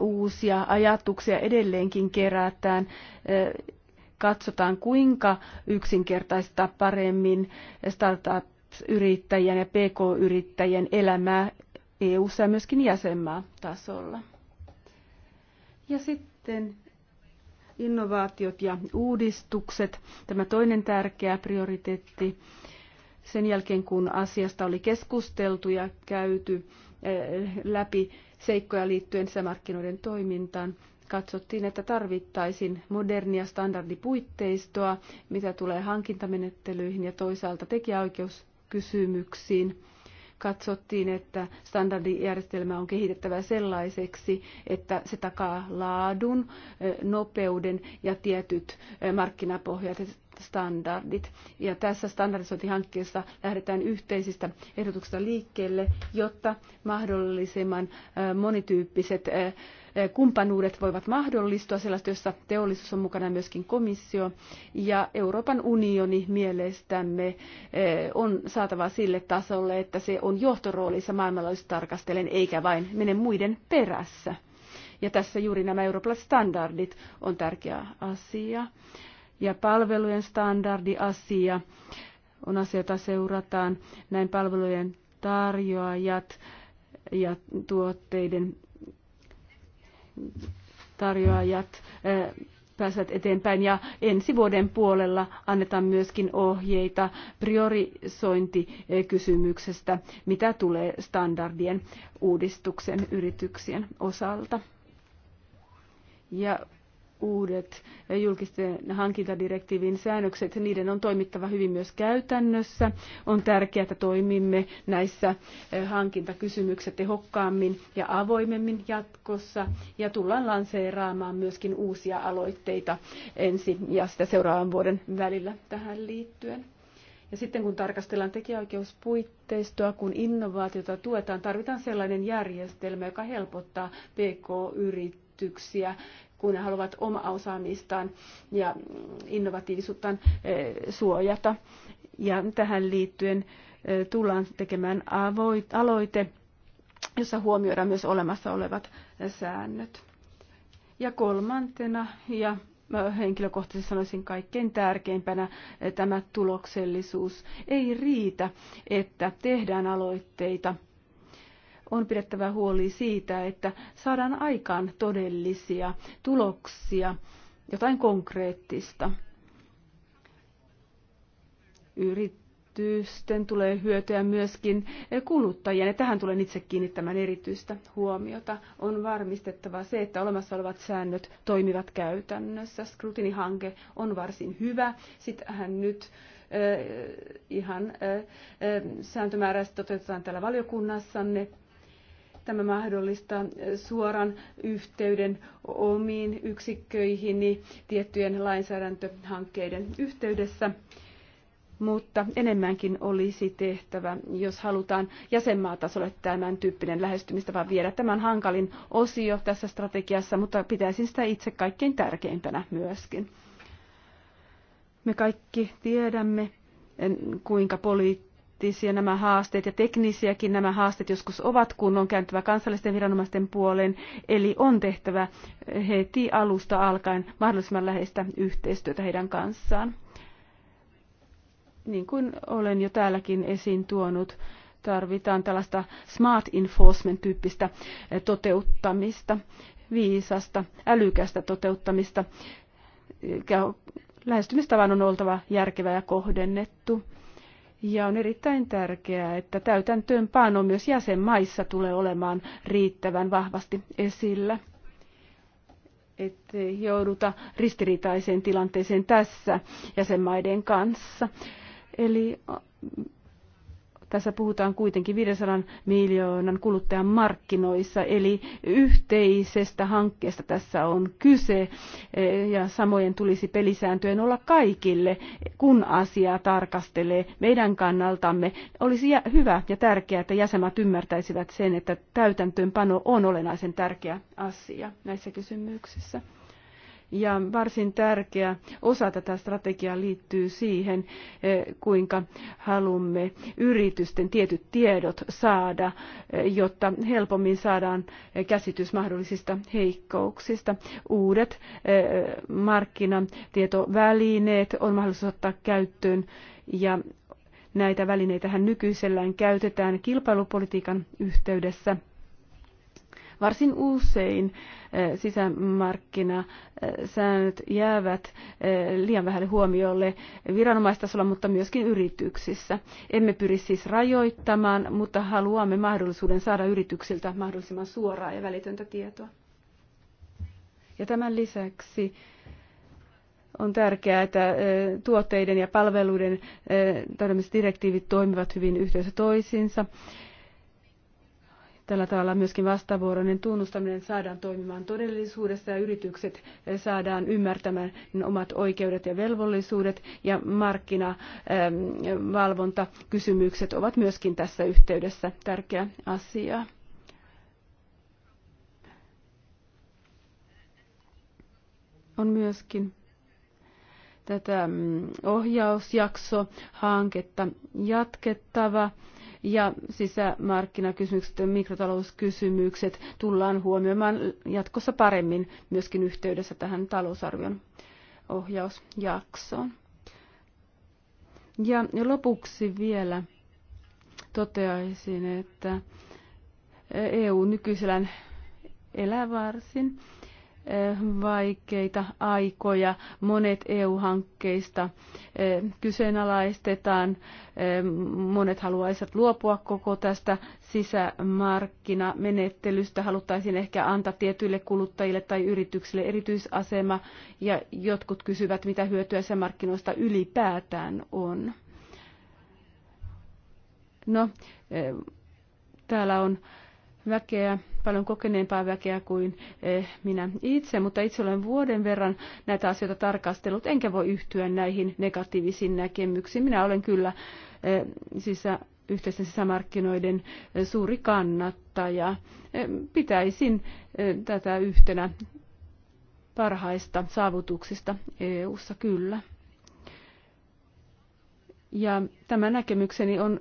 uusia ajatuksia edelleenkin kerätään katsotaan, kuinka yksinkertaista paremmin startup-yrittäjien ja pk-yrittäjien elämää EU-ssa ja myöskin jäsenmaa tasolla. Ja sitten innovaatiot ja uudistukset, tämä toinen tärkeä prioriteetti sen jälkeen, kun asiasta oli keskusteltu ja käyty eh, läpi seikkoja liittyen sisämarkkinoiden toimintaan, katsottiin, että tarvittaisiin modernia standardipuitteistoa, mitä tulee hankintamenettelyihin ja toisaalta tekijäoikeuskysymyksiin katsottiin, että standardijärjestelmä on kehitettävä sellaiseksi, että se takaa laadun, nopeuden ja tietyt markkinapohjaiset standardit. Ja tässä standardisointihankkeessa lähdetään yhteisistä ehdotuksista liikkeelle, jotta mahdollisimman monityyppiset kumppanuudet voivat mahdollistua, sellaista jossa teollisuus on mukana myöskin komissio. Ja Euroopan unioni mielestämme on saatava sille tasolle, että se on johtoroolissa maailmanlaajuisesti tarkastellen, eikä vain mene muiden perässä. Ja tässä juuri nämä eurooppalaiset standardit on tärkeä asia ja palvelujen standardiasia on asia, jota seurataan. Näin palvelujen tarjoajat ja tuotteiden tarjoajat eh, pääsevät eteenpäin ja ensi vuoden puolella annetaan myöskin ohjeita priorisointikysymyksestä, mitä tulee standardien uudistuksen yrityksien osalta. Ja uudet julkisten hankintadirektiivin säännökset, niiden on toimittava hyvin myös käytännössä. On tärkeää, että toimimme näissä eh, hankintakysymyksissä tehokkaammin ja avoimemmin jatkossa ja tullaan lanseeraamaan myöskin uusia aloitteita ensi ja sitä seuraavan vuoden välillä tähän liittyen. Ja sitten kun tarkastellaan tekijäoikeuspuitteistoa, kun innovaatiota tuetaan, tarvitaan sellainen järjestelmä, joka helpottaa pk yrityksiä kun ne haluavat omaa osaamistaan ja innovatiivisuuttaan eh, suojata. Ja tähän liittyen eh, tullaan tekemään aloite, jossa huomioidaan myös olemassa olevat eh, säännöt. Ja kolmantena ja henkilökohtaisesti sanoisin kaikkein tärkeimpänä tämä tuloksellisuus. Ei riitä, että tehdään aloitteita – on pidettävä huoli siitä, että saadaan aikaan todellisia tuloksia, jotain konkreettista. Yritysten tulee hyötyä myöskin kuluttajien, ja tähän tulen itse kiinnittämään erityistä huomiota. On varmistettava se, että olemassa olevat säännöt toimivat käytännössä. Scrutinihanke on varsin hyvä. Sitähän nyt eh, ihan eh, eh, sääntömääräisesti toteutetaan täällä valiokunnassanne Tämä mahdollistaa suoran yhteyden omiin yksikköihin tiettyjen lainsäädäntöhankkeiden yhteydessä mutta enemmänkin olisi tehtävä, jos halutaan jäsenmaatasolle tämän tyyppinen lähestymistapa viedä. Tämän hankalin osio tässä strategiassa, mutta pitäisin sitä itse kaikkein tärkeimpänä myöskin. Me kaikki tiedämme, kuinka poliittinen poliittisia nämä haasteet ja teknisiäkin nämä haasteet joskus ovat, kun on kääntyvä kansallisten viranomaisten puoleen. Eli on tehtävä heti alusta alkaen mahdollisimman läheistä yhteistyötä heidän kanssaan. Niin kuin olen jo täälläkin esiin tuonut, tarvitaan tällaista smart enforcement-tyyppistä toteuttamista, viisasta, älykästä toteuttamista. Lähestymistavan on oltava järkevä ja kohdennettu. Ja on erittäin tärkeää, että täytäntöönpano myös jäsenmaissa tulee olemaan riittävän vahvasti esillä ettei jouduta ristiriitaiseen tilanteeseen tässä jäsenmaiden kanssa. Eli tässä puhutaan kuitenkin 500 miljoonan kuluttajan markkinoissa, eli yhteisestä hankkeesta tässä on kyse, eh, ja samojen tulisi pelisääntöjen olla kaikille, kun asiaa tarkastelee meidän kannaltamme. Olisi hyvä ja tärkeää, että jäsenmaat ymmärtäisivät sen, että täytäntöönpano on olennaisen tärkeä asia näissä kysymyksissä ja varsin tärkeä osa tätä strategiaa liittyy siihen, eh, kuinka haluamme yritysten tietyt tiedot saada, eh, jotta helpommin saadaan eh, käsitys mahdollisista heikkouksista. Uudet markkinatietovälineet on mahdollisuus ottaa käyttöön ja näitä välineitähän nykyisellään käytetään kilpailupolitiikan yhteydessä – Varsin usein eh, sisämarkkinasäännöt jäävät eh, liian vähälle huomiolle viranomaistasolla, mutta myöskin yrityksissä. Emme pyri siis rajoittamaan, mutta haluamme mahdollisuuden saada yrityksiltä mahdollisimman suoraa ja välitöntä tietoa. Ja tämän lisäksi on tärkeää, että eh, tuotteiden ja palveluiden direktiivit toimivat hyvin yhteensä toisiinsa Tällä tavalla myöskin vastavuoroinen tunnustaminen saadaan toimimaan todellisuudessa ja yritykset saadaan ymmärtämään niin omat oikeudet ja velvollisuudet ja markkinavalvontakysymykset ähm, ovat myöskin tässä yhteydessä tärkeä asia. On myöskin tätä mm, ohjausjaksohanketta jatkettava ja sisämarkkinakysymykset ja mikrotalouskysymykset tullaan huomioimaan jatkossa paremmin myöskin yhteydessä tähän talousarvion ohjausjaksoon. Ja lopuksi vielä toteaisin, että EU nykyisellään elää varsin Eh, vaikeita aikoja. Monet EU-hankkeista eh, kyseenalaistetaan. Eh, monet haluaisivat luopua koko tästä sisämarkkinamenettelystä. Haluttaisiin ehkä antaa tietyille kuluttajille tai yrityksille erityisasema. Ja jotkut kysyvät, mitä hyötyä se markkinoista ylipäätään on. No, täällä on väkeä, paljon kokeneempaa väkeä kuin eh, minä itse, mutta itse olen vuoden verran näitä asioita tarkastellut, enkä voi yhtyä näihin negatiivisiin näkemyksiin. Minä olen kyllä eh, sisä, yhteisten sisämarkkinoiden eh, suuri kannattaja. Pitäisin tätä yhtenä parhaista saavutuksista EU-ssa kyllä. Ja tämä näkemykseni on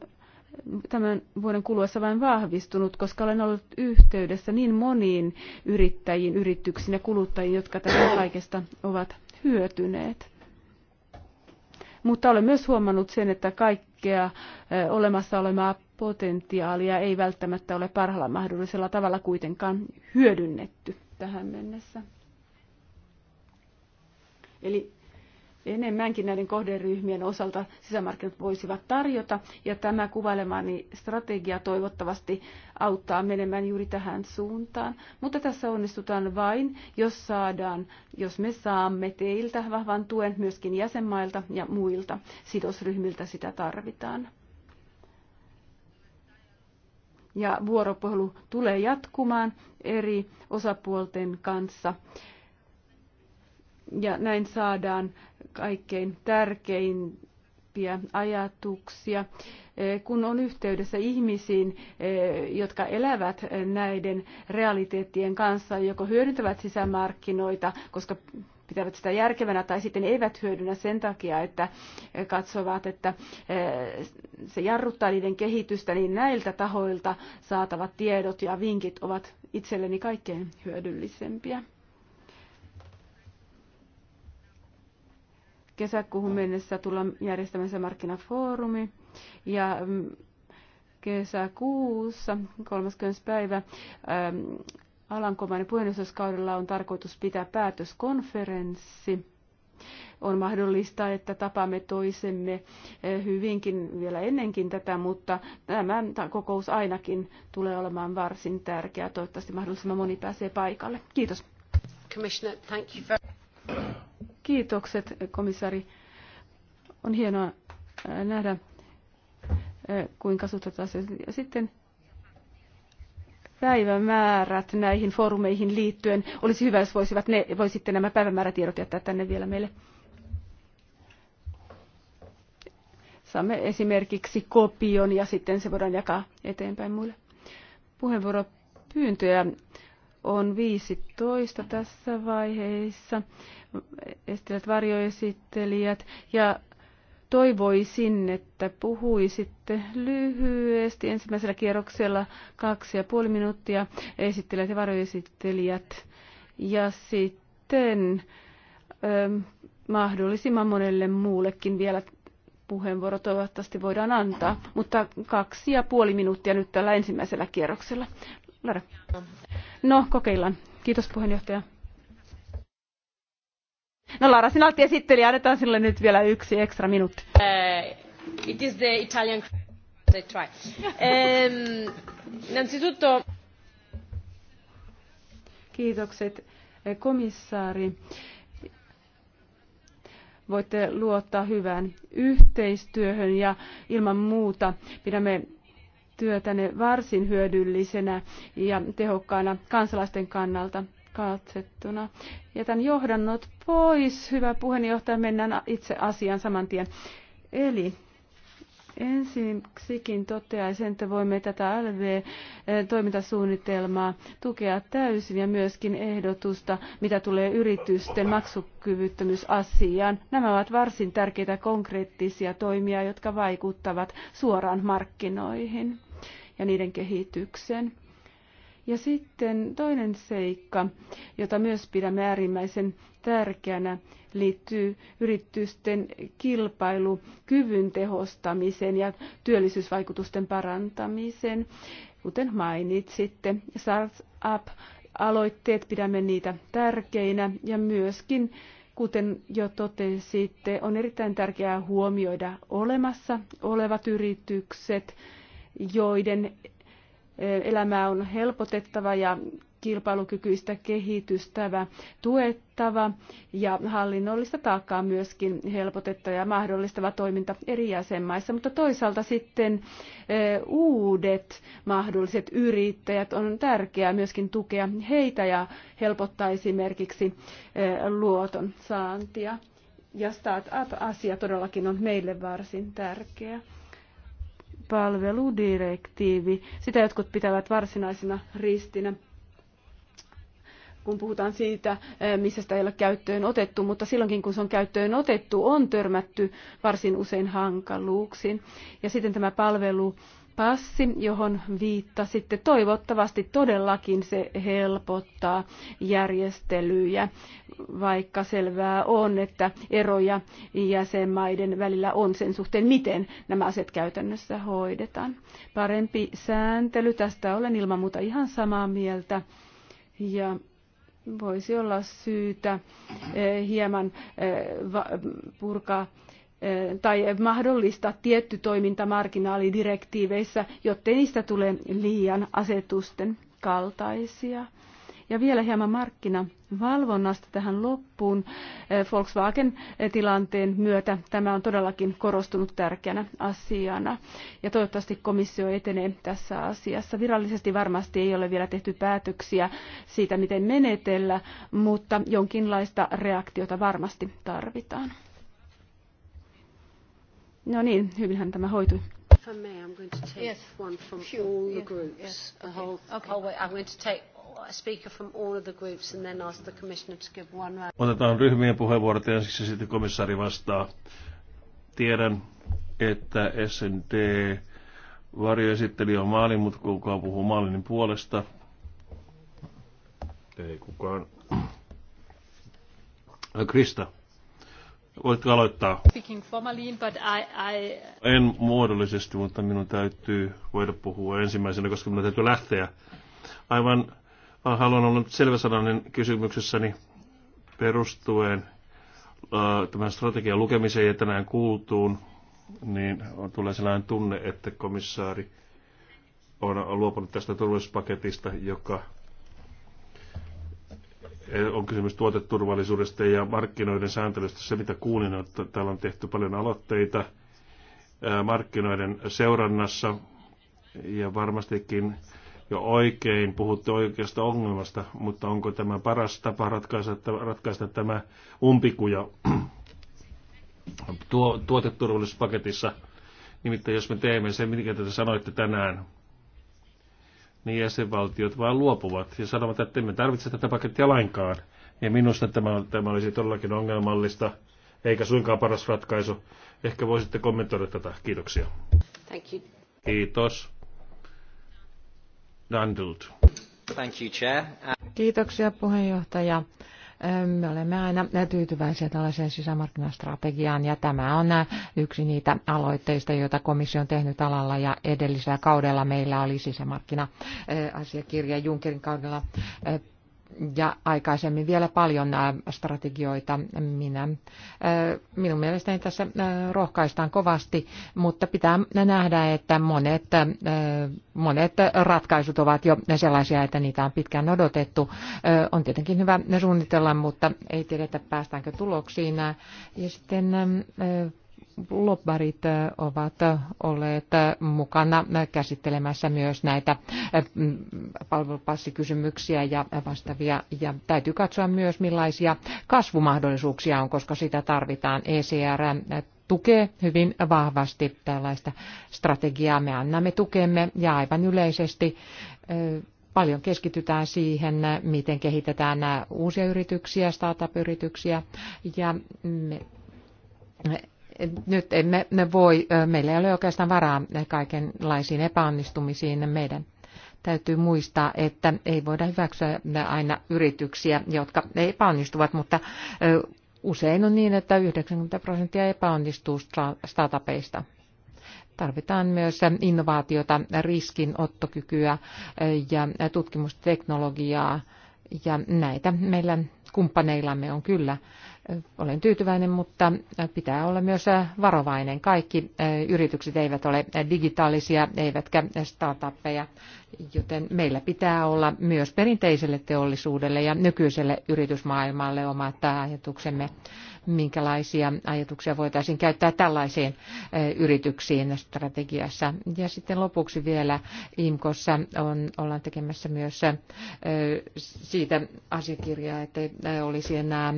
tämän vuoden kuluessa vain vahvistunut, koska olen ollut yhteydessä niin moniin yrittäjiin, yrityksiin ja kuluttajiin, jotka tästä kaikesta ovat hyötyneet. Mutta olen myös huomannut sen, että kaikkea olemassa olemaa potentiaalia ei välttämättä ole parhaalla mahdollisella tavalla kuitenkaan hyödynnetty tähän mennessä. Eli enemmänkin näiden kohderyhmien osalta sisämarkkinat voisivat tarjota. Ja tämä kuvailemani strategia toivottavasti auttaa menemään juuri tähän suuntaan. Mutta tässä onnistutaan vain, jos saadaan, jos me saamme teiltä vahvan tuen myöskin jäsenmailta ja muilta sidosryhmiltä sitä tarvitaan. Ja vuoropuhelu tulee jatkumaan eri osapuolten kanssa ja näin saadaan kaikkein tärkeimpiä ajatuksia, eh, kun on yhteydessä ihmisiin, eh, jotka elävät näiden realiteettien kanssa, joko hyödyntävät sisämarkkinoita, koska pitävät sitä järkevänä tai sitten eivät hyödynnä sen takia, että eh, katsovat, että se jarruttaa niiden kehitystä, niin näiltä tahoilta saatavat tiedot ja vinkit ovat itselleni kaikkein hyödyllisempiä. kesäkuuhun mennessä tullaan järjestämässä markkinafoorumi ja mm, kesäkuussa 30. päivä ähm, Alankomainen puheenjohtajuuskaudella on tarkoitus pitää päätöskonferenssi. On mahdollista, että tapaamme toisemme äh, hyvinkin vielä ennenkin tätä, mutta tämä kokous ainakin tulee olemaan varsin tärkeä. Toivottavasti mahdollisimman moni pääsee paikalle. Kiitos. Kiitokset, komissari. On hienoa äh, nähdä, äh, kuinka suhtautuu Ja Sitten päivämäärät näihin foorumeihin liittyen. Olisi hyvä, jos voisivat ne, voisitte nämä päivämäärätiedot jättää tänne vielä meille. Saamme esimerkiksi kopion ja sitten se voidaan jakaa eteenpäin muille. Puheenvuoropyyntöjä on 15 tässä vaiheessa, Estelät varjoesittelijät, ja toivoisin, että puhuisitte lyhyesti ensimmäisellä kierroksella kaksi ja puoli minuuttia esittelijät ja varjoesittelijät, ja sitten ö, ähm, mahdollisimman monelle muullekin vielä puheenvuoro toivottavasti voidaan antaa, mutta kaksi ja puoli minuuttia nyt tällä ensimmäisellä kierroksella. Lara. No, kokeillaan. Kiitos puheenjohtaja. No Lara, sinä olet esittelijä. Annetaan sinulle nyt vielä yksi ekstra minuutti. Uh, it is the Italian... They try. Um, innanzitutto... Kiitokset, eh, komissaari. Voitte luottaa hyvään yhteistyöhön ja ilman muuta pidämme työtäne varsin hyödyllisenä ja tehokkaana kansalaisten kannalta katsettuna. Jätän johdannot pois, hyvä puheenjohtaja, mennään itse asiaan saman tien. Eli ensiksikin toteaisin, että voimme tätä LV-toimintasuunnitelmaa tukea täysin ja myöskin ehdotusta, mitä tulee yritysten maksukyvyttömyysasiaan. Nämä ovat varsin tärkeitä konkreettisia toimia, jotka vaikuttavat suoraan markkinoihin ja niiden kehityksen. Ja sitten toinen seikka, jota myös pidämme äärimmäisen tärkeänä, liittyy yritysten kilpailukyvyn tehostamiseen ja työllisyysvaikutusten parantamiseen. Kuten mainitsitte, Startup-aloitteet pidämme niitä tärkeinä ja myöskin Kuten jo totesitte, on erittäin tärkeää huomioida olemassa olevat yritykset joiden elämää on helpotettava ja kilpailukykyistä kehitystävä, tuettava ja hallinnollista taakkaa myöskin helpotettava ja mahdollistava toiminta eri jäsenmaissa. Mutta toisaalta sitten uudet mahdolliset yrittäjät on tärkeää myöskin tukea heitä ja helpottaa esimerkiksi luoton saantia. Ja up asia todellakin on meille varsin tärkeä palveludirektiivi. Sitä jotkut pitävät varsinaisena ristinä kun puhutaan siitä, eh, missä sitä ei ole käyttöön otettu, mutta silloinkin kun se on käyttöön otettu, on törmätty varsin usein hankaluuksiin. Ja sitten tämä palvelu passi, johon viittasitte, toivottavasti todellakin se helpottaa järjestelyjä, vaikka selvää on, että eroja jäsenmaiden välillä on sen suhteen, miten nämä asiat käytännössä hoidetaan. Parempi sääntely, tästä olen ilman muuta ihan samaa mieltä. Ja voisi olla syytä eh, hieman eh, purkaa Eh, tai mahdollistaa tietty toiminta marginaalidirektiiveissä, jottei niistä tule liian asetusten kaltaisia. Ja vielä hieman markkinavalvonnasta tähän loppuun. Eh, Volkswagen-tilanteen myötä tämä on todellakin korostunut tärkeänä asiana. Ja toivottavasti komissio etenee tässä asiassa. Virallisesti varmasti ei ole vielä tehty päätöksiä siitä, miten menetellä, mutta jonkinlaista reaktiota varmasti tarvitaan. No niin, hyvinhän tämä hoitui. Oh, Otetaan ryhmien puheenvuorot ensiksi ja sitten komissaari vastaa. Tiedän, että SND varjoesitteli on maalin, mutta kukaan puhuu maalinin puolesta. Ei kukaan. Krista. Voitko aloittaa? En muodollisesti, mutta minun täytyy voida puhua ensimmäisenä, koska minun täytyy lähteä. Aivan äh, haluan olla selväsanainen kysymyksessäni perustuen äh, tämän strategian lukemiseen ja tänään kuultuun, niin tulee sellainen tunne, että komissaari on luopunut tästä turvallisuuspaketista, joka on kysymys tuoteturvallisuudesta ja markkinoiden sääntelystä. Se, mitä kuulin, on, että täällä on tehty paljon aloitteita markkinoiden seurannassa ja varmastikin jo oikein, puhutte oikeasta ongelmasta, mutta onko tämä paras tapa ratkaista, ratkaista tämä umpikuja tuoteturvallisuuspaketissa? Nimittäin jos me teemme sen, mitä te sanoitte tänään, niin jäsenvaltiot vaan luopuvat ja sanovat, että emme tarvitse tätä pakettia lainkaan. Ja minusta tämä, tämä olisi todellakin ongelmallista, eikä suinkaan paras ratkaisu. Ehkä voisitte kommentoida tätä. Kiitoksia. Thank you. Kiitos. Dandled. Thank you, Chair. Kiitoksia puheenjohtaja. Me olemme aina tyytyväisiä tällaiseen sisämarkkinastrategiaan ja tämä on äh, yksi niitä aloitteista, joita komissio on tehnyt alalla ja edellisellä kaudella meillä oli sisämarkkina-asiakirja äh, Junckerin kaudella äh, ja aikaisemmin vielä paljon äh, strategioita. Minä, äh, minun mielestäni tässä äh, rohkaistaan kovasti, mutta pitää nähdä, että monet, monet ratkaisut ovat jo sellaisia, että niitä on pitkään odotettu. On tietenkin hyvä ne suunnitella, mutta ei tiedetä päästäänkö tuloksiin. Ja sitten lobbarit ovat olleet mukana käsittelemässä myös näitä mm, palvelupassikysymyksiä ja vastaavia. Ja täytyy katsoa myös, millaisia kasvumahdollisuuksia on, koska sitä tarvitaan. ECR tukee hyvin vahvasti tällaista strategiaa. Me annamme tukemme ja aivan yleisesti paljon keskitytään siihen, miten kehitetään uusia yrityksiä, startup-yrityksiä ja me nyt emme voi, meillä ei ole oikeastaan varaa kaikenlaisiin epäonnistumisiin. Meidän täytyy muistaa, että ei voida hyväksyä aina yrityksiä, jotka epäonnistuvat, mutta usein on niin, että 90 prosenttia epäonnistuu startupeista. Tarvitaan myös innovaatiota, riskinottokykyä ja tutkimusteknologiaa, ja näitä meillä kumppaneillamme on kyllä olen tyytyväinen, mutta pitää olla myös varovainen. Kaikki e, yritykset eivät ole digitaalisia eivätkä startuppeja, joten meillä pitää olla myös perinteiselle teollisuudelle ja nykyiselle yritysmaailmalle omat ajatuksemme, minkälaisia ajatuksia voitaisiin käyttää tällaisiin e, yrityksiin strategiassa. Ja sitten lopuksi vielä IMKossa on, ollaan tekemässä myös e, siitä asiakirjaa, että olisi enää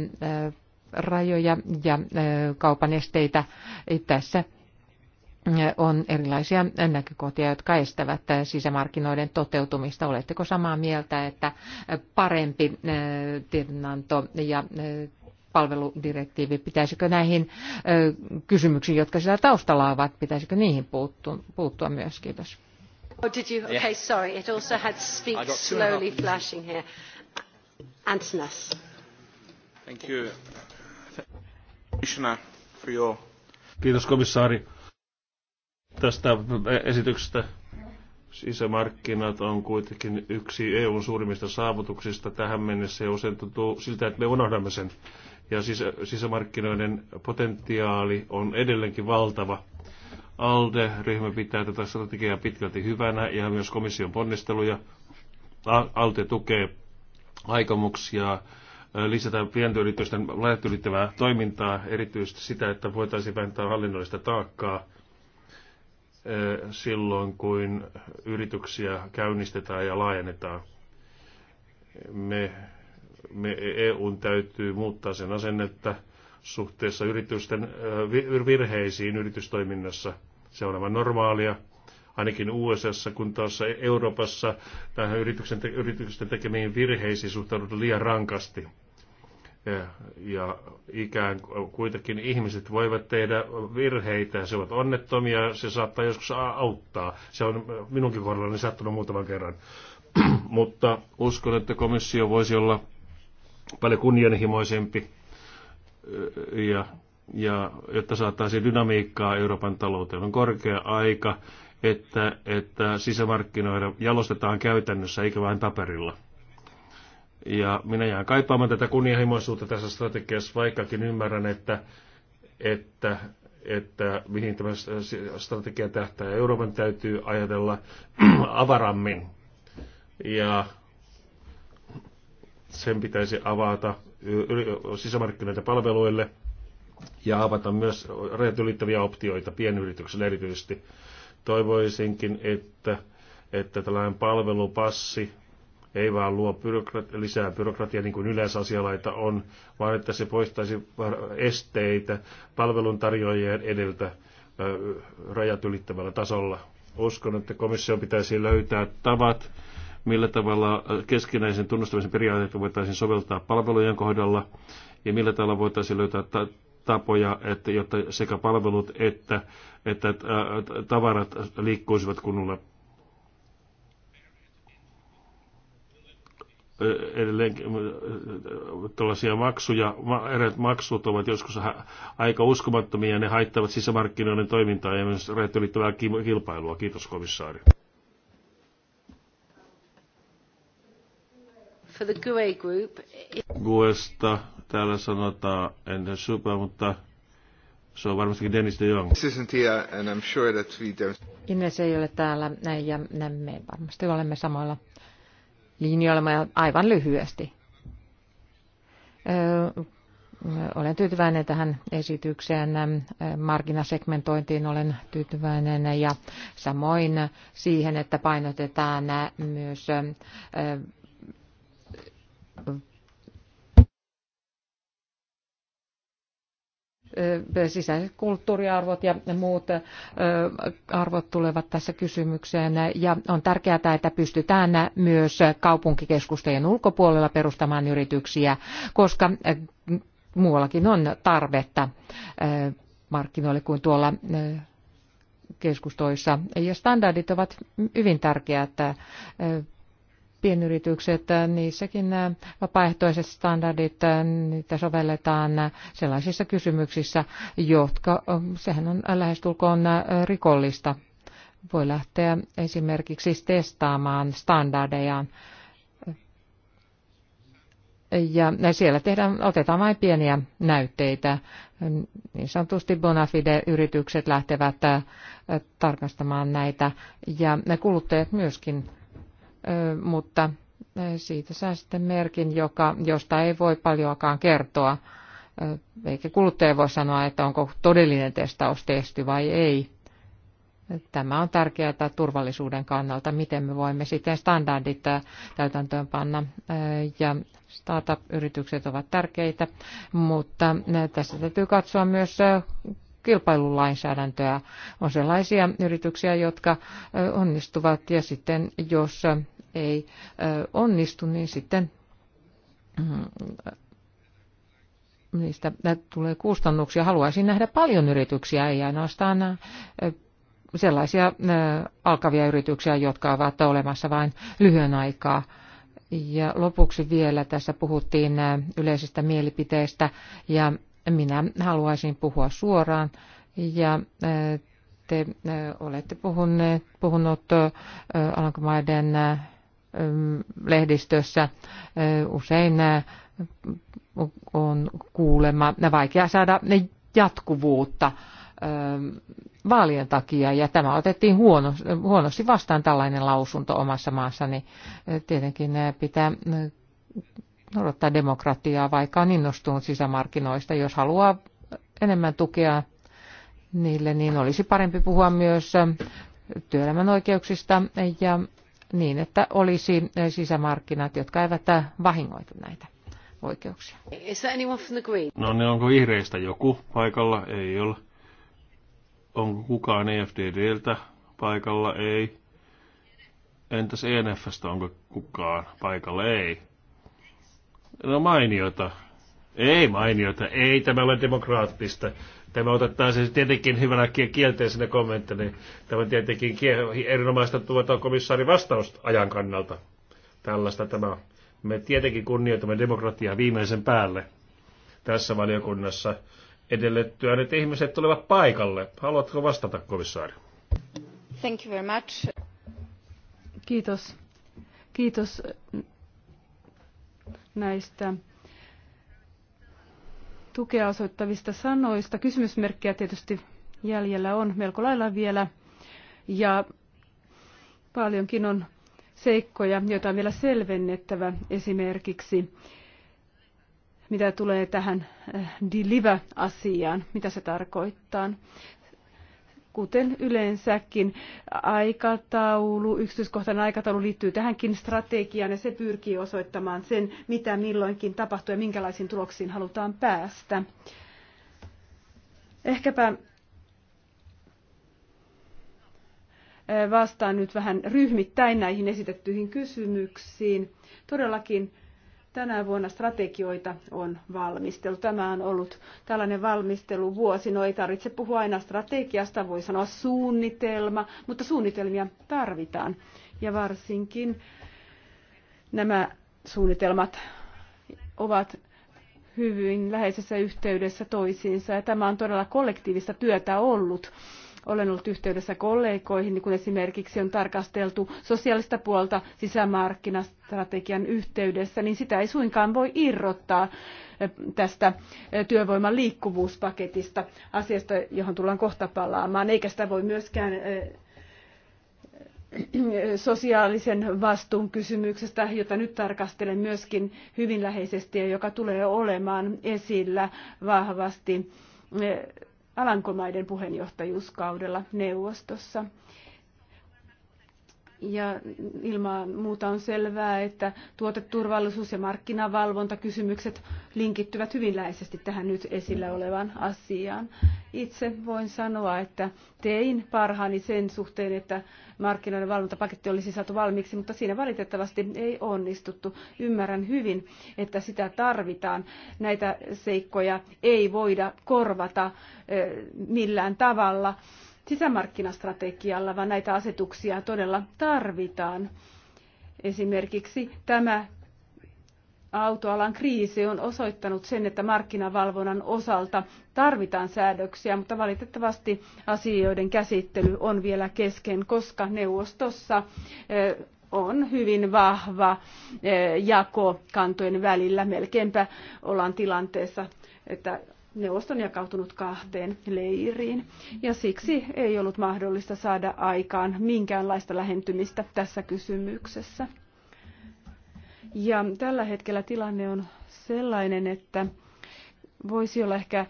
rajoja ja kaupan esteitä. Tässä on erilaisia näkökohtia, jotka estävät sisämarkkinoiden toteutumista. Oletteko samaa mieltä, että parempi tiedonanto ja palveludirektiivi, pitäisikö näihin kysymyksiin, jotka siellä taustalla ovat, pitäisikö niihin puuttua myös? Kiitos. Oh, did you? Okay, sorry. It also had speak slowly flashing here. Antonas. Thank you. Kiitos komissaari tästä esityksestä. Sisämarkkinat on kuitenkin yksi EUn suurimmista saavutuksista tähän mennessä ja usein tuntuu siltä, että me unohdamme sen. Ja sisä, sisämarkkinoiden potentiaali on edelleenkin valtava. ALDE-ryhmä pitää tätä strategiaa pitkälti hyvänä ja myös komission ponnisteluja. ALDE tukee aikomuksia lisätään pientyritysten rajat ylittävää toimintaa, erityisesti sitä, että voitaisiin vähentää hallinnollista taakkaa silloin, kun yrityksiä käynnistetään ja laajennetaan. Me, me EUn täytyy muuttaa sen asennetta suhteessa yritysten virheisiin yritystoiminnassa. Se on aivan normaalia, ainakin USA, kun taas Euroopassa tähän yrityksen, te, yritysten tekemiin virheisiin suhtaudutaan liian rankasti ja, ja ikään kuitenkin ihmiset voivat tehdä virheitä, se ovat onnettomia, se saattaa joskus auttaa. Se on minunkin kohdallani sattunut muutaman kerran. Mutta uskon, että komissio voisi olla paljon kunnianhimoisempi, ja, ja, jotta saataisiin dynamiikkaa Euroopan talouteen. On korkea aika, että, että sisämarkkinoiden jalostetaan käytännössä eikä vain paperilla. Ja minä jään kaipaamaan tätä kunnianhimoisuutta tässä strategiassa, vaikkakin ymmärrän, että, että, että mihin tämä strategia tähtää. Euroopan täytyy ajatella avarammin. Ja sen pitäisi avata sisämarkkinoita palveluille ja avata myös rajat ylittäviä optioita pienyrityksille erityisesti. Toivoisinkin, että, että tällainen palvelupassi ei vaan luo byrokrat- lisää byrokratiaa, niin kuin yleensä asialaita on, vaan että se poistaisi esteitä palveluntarjoajien edeltä rajat ylittävällä tasolla. Uskon, että komissio pitäisi löytää tavat, millä tavalla keskinäisen tunnustamisen periaatteita voitaisiin soveltaa palvelujen kohdalla ja millä tavalla voitaisiin löytää ta- tapoja, että, jotta sekä palvelut että, että tavarat liikkuisivat kunnolla edelleen äh, tällaisia maksuja, eräät maksut ovat joskus aika uskomattomia ja ne haittavat sisämarkkinoiden toimintaa ja myös rajat ylittävää kilpailua. Kiitos komissaari. For the GUE group. GUEsta täällä sanotaan, entä super, mutta se on varmastikin Dennis de Jong. Ines ei ole täällä ja me varmasti olemme samoilla linjoilla aivan lyhyesti. Olen tyytyväinen tähän esitykseen, markkinasegmentointiin olen tyytyväinen ja samoin siihen, että painotetaan myös sisäiset kulttuuriarvot ja muut arvot tulevat tässä kysymykseen. Ja on tärkeää, että pystytään myös kaupunkikeskustojen ulkopuolella perustamaan yrityksiä, koska muuallakin on tarvetta markkinoille kuin tuolla keskustoissa. Ja standardit ovat hyvin tärkeät pienyritykset, äh, niissäkin äh, vapaaehtoiset standardit, äh, niitä sovelletaan sellaisissa kysymyksissä, jotka, sehän on lähestulkoon rikollista. Voi lähteä esimerkiksi testaamaan standardejaan. Ja siellä tehdään, otetaan vain pieniä näytteitä. Niin sanotusti Bonafide-yritykset lähtevät tarkastamaan näitä ja ne kuluttajat myöskin mutta siitä saa sitten merkin, joka, josta ei voi paljoakaan kertoa. Eikä kuluttaja voi sanoa, että onko todellinen testaus tehty vai ei. Tämä on tärkeää turvallisuuden kannalta, miten me voimme sitten standardit täytäntöön panna. Ja startup-yritykset ovat tärkeitä, mutta tässä täytyy katsoa myös kilpailulainsäädäntöä. On sellaisia yrityksiä, jotka onnistuvat ja sitten jos ei onnistu, niin sitten mm, niistä tulee kustannuksia. Haluaisin nähdä paljon yrityksiä, ei ainoastaan sellaisia alkavia yrityksiä, jotka ovat olemassa vain lyhyen aikaa. Ja lopuksi vielä tässä puhuttiin yleisestä mielipiteestä ja minä haluaisin puhua suoraan ja eh, te eh, olette puhuneet, puhunut eh, Alankomaiden lehdistössä usein on kuulema vaikea saada jatkuvuutta vaalien takia, ja tämä otettiin huono, huonosti vastaan tällainen lausunto omassa maassani. Tietenkin pitää noudattaa demokratiaa, vaikka on innostunut sisämarkkinoista. Jos haluaa enemmän tukea niille, niin olisi parempi puhua myös työelämän oikeuksista ja niin, että olisi sisämarkkinat, jotka eivät vahingoita näitä oikeuksia. No niin, onko vihreistä joku paikalla? Ei ole. Onko kukaan EFDDltä paikalla? Ei. Entäs ENFstä onko kukaan paikalla? Ei. No mainiota. Ei mainiota. Ei tämä ole demokraattista. Tämä otetaan siis tietenkin hyvänä kielteisenä kommenttina. Tämä on tietenkin erinomaista tuota komissaari vastausta ajan kannalta. Tällaista tämä Me tietenkin kunnioitamme demokratiaa viimeisen päälle tässä valiokunnassa edellettyä, että ihmiset tulevat paikalle. Haluatko vastata, komissaari? Thank you very much. Kiitos. Kiitos näistä tukea osoittavista sanoista. Kysymysmerkkejä tietysti jäljellä on melko lailla vielä ja paljonkin on seikkoja, joita on vielä selvennettävä esimerkiksi mitä tulee tähän eh, deliver-asiaan, mitä se tarkoittaa kuten yleensäkin aikataulu, yksityiskohtainen aikataulu liittyy tähänkin strategiaan ja se pyrkii osoittamaan sen, mitä milloinkin tapahtuu ja minkälaisiin tuloksiin halutaan päästä. Ehkäpä vastaan nyt vähän ryhmittäin näihin esitettyihin kysymyksiin. Todellakin tänä vuonna strategioita on valmisteltu. Tämä on ollut tällainen valmisteluvuosi. No ei tarvitse puhua aina strategiasta, voi sanoa suunnitelma, mutta suunnitelmia tarvitaan. Ja varsinkin nämä suunnitelmat ovat hyvin läheisessä yhteydessä toisiinsa ja tämä on todella kollektiivista työtä ollut olen ollut yhteydessä kollegoihin, kun esimerkiksi on tarkasteltu sosiaalista puolta sisämarkkinastrategian yhteydessä, niin sitä ei suinkaan voi irrottaa eh, tästä eh, työvoiman liikkuvuuspaketista, asiasta, johon tullaan kohta palaamaan, eikä sitä voi myöskään eh, sosiaalisen vastuun kysymyksestä, jota nyt tarkastelen myöskin hyvin läheisesti ja joka tulee olemaan esillä vahvasti Alankomaiden puheenjohtajuuskaudella neuvostossa. Ja ilman muuta on selvää, että tuoteturvallisuus ja markkinavalvontakysymykset linkittyvät hyvin läheisesti tähän nyt esillä olevaan asiaan. Itse voin sanoa, että tein parhaani sen suhteen, että markkinoiden valvontapaketti olisi saatu valmiiksi, mutta siinä valitettavasti ei onnistuttu. Ymmärrän hyvin, että sitä tarvitaan. Näitä seikkoja ei voida korvata eh, millään tavalla sisämarkkinastrategialla, vaan näitä asetuksia todella tarvitaan. Esimerkiksi tämä autoalan kriisi on osoittanut sen, että markkinavalvonnan osalta tarvitaan säädöksiä, mutta valitettavasti asioiden käsittely on vielä kesken, koska neuvostossa on hyvin vahva jako kantojen välillä. Melkeinpä ollaan tilanteessa, että neuvoston jakautunut kahteen leiriin ja siksi ei ollut mahdollista saada aikaan minkäänlaista lähentymistä tässä kysymyksessä. Ja tällä hetkellä tilanne on sellainen, että voisi olla ehkä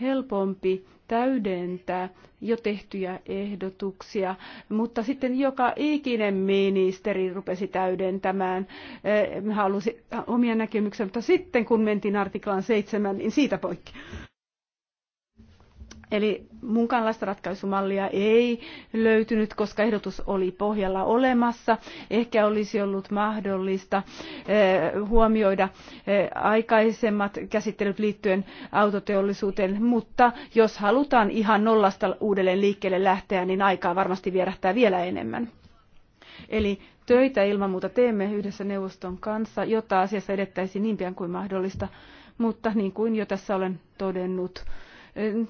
helpompi täydentää jo tehtyjä ehdotuksia, mutta sitten joka ikinen ministeri rupesi täydentämään, eh, halusi omia näkemyksiä, mutta sitten kun mentiin artiklaan seitsemän, niin siitä poikki. Eli munkaanlaista ratkaisumallia ei löytynyt, koska ehdotus oli pohjalla olemassa. Ehkä olisi ollut mahdollista eh, huomioida eh, aikaisemmat käsittelyt liittyen autoteollisuuteen, mutta jos halutaan ihan nollasta uudelleen liikkeelle lähteä, niin aikaa varmasti vierähtää vielä enemmän. Eli töitä ilman muuta teemme yhdessä neuvoston kanssa, jotta asiassa edettäisiin niin pian kuin mahdollista, mutta niin kuin jo tässä olen todennut,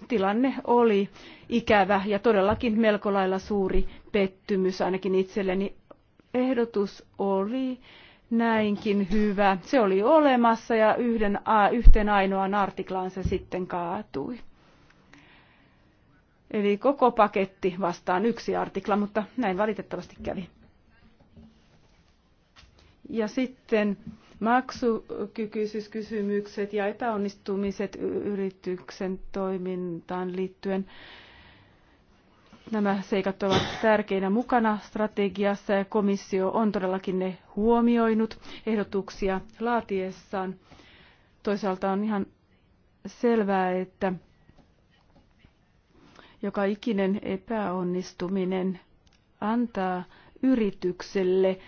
tilanne oli ikävä ja todellakin melko lailla suuri pettymys ainakin itselleni. Ehdotus oli näinkin hyvä. Se oli olemassa ja yhden, yhteen ainoaan artiklaan se sitten kaatui. Eli koko paketti vastaan yksi artikla, mutta näin valitettavasti kävi. Ja sitten maksukykyisyys ja epäonnistumiset yrityksen toimintaan liittyen. Nämä seikat ovat tärkeinä mukana strategiassa ja komissio on todellakin ne huomioinut ehdotuksia laatiessaan. Toisaalta on ihan selvää, että joka ikinen epäonnistuminen antaa yritykselle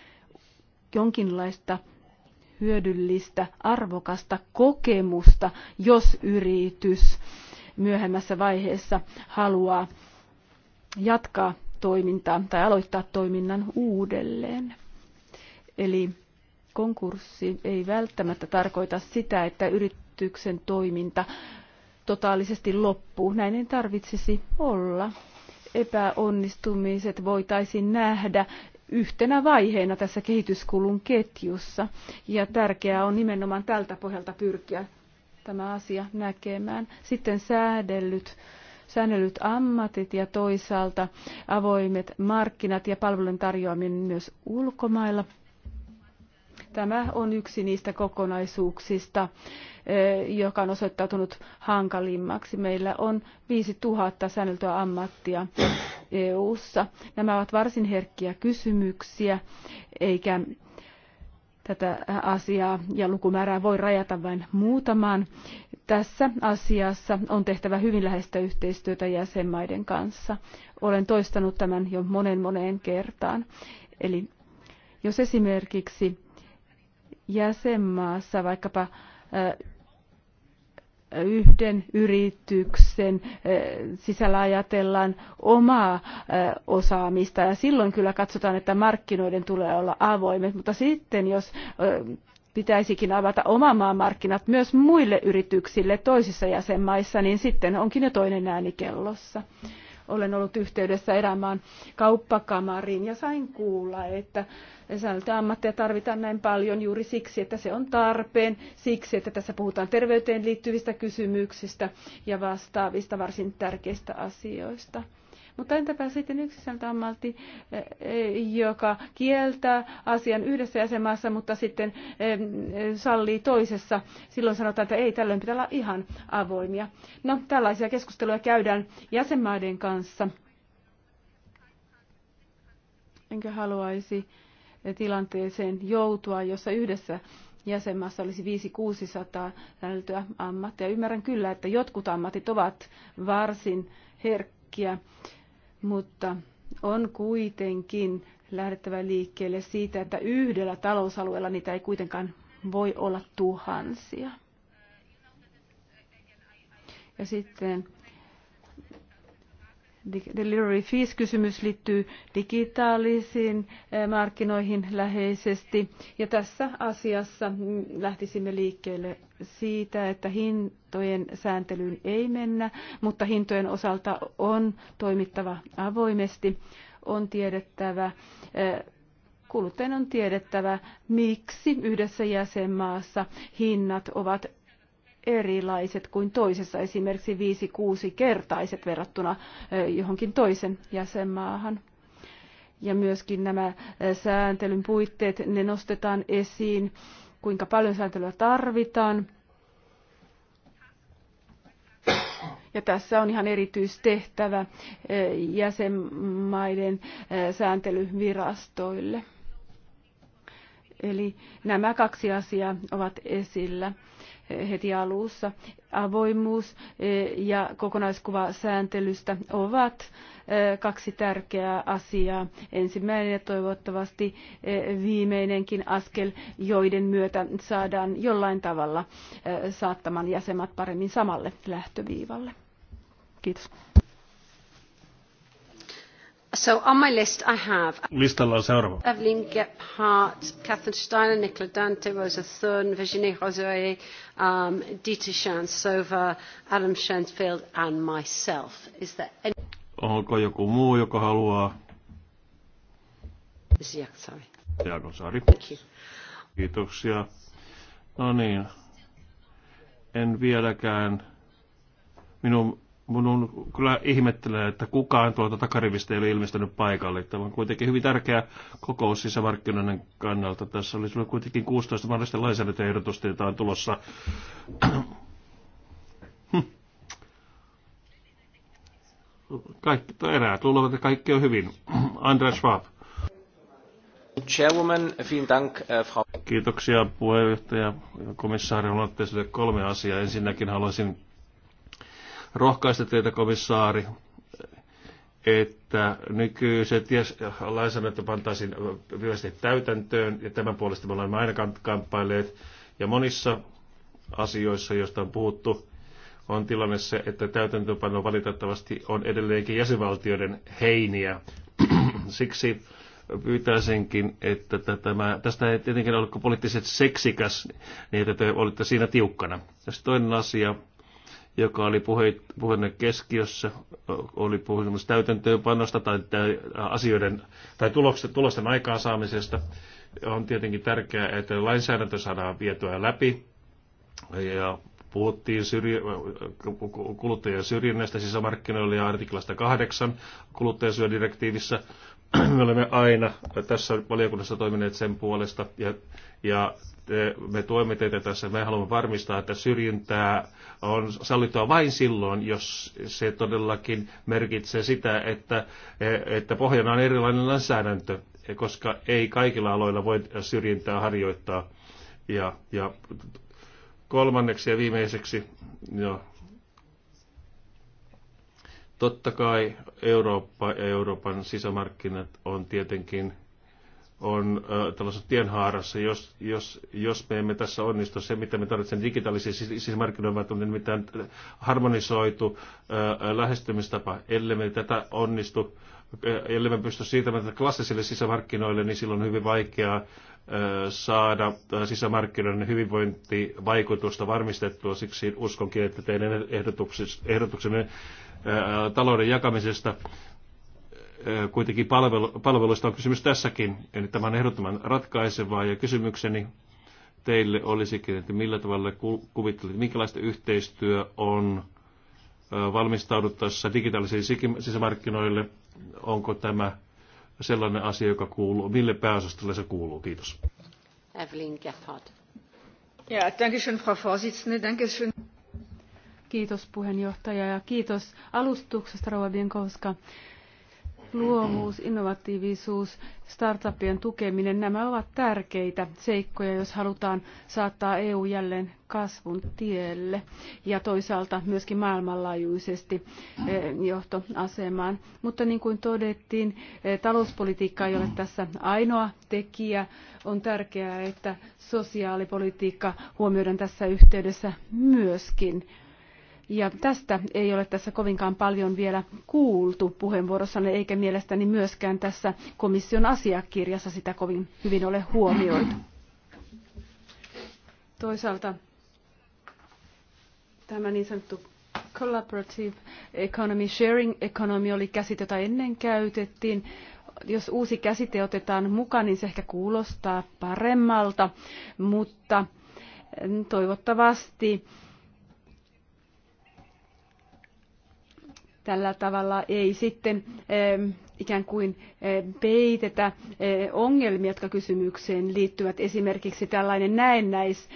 jonkinlaista hyödyllistä, arvokasta kokemusta, jos yritys myöhemmässä vaiheessa haluaa jatkaa toimintaa tai aloittaa toiminnan uudelleen. Eli konkurssi ei välttämättä tarkoita sitä, että yrityksen toiminta totaalisesti loppuu. Näin ei tarvitsisi olla. Epäonnistumiset voitaisiin nähdä yhtenä vaiheena tässä kehityskulun ketjussa. Ja tärkeää on nimenomaan tältä pohjalta pyrkiä tämä asia näkemään. Sitten säädellyt säännellyt ammatit ja toisaalta avoimet markkinat ja palvelun tarjoaminen myös ulkomailla. Tämä on yksi niistä kokonaisuuksista, eh, joka on osoittautunut hankalimmaksi. Meillä on 5000 säänneltyä ammattia EU-ssa. Nämä ovat varsin herkkiä kysymyksiä, eikä tätä asiaa ja lukumäärää voi rajata vain muutamaan. Tässä asiassa on tehtävä hyvin läheistä yhteistyötä jäsenmaiden kanssa. Olen toistanut tämän jo monen moneen kertaan. Eli jos esimerkiksi jäsenmaassa vaikkapa yhden yrityksen sisällä ajatellaan omaa osaamista ja silloin kyllä katsotaan, että markkinoiden tulee olla avoimet, mutta sitten jos pitäisikin avata oman maan markkinat myös muille yrityksille toisissa jäsenmaissa, niin sitten onkin jo toinen ääni kellossa. Mm olen ollut yhteydessä erämaan kauppakamariin ja sain kuulla, että säännöltä ammatteja tarvitaan näin paljon juuri siksi, että se on tarpeen, siksi, että tässä puhutaan terveyteen liittyvistä kysymyksistä ja vastaavista varsin tärkeistä asioista. Mutta entäpä sitten yksisältöammalti, eh, joka kieltää asian yhdessä jäsenmaassa, mutta sitten eh, sallii toisessa. Silloin sanotaan, että ei, tällöin pitää olla ihan avoimia. No, tällaisia keskusteluja käydään jäsenmaiden kanssa. Enkä haluaisi eh, tilanteeseen joutua, jossa yhdessä jäsenmaassa olisi 5-600 säilytyä ammattia. Ymmärrän kyllä, että jotkut ammatit ovat varsin herkkiä mutta on kuitenkin lähdettävä liikkeelle siitä, että yhdellä talousalueella niitä ei kuitenkaan voi olla tuhansia. Ja sitten Delivery fees-kysymys liittyy digitaalisiin eh, markkinoihin läheisesti. Ja tässä asiassa mm, lähtisimme liikkeelle siitä, että hintojen sääntelyyn ei mennä, mutta hintojen osalta on toimittava avoimesti, on tiedettävä eh, Kuluttajan on tiedettävä, miksi yhdessä jäsenmaassa hinnat ovat erilaiset kuin toisessa, esimerkiksi viisi kuusi kertaiset verrattuna johonkin toisen jäsenmaahan. Ja myöskin nämä sääntelyn puitteet, ne nostetaan esiin, kuinka paljon sääntelyä tarvitaan. Ja tässä on ihan erityistehtävä jäsenmaiden sääntelyvirastoille. Eli nämä kaksi asiaa ovat esillä heti alussa. Avoimuus eh, ja kokonaiskuva sääntelystä ovat eh, kaksi tärkeää asiaa. Ensimmäinen ja toivottavasti eh, viimeinenkin askel, joiden myötä saadaan jollain tavalla saattamaan jäsenmaat paremmin samalle lähtöviivalle. Kiitos. So on my list I have Listalla on seuraava. Evelyn Gephardt, Catherine Steiner, Nicola Dante, Rosa Virginie um, Dieter Shansova, Adam and myself. Is there any... Onko joku muu, joka haluaa? Jaksaari. Jaakonsaari. Thank you. Kiitoksia. No niin. En vieläkään minun Mun on kyllä ihmettelen, että kukaan tuolta takarivistä ei ole ilmestynyt paikalle. Tämä on kuitenkin hyvin tärkeä kokous sisämarkkinoiden kannalta. Tässä oli kuitenkin 16 mahdollista lainsäädäntöehdotusta, jota on tulossa. Kaikki tai erää. Luulevat, että kaikki on hyvin. Andreas Schwab. Chairwoman, vielen Dank, äh, Frau. Kiitoksia puheenjohtaja komissaari. Haluan kolme asiaa. Ensinnäkin haluaisin rohkaista teitä, komissaari, että nykyiset lainsäädäntö pantaisiin virallisesti täytäntöön, ja tämän puolesta me olemme aina kamppailleet. Ja monissa asioissa, joista on puhuttu, on tilanne se, että täytäntöönpano valitettavasti on edelleenkin jäsenvaltioiden heiniä. Siksi pyytäisinkin, että tämä, tästä ei tietenkin ole poliittisesti seksikäs, niin että te olitte siinä tiukkana. Ja toinen asia, joka oli puhe, puheen keskiössä, oli puhunut täytäntöönpanosta tai, asioiden tai tulosten, tulosten aikaansaamisesta. On tietenkin tärkeää, että lainsäädäntö saadaan vietyä läpi ja puhuttiin syrjä, kuluttajien syrjinnästä sisämarkkinoilla ja artiklasta 8 kuluttajasyödirektiivissä. Me olemme aina tässä valiokunnassa toimineet sen puolesta ja, ja me tuemme teitä tässä. Me haluamme varmistaa, että syrjintää on sallittua vain silloin, jos se todellakin merkitsee sitä, että, että pohjana on erilainen lainsäädäntö, koska ei kaikilla aloilla voi syrjintää harjoittaa. Ja, ja kolmanneksi ja viimeiseksi, jo, totta kai Eurooppa ja Euroopan sisämarkkinat on tietenkin on tällaisessa tienhaarassa, jos, jos, jos me emme tässä onnistu. Se, mitä me tarvitsemme digitaalisia sisämarkkinoilla, on nimittäin niin harmonisoitu lähestymistapa. Ellei me tätä onnistu, ellei me pysty siirtämään tätä klassisille sisämarkkinoille, niin silloin on hyvin vaikeaa saada sisämarkkinoiden hyvinvointivaikutusta varmistettua. Siksi uskonkin, että teidän ehdotuksenne talouden jakamisesta kuitenkin palvelu, palveluista on kysymys tässäkin, eli tämä on ehdottoman ratkaisevaa ja kysymykseni teille olisikin, että millä tavalla kuvittelet, minkälaista yhteistyö on valmistauduttaessa digitaalisiin sisämarkkinoille, onko tämä sellainen asia, joka kuuluu, mille pääosastolle se kuuluu? Kiitos. Evelyn Gephardt. Ja, danke schön, Frau Vorsitzende, danke schön. Kiitos puheenjohtaja ja kiitos alustuksesta, Rouva Bienkowska luovuus, innovatiivisuus, startupien tukeminen, nämä ovat tärkeitä seikkoja, jos halutaan saattaa EU jälleen kasvun tielle ja toisaalta myöskin maailmanlaajuisesti eh, johtoasemaan. Mutta niin kuin todettiin, eh, talouspolitiikka ei ole tässä ainoa tekijä. On tärkeää, että sosiaalipolitiikka huomioidaan tässä yhteydessä myöskin ja tästä ei ole tässä kovinkaan paljon vielä kuultu puheenvuorossanne, eikä mielestäni myöskään tässä komission asiakirjassa sitä kovin hyvin ole huomioitu. Toisaalta tämä niin sanottu collaborative economy, sharing economy oli käsite, jota ennen käytettiin. Jos uusi käsite otetaan mukaan, niin se ehkä kuulostaa paremmalta, mutta toivottavasti Tällä tavalla ei sitten ikään kuin peitetä ongelmia, jotka kysymykseen liittyvät. Esimerkiksi tällainen näennäis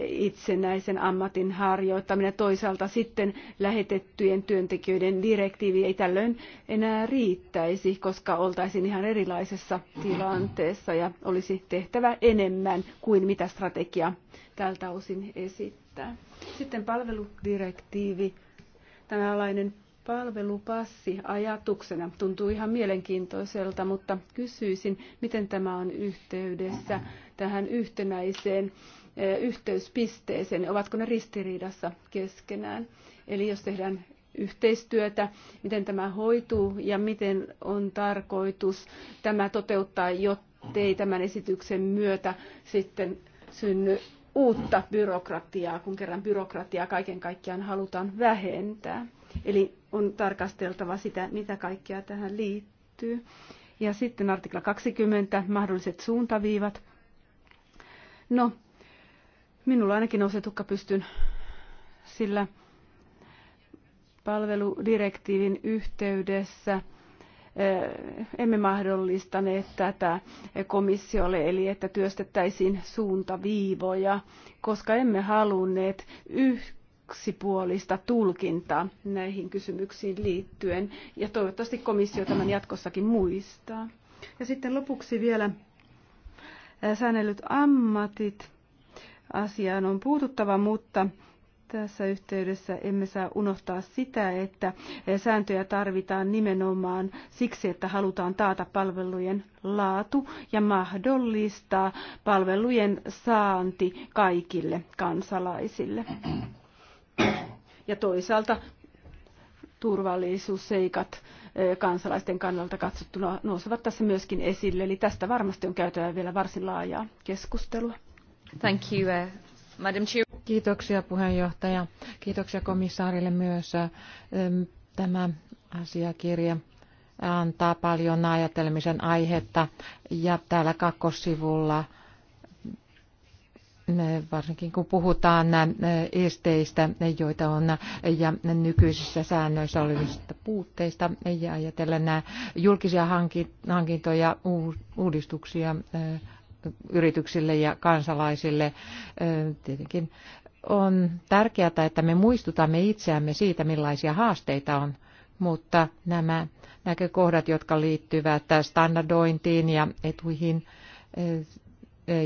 itsenäisen ammatin harjoittaminen. Toisaalta sitten lähetettyjen työntekijöiden direktiivi ei tällöin enää riittäisi, koska oltaisiin ihan erilaisessa tilanteessa ja olisi tehtävä enemmän kuin mitä strategia tältä osin esittää. Sitten palveludirektiivi, tämänlainen Palvelupassi ajatuksena tuntuu ihan mielenkiintoiselta, mutta kysyisin, miten tämä on yhteydessä tähän yhtenäiseen eh, yhteyspisteeseen. Ovatko ne ristiriidassa keskenään? Eli jos tehdään yhteistyötä, miten tämä hoituu ja miten on tarkoitus tämä toteuttaa, jottei tämän esityksen myötä sitten synny uutta byrokratiaa, kun kerran byrokratiaa kaiken kaikkiaan halutaan vähentää. Eli on tarkasteltava sitä, mitä kaikkea tähän liittyy. Ja sitten artikla 20, mahdolliset suuntaviivat. No, minulla ainakin nousee tukka pystyn, sillä palveludirektiivin yhteydessä eh, emme mahdollistaneet tätä komissiolle, eli että työstettäisiin suuntaviivoja, koska emme halunneet yhtä kaksipuolista tulkintaa näihin kysymyksiin liittyen, ja toivottavasti komissio tämän jatkossakin muistaa. Ja sitten lopuksi vielä säännellyt ammatit. Asiaan on puututtava, mutta tässä yhteydessä emme saa unohtaa sitä, että sääntöjä tarvitaan nimenomaan siksi, että halutaan taata palvelujen laatu ja mahdollistaa palvelujen saanti kaikille kansalaisille ja toisaalta turvallisuusseikat kansalaisten kannalta katsottuna nousevat tässä myöskin esille. Eli tästä varmasti on käytävä vielä varsin laajaa keskustelua. Thank you, uh, Madam Chair. Kiitoksia puheenjohtaja. Kiitoksia komissaarille myös. Tämä asiakirja antaa paljon ajatelmisen aihetta ja täällä kakkosivulla varsinkin kun puhutaan esteistä, joita on ja nykyisissä säännöissä olevista puutteista ja ajatellen nämä julkisia hankintoja, uudistuksia yrityksille ja kansalaisille. Tietenkin on tärkeää, että me muistutamme itseämme siitä, millaisia haasteita on, mutta nämä näkökohdat, jotka liittyvät standardointiin ja etuihin,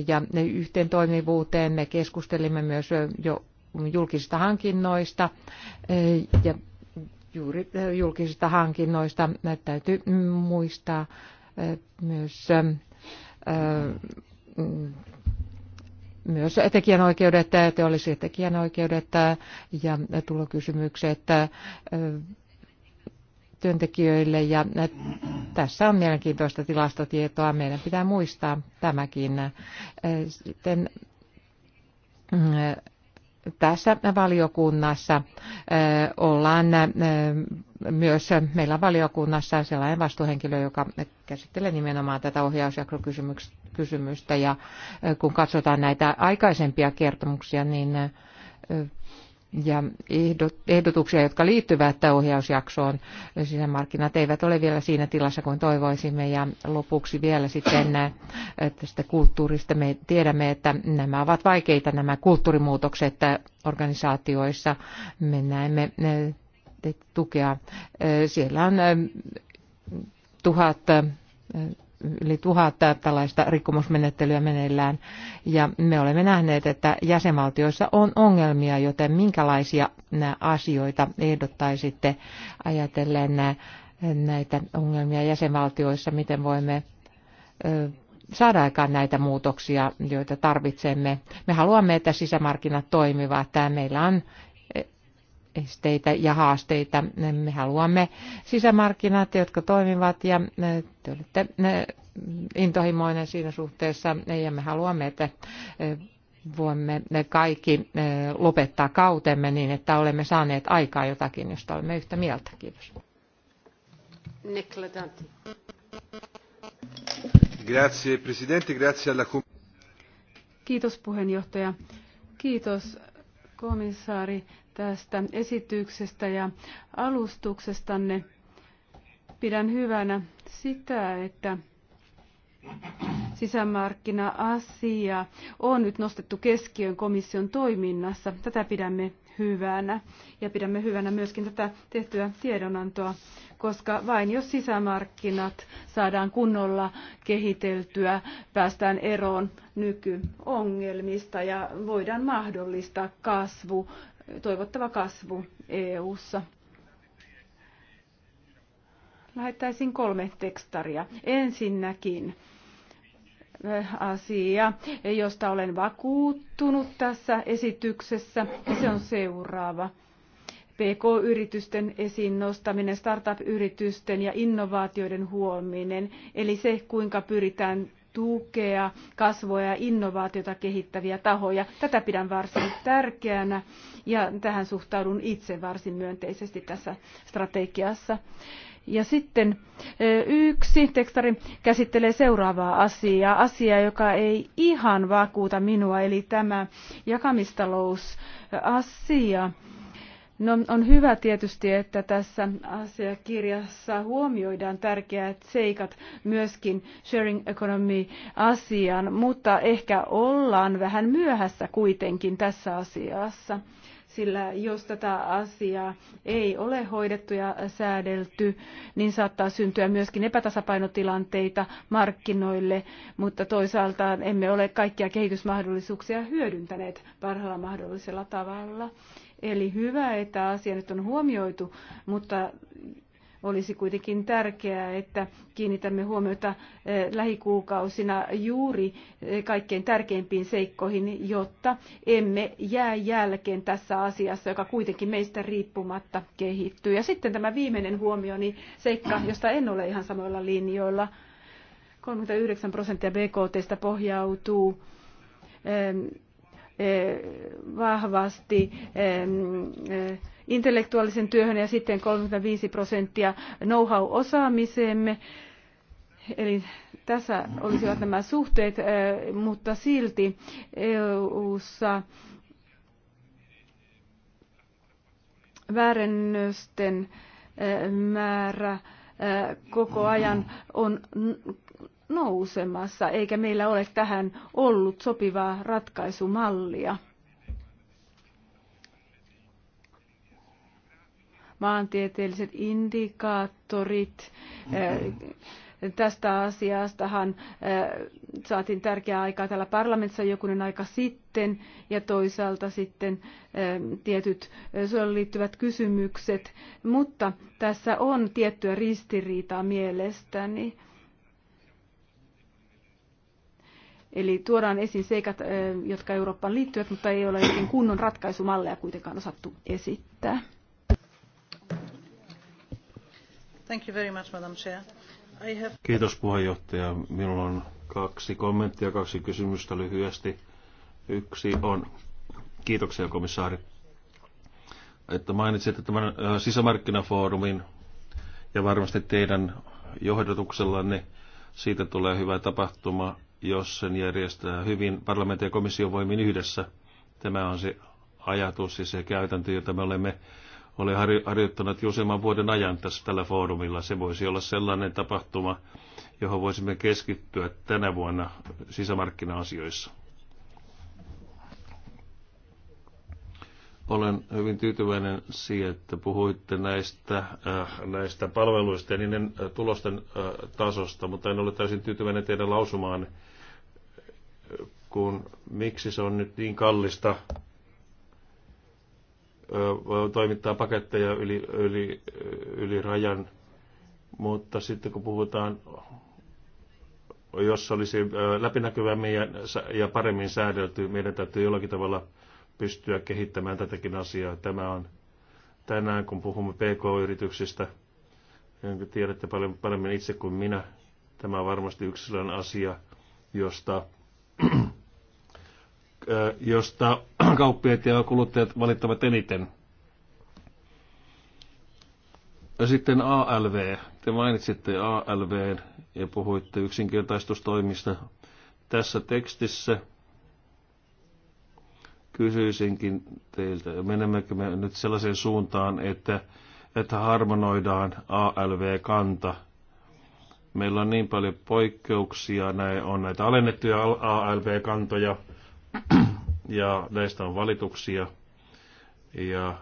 ja yhteen toimivuuteen. Me keskustelimme myös jo julkisista hankinnoista ja juuri julkisista hankinnoista täytyy muistaa myös myös tekijänoikeudet, teolliset tekijänoikeudet ja tulokysymykset työntekijöille ja tässä on mielenkiintoista tilastotietoa. Meidän pitää muistaa tämäkin. Äh, sitten äh, tässä valiokunnassa äh, ollaan myös meillä valiokunnassa sellainen vastuuhenkilö, joka käsittelee nimenomaan tätä ohjausjakrokysymystä. Ja kun katsotaan näitä aikaisempia kertomuksia, niin ja ehdotuksia, jotka liittyvät ohjausjaksoon. Sisämarkkinat eivät ole vielä siinä tilassa kuin toivoisimme. Ja lopuksi vielä sitten äh, tästä kulttuurista. Me tiedämme, että nämä ovat vaikeita nämä kulttuurimuutokset äh, organisaatioissa. Me näemme äh, tukea. Siellä on tuhat yli tuhat tällaista rikkomusmenettelyä meneillään. Ja me olemme nähneet, että jäsenvaltioissa on ongelmia, joten minkälaisia asioita ehdottaisitte ajatellen näitä ongelmia jäsenvaltioissa, miten voimme saada aikaan näitä muutoksia, joita tarvitsemme. Me haluamme, että sisämarkkinat toimivat. Tämä meillä on esteitä ja haasteita. Me haluamme sisämarkkinat, jotka toimivat ja te olette intohimoinen siinä suhteessa ja me haluamme, että voimme kaikki lopettaa kautemme niin, että olemme saaneet aikaa jotakin, josta olemme yhtä mieltä. Kiitos. Kiitos puheenjohtaja. Kiitos komissaari tästä esityksestä ja alustuksestanne. Pidän hyvänä sitä, että sisämarkkina-asia on nyt nostettu keskiön komission toiminnassa. Tätä pidämme hyvänä ja pidämme hyvänä myöskin tätä tehtyä tiedonantoa, koska vain jos sisämarkkinat saadaan kunnolla kehiteltyä, päästään eroon nykyongelmista ja voidaan mahdollistaa kasvu toivottava kasvu EU:ssa. Lähettäisin kolme tekstaria. Ensinnäkin eh, asia, josta olen vakuuttunut tässä esityksessä, ja se on seuraava. PK-yritysten esiin nostaminen, startup-yritysten ja innovaatioiden huominen, eli se, kuinka pyritään tukea kasvua ja innovaatiota kehittäviä tahoja. Tätä pidän varsin tärkeänä ja tähän suhtaudun itse varsin myönteisesti tässä strategiassa. Ja sitten e, yksi tekstari käsittelee seuraavaa asiaa, asiaa, joka ei ihan vakuuta minua, eli tämä jakamistalous asia No, on hyvä tietysti, että tässä asiakirjassa huomioidaan tärkeät seikat myöskin sharing economy-asian, mutta ehkä ollaan vähän myöhässä kuitenkin tässä asiassa. Sillä jos tätä asiaa ei ole hoidettu ja säädelty, niin saattaa syntyä myöskin epätasapainotilanteita markkinoille, mutta toisaalta emme ole kaikkia kehitysmahdollisuuksia hyödyntäneet parhaalla mahdollisella tavalla. Eli hyvä, että asia nyt on huomioitu, mutta olisi kuitenkin tärkeää, että kiinnitämme huomiota eh, lähikuukausina juuri eh, kaikkein tärkeimpiin seikkoihin, jotta emme jää jälkeen tässä asiassa, joka kuitenkin meistä riippumatta kehittyy. Ja sitten tämä viimeinen huomio, niin seikka, josta en ole ihan samoilla linjoilla. 39 prosenttia BKTstä pohjautuu Eh, vahvasti eh, intellektuaalisen työhön ja sitten 35 prosenttia know-how-osaamiseemme. Eli tässä olisivat nämä suhteet, eh, mutta silti EU-ssa väärennösten määrä koko ajan on nousemassa, eikä meillä ole tähän ollut sopivaa ratkaisumallia. Maantieteelliset indikaattorit. Eh, tästä asiastahan eh, saatiin tärkeää aikaa täällä parlamentissa jokunen aika sitten ja toisaalta sitten eh, tietyt suojeluun liittyvät kysymykset. Mutta tässä on tiettyä ristiriitaa mielestäni. Niin Eli tuodaan esiin seikat, jotka Eurooppaan liittyvät, mutta ei ole jokin kunnon ratkaisumalleja kuitenkaan osattu esittää. Thank you very much, Madam Chair. I have... Kiitos puheenjohtaja. Minulla on kaksi kommenttia, kaksi kysymystä lyhyesti. Yksi on, kiitoksia komissaari, että mainitsitte tämän sisämarkkinafoorumin ja varmasti teidän johdotuksellanne siitä tulee hyvä tapahtuma jos sen järjestää hyvin parlamentin ja komission voimin yhdessä. Tämä on se ajatus ja se käytäntö, jota me olemme ole harjoittaneet jo useamman vuoden ajan tässä tällä foorumilla. Se voisi olla sellainen tapahtuma, johon voisimme keskittyä tänä vuonna sisämarkkina-asioissa. Olen hyvin tyytyväinen siihen, että puhuitte näistä, äh, näistä palveluista ja niiden äh, tulosten äh, tasosta, mutta en ole täysin tyytyväinen teidän lausumaan, kun miksi se on nyt niin kallista toimittaa paketteja yli, yli, yli rajan. Mutta sitten kun puhutaan, jos olisi läpinäkyvämmin ja, ja paremmin säädelty, meidän täytyy jollakin tavalla pystyä kehittämään tätäkin asiaa. Tämä on tänään, kun puhumme PK-yrityksistä, jonka niin tiedätte paljon paremmin itse kuin minä. Tämä on varmasti yksi sellainen asia, josta, josta kauppiaat ja kuluttajat valittavat eniten. Sitten ALV. Te mainitsitte ALV ja puhuitte yksinkertaistustoimista. Tässä tekstissä Kysyisinkin teiltä, menemmekö me nyt sellaiseen suuntaan, että, että harmonoidaan ALV-kanta meillä on niin paljon poikkeuksia, näin on näitä alennettuja ALV-kantoja ja näistä on valituksia ja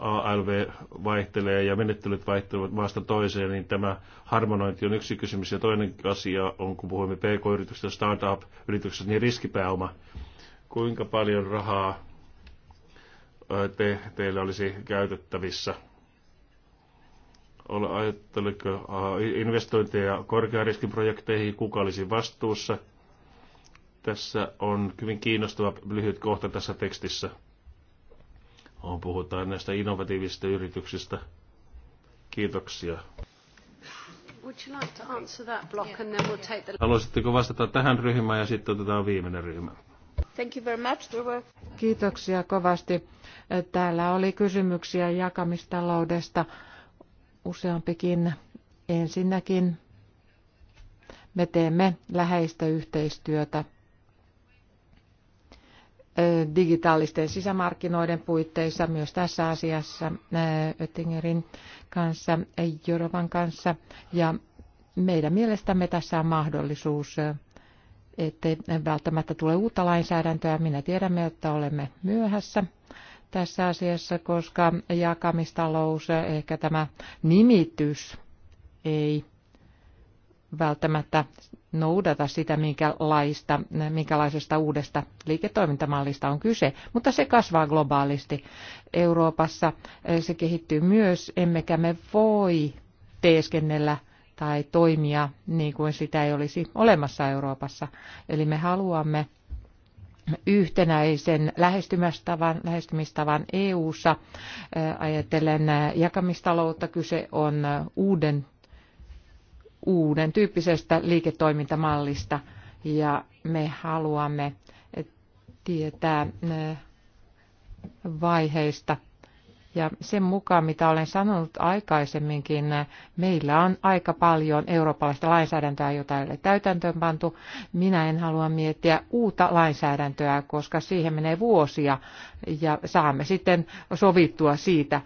ALV vaihtelee ja menettelyt vaihtelevat maasta toiseen, niin tämä harmonointi on yksi kysymys. Ja toinen asia on, kun puhumme pk yrityksestä startup yrityksestä niin riskipääoma. Kuinka paljon rahaa te, teillä olisi käytettävissä? ajatteliko investointeja projekteihin, kuka olisi vastuussa? Tässä on hyvin kiinnostava lyhyt kohta tässä tekstissä on, puhutaan näistä innovatiivisista yrityksistä. Kiitoksia. Haluaisitteko vastata tähän ryhmään ja sitten otetaan viimeinen ryhmä? Thank you very much. Kiitoksia kovasti. Täällä oli kysymyksiä jakamistaloudesta useampikin. Ensinnäkin me teemme läheistä yhteistyötä digitaalisten sisämarkkinoiden puitteissa myös tässä asiassa Oettingerin kanssa, Jorovan kanssa. Ja meidän mielestämme tässä on mahdollisuus, ettei välttämättä tule uutta lainsäädäntöä. Minä tiedämme, että olemme myöhässä tässä asiassa, koska jakamistalous, ehkä tämä nimitys ei välttämättä noudata sitä, minkälaista, minkälaisesta uudesta liiketoimintamallista on kyse, mutta se kasvaa globaalisti. Euroopassa eh, se kehittyy myös, emmekä me voi teeskennellä tai toimia niin kuin sitä ei olisi olemassa Euroopassa. Eli me haluamme yhtenäisen lähestymistavan, lähestymistavan EU-ssa. Eh, ajatellen eh, jakamistaloutta kyse on uuden uuden tyyppisestä liiketoimintamallista ja me haluamme tietää eh, vaiheista. Ja sen mukaan, mitä olen sanonut aikaisemminkin, meillä on aika paljon eurooppalaista lainsäädäntöä, jota ei ole täytäntöön pantu. Minä en halua miettiä uutta lainsäädäntöä, koska siihen menee vuosia ja saamme sitten sovittua siitä,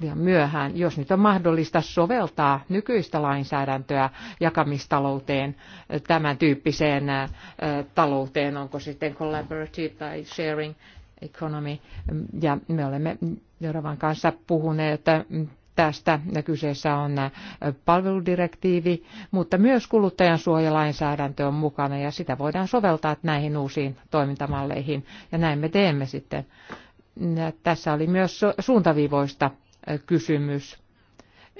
liian myöhään. Jos nyt on mahdollista soveltaa nykyistä lainsäädäntöä jakamistalouteen, tämän tyyppiseen talouteen, onko sitten collaborative tai sharing economy, ja me olemme Joravan kanssa puhuneet tästä. Kyseessä on palveludirektiivi, mutta myös kuluttajan suojalainsäädäntö on mukana ja sitä voidaan soveltaa näihin uusiin toimintamalleihin ja näin me teemme sitten. Tässä oli myös suuntaviivoista kysymys.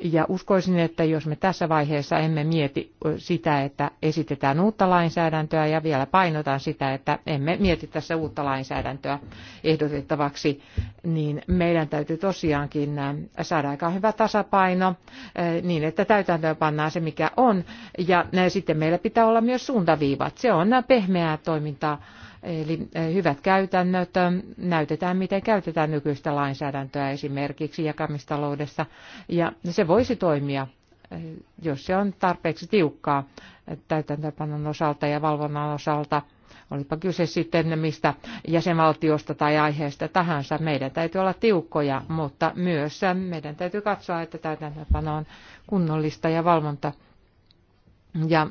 Ja uskoisin, että jos me tässä vaiheessa emme mieti sitä, että esitetään uutta lainsäädäntöä ja vielä painotan sitä, että emme mieti tässä uutta lainsäädäntöä ehdotettavaksi, niin meidän täytyy tosiaankin äh, saada aika hyvä tasapaino äh, niin, että täytäntöön pannaan se, mikä on. Ja äh, sitten meillä pitää olla myös suuntaviivat. Se on pehmeää toimintaa Eli eh, hyvät käytännöt, eh, näytetään miten käytetään nykyistä lainsäädäntöä esimerkiksi jakamistaloudessa. Ja se voisi toimia, eh, jos se on tarpeeksi tiukkaa täytäntöpanon osalta ja valvonnan osalta. Olipa kyse sitten mistä jäsenvaltiosta tai aiheesta tahansa. Meidän täytyy olla tiukkoja, mutta myös meidän täytyy katsoa, että täytäntöpano on kunnollista ja valvonta ja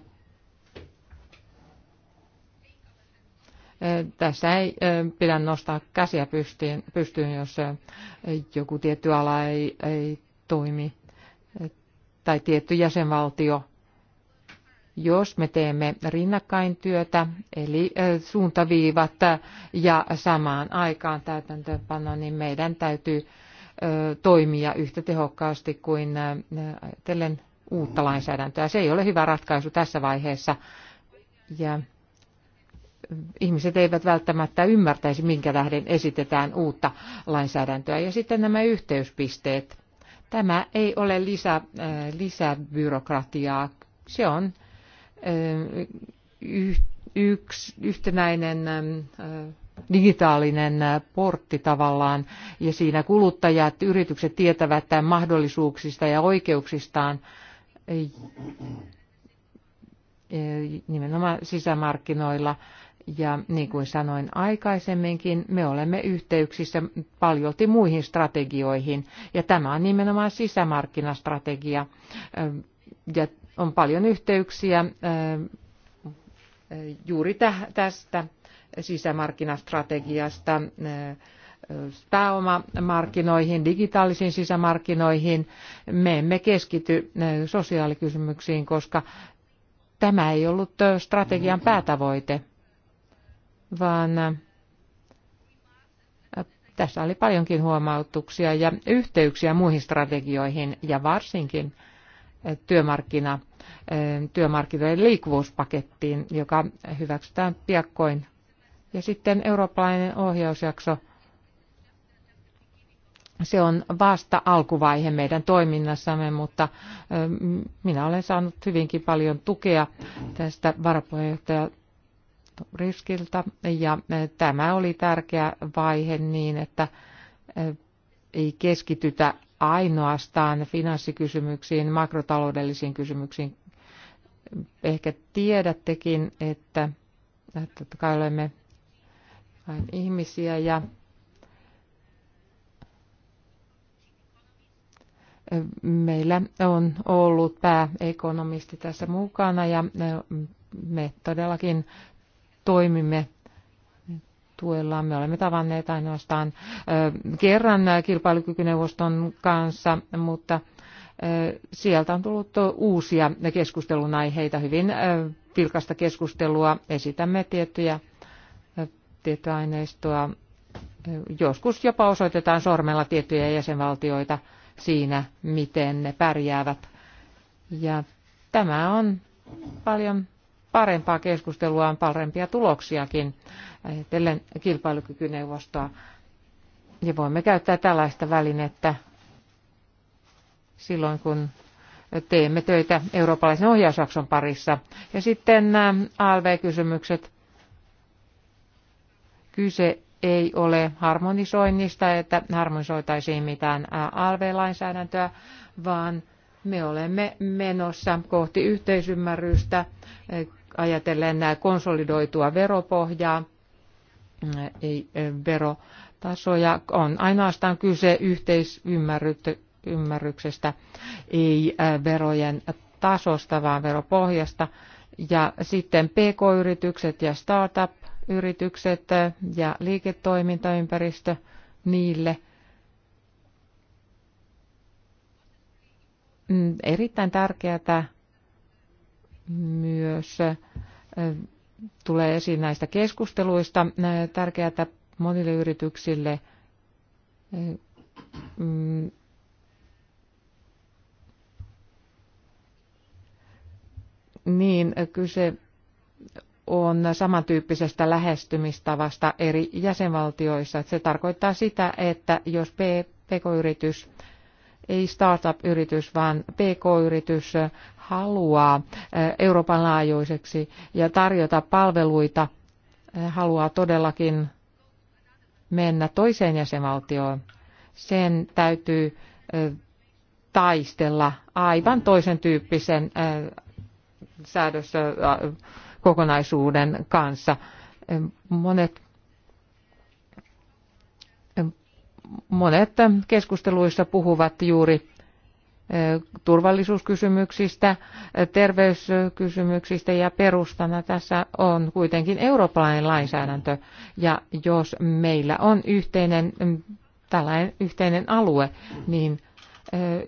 Tässä ei pidä nostaa käsiä pystyyn, pystyyn jos joku tietty ala ei, ei toimi tai tietty jäsenvaltio. Jos me teemme rinnakkain työtä, eli suuntaviivat ja samaan aikaan täytäntöönpano, niin meidän täytyy toimia yhtä tehokkaasti kuin ajatellen uutta lainsäädäntöä. Se ei ole hyvä ratkaisu tässä vaiheessa. Ja ihmiset eivät välttämättä ymmärtäisi, minkä tähden esitetään uutta lainsäädäntöä. Ja sitten nämä yhteyspisteet. Tämä ei ole lisä, äh, lisäbyrokratiaa. Se on äh, yksi yhtenäinen äh, digitaalinen portti tavallaan, ja siinä kuluttajat, yritykset tietävät tämän mahdollisuuksista ja oikeuksistaan nimenomaan sisämarkkinoilla ja niin kuin sanoin aikaisemminkin, me olemme yhteyksissä paljolti muihin strategioihin. Ja tämä on nimenomaan sisämarkkinastrategia. Ja on paljon yhteyksiä juuri tästä sisämarkkinastrategiasta pääomamarkkinoihin, digitaalisiin sisämarkkinoihin. Me emme keskity sosiaalikysymyksiin, koska tämä ei ollut strategian päätavoite vaan tässä oli paljonkin huomautuksia ja yhteyksiä muihin strategioihin ja varsinkin työmarkkina, työmarkkinoiden liikkuvuuspakettiin, joka hyväksytään piakkoin. Ja sitten eurooppalainen ohjausjakso. Se on vasta alkuvaihe meidän toiminnassamme, mutta minä olen saanut hyvinkin paljon tukea tästä varapuheenjohtaja riskiltä ja e, tämä oli tärkeä vaihe niin, että e, ei keskitytä ainoastaan finanssikysymyksiin, makrotaloudellisiin kysymyksiin. Ehkä tiedättekin, että totta kai olemme vain ihmisiä ja e, meillä on ollut pääekonomisti tässä mukana ja me todellakin toimimme tuella. Me olemme tavanneet ainoastaan kerran kilpailukykyneuvoston kanssa, mutta sieltä on tullut uusia keskustelun aiheita, hyvin vilkasta keskustelua. Esitämme tiettyjä tietoaineistoa. Joskus jopa osoitetaan sormella tiettyjä jäsenvaltioita siinä, miten ne pärjäävät. Ja tämä on paljon parempaa keskustelua, on parempia tuloksiakin ajatellen kilpailukykyneuvostoa. Ja voimme käyttää tällaista välinettä silloin, kun teemme töitä eurooppalaisen ohjausjakson parissa. Ja sitten nämä äh, ALV-kysymykset. Kyse ei ole harmonisoinnista, että harmonisoitaisiin mitään äh, ALV-lainsäädäntöä, vaan me olemme menossa kohti yhteisymmärrystä äh, ajatellen konsolidoitua veropohjaa, ei eh, verotasoja, on ainoastaan kyse yhteisymmärryksestä, ei eh, verojen tasosta, vaan veropohjasta. Ja sitten PK-yritykset ja startup-yritykset eh, ja liiketoimintaympäristö niille. Mm, erittäin tärkeää myös tulee esiin näistä keskusteluista. Tärkeää monille yrityksille mm, niin kyse on samantyyppisestä lähestymistavasta eri jäsenvaltioissa. Se tarkoittaa sitä, että jos pk-yritys ei startup-yritys, vaan pk-yritys haluaa Euroopan laajuiseksi ja tarjota palveluita, haluaa todellakin mennä toiseen jäsenvaltioon. Sen täytyy taistella aivan toisen tyyppisen säädöskokonaisuuden kanssa. Monet monet keskusteluissa puhuvat juuri e, turvallisuuskysymyksistä, e, terveyskysymyksistä ja perustana tässä on kuitenkin eurooppalainen lainsäädäntö. Ja jos meillä on yhteinen, tällainen yhteinen alue, niin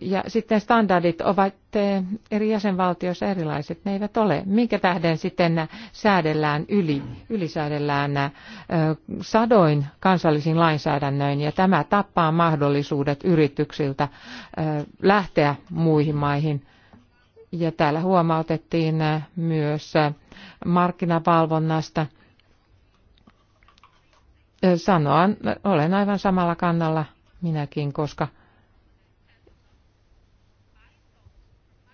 ja sitten standardit ovat eri jäsenvaltioissa erilaiset, ne eivät ole. Minkä tähden sitten säädellään yli, ylisäädellään sadoin kansallisin lainsäädännöin ja tämä tappaa mahdollisuudet yrityksiltä lähteä muihin maihin. Ja täällä huomautettiin myös markkinavalvonnasta. Sanoan, olen aivan samalla kannalla minäkin, koska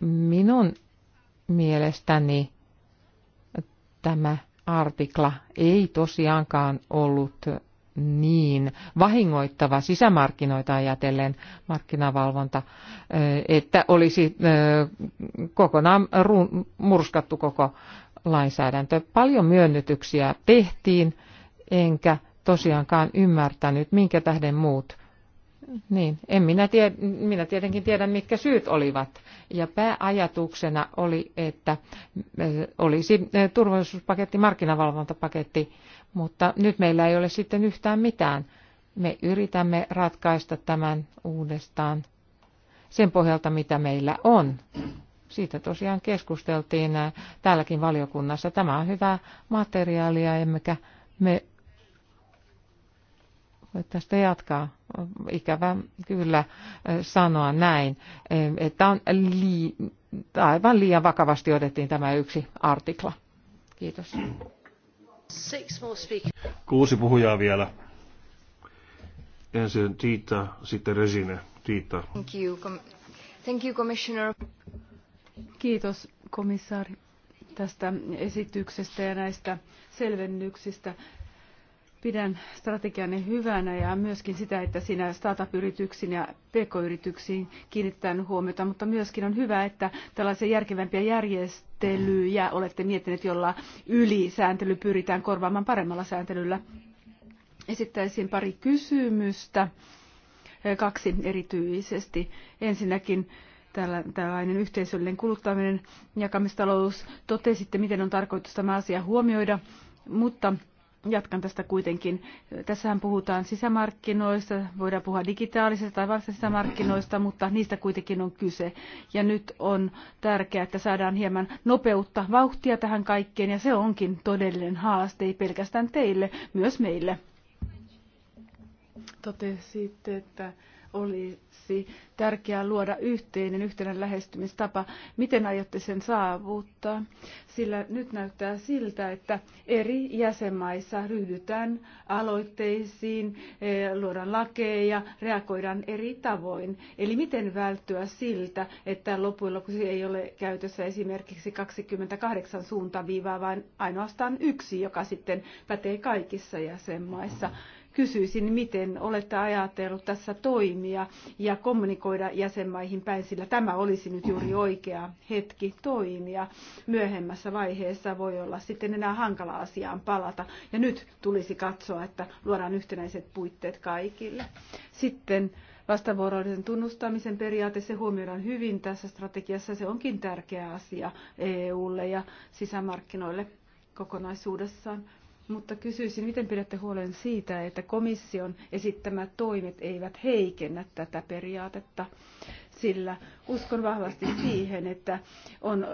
Minun mielestäni tämä artikla ei tosiaankaan ollut niin vahingoittava sisämarkkinoita ajatellen markkinavalvonta, että olisi kokonaan murskattu koko lainsäädäntö. Paljon myönnytyksiä tehtiin, enkä tosiaankaan ymmärtänyt, minkä tähden muut niin, en minä, tie, minä tietenkin tiedä, mitkä syyt olivat. Ja pääajatuksena oli, että olisi turvallisuuspaketti, markkinavalvontapaketti, mutta nyt meillä ei ole sitten yhtään mitään. Me yritämme ratkaista tämän uudestaan sen pohjalta, mitä meillä on. Siitä tosiaan keskusteltiin täälläkin valiokunnassa. Tämä on hyvää materiaalia, emmekä me voi tästä jatkaa ikävä kyllä sanoa näin, että on lii, aivan liian vakavasti otettiin tämä yksi artikla. Kiitos. Kuusi puhujaa vielä. Ensin Tiita, sitten Resine. Tiita. Thank you, Thank you Commissioner. Kiitos, komissaari, tästä esityksestä ja näistä selvennyksistä. Pidän strategianne hyvänä ja myöskin sitä, että siinä startup-yrityksiin ja pk-yrityksiin kiinnitetään huomiota, mutta myöskin on hyvä, että tällaisia järkevämpiä järjestelyjä olette miettineet, jolla ylisääntely pyritään korvaamaan paremmalla sääntelyllä. Esittäisin pari kysymystä, kaksi erityisesti. Ensinnäkin tällainen yhteisöllinen kuluttaminen, jakamistalous. Totesitte, miten on tarkoitus tämä asia huomioida, mutta jatkan tästä kuitenkin. Tässähän puhutaan sisämarkkinoista, voidaan puhua digitaalisista tai varsinaisista sisämarkkinoista, mutta niistä kuitenkin on kyse. Ja nyt on tärkeää, että saadaan hieman nopeutta, vauhtia tähän kaikkeen, ja se onkin todellinen haaste, ei pelkästään teille, myös meille. Totesitte, että olisi tärkeää luoda yhteinen, yhtenäinen lähestymistapa. Miten aiotte sen saavuttaa? Sillä nyt näyttää siltä, että eri jäsenmaissa ryhdytään aloitteisiin, eh, luodaan lakeja, reagoidaan eri tavoin. Eli miten välttyä siltä, että lopuilla kun ei ole käytössä esimerkiksi 28 suuntaviivaa, vaan ainoastaan yksi, joka sitten pätee kaikissa jäsenmaissa kysyisin, miten olette ajatellut tässä toimia ja kommunikoida jäsenmaihin päin, sillä tämä olisi nyt juuri oikea hetki toimia. Myöhemmässä vaiheessa voi olla sitten enää hankala asiaan palata. Ja nyt tulisi katsoa, että luodaan yhtenäiset puitteet kaikille. Sitten Vastavuoroisen tunnustamisen periaate, se huomioidaan hyvin tässä strategiassa. Se onkin tärkeä asia EUlle ja sisämarkkinoille kokonaisuudessaan mutta kysyisin, miten pidätte huolen siitä, että komission esittämät toimet eivät heikennä tätä periaatetta, sillä uskon vahvasti siihen, että on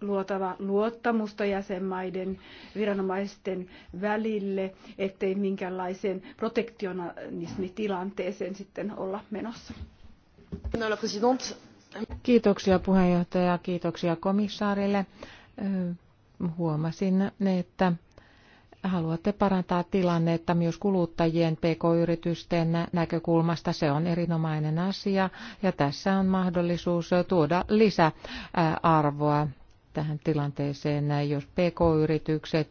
luotava luottamusta jäsenmaiden viranomaisten välille, ettei minkäänlaiseen protektionismitilanteeseen sitten olla menossa. Kiitoksia puheenjohtaja, kiitoksia komissaarille. Huomasin, että haluatte parantaa tilannetta myös kuluttajien pk-yritysten näkökulmasta. Se on erinomainen asia ja tässä on mahdollisuus tuoda lisäarvoa tähän tilanteeseen, jos pk-yritykset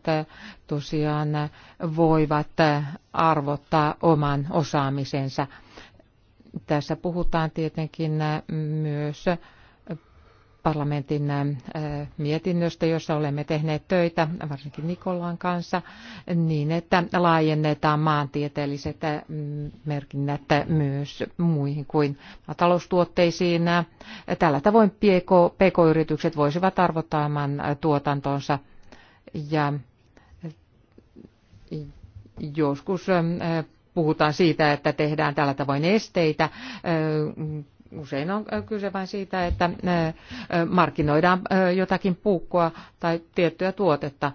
tosiaan voivat arvottaa oman osaamisensa. Tässä puhutaan tietenkin myös parlamentin mietinnöstä, jossa olemme tehneet töitä, varsinkin Nikolaan kanssa, niin että laajennetaan maantieteelliset merkinnät myös muihin kuin taloustuotteisiin. Tällä tavoin PK-yritykset voisivat arvottaa oman tuotantonsa ja joskus puhutaan siitä, että tehdään tällä tavoin esteitä Usein on kyse vain siitä, että markkinoidaan jotakin puukkoa tai tiettyä tuotetta,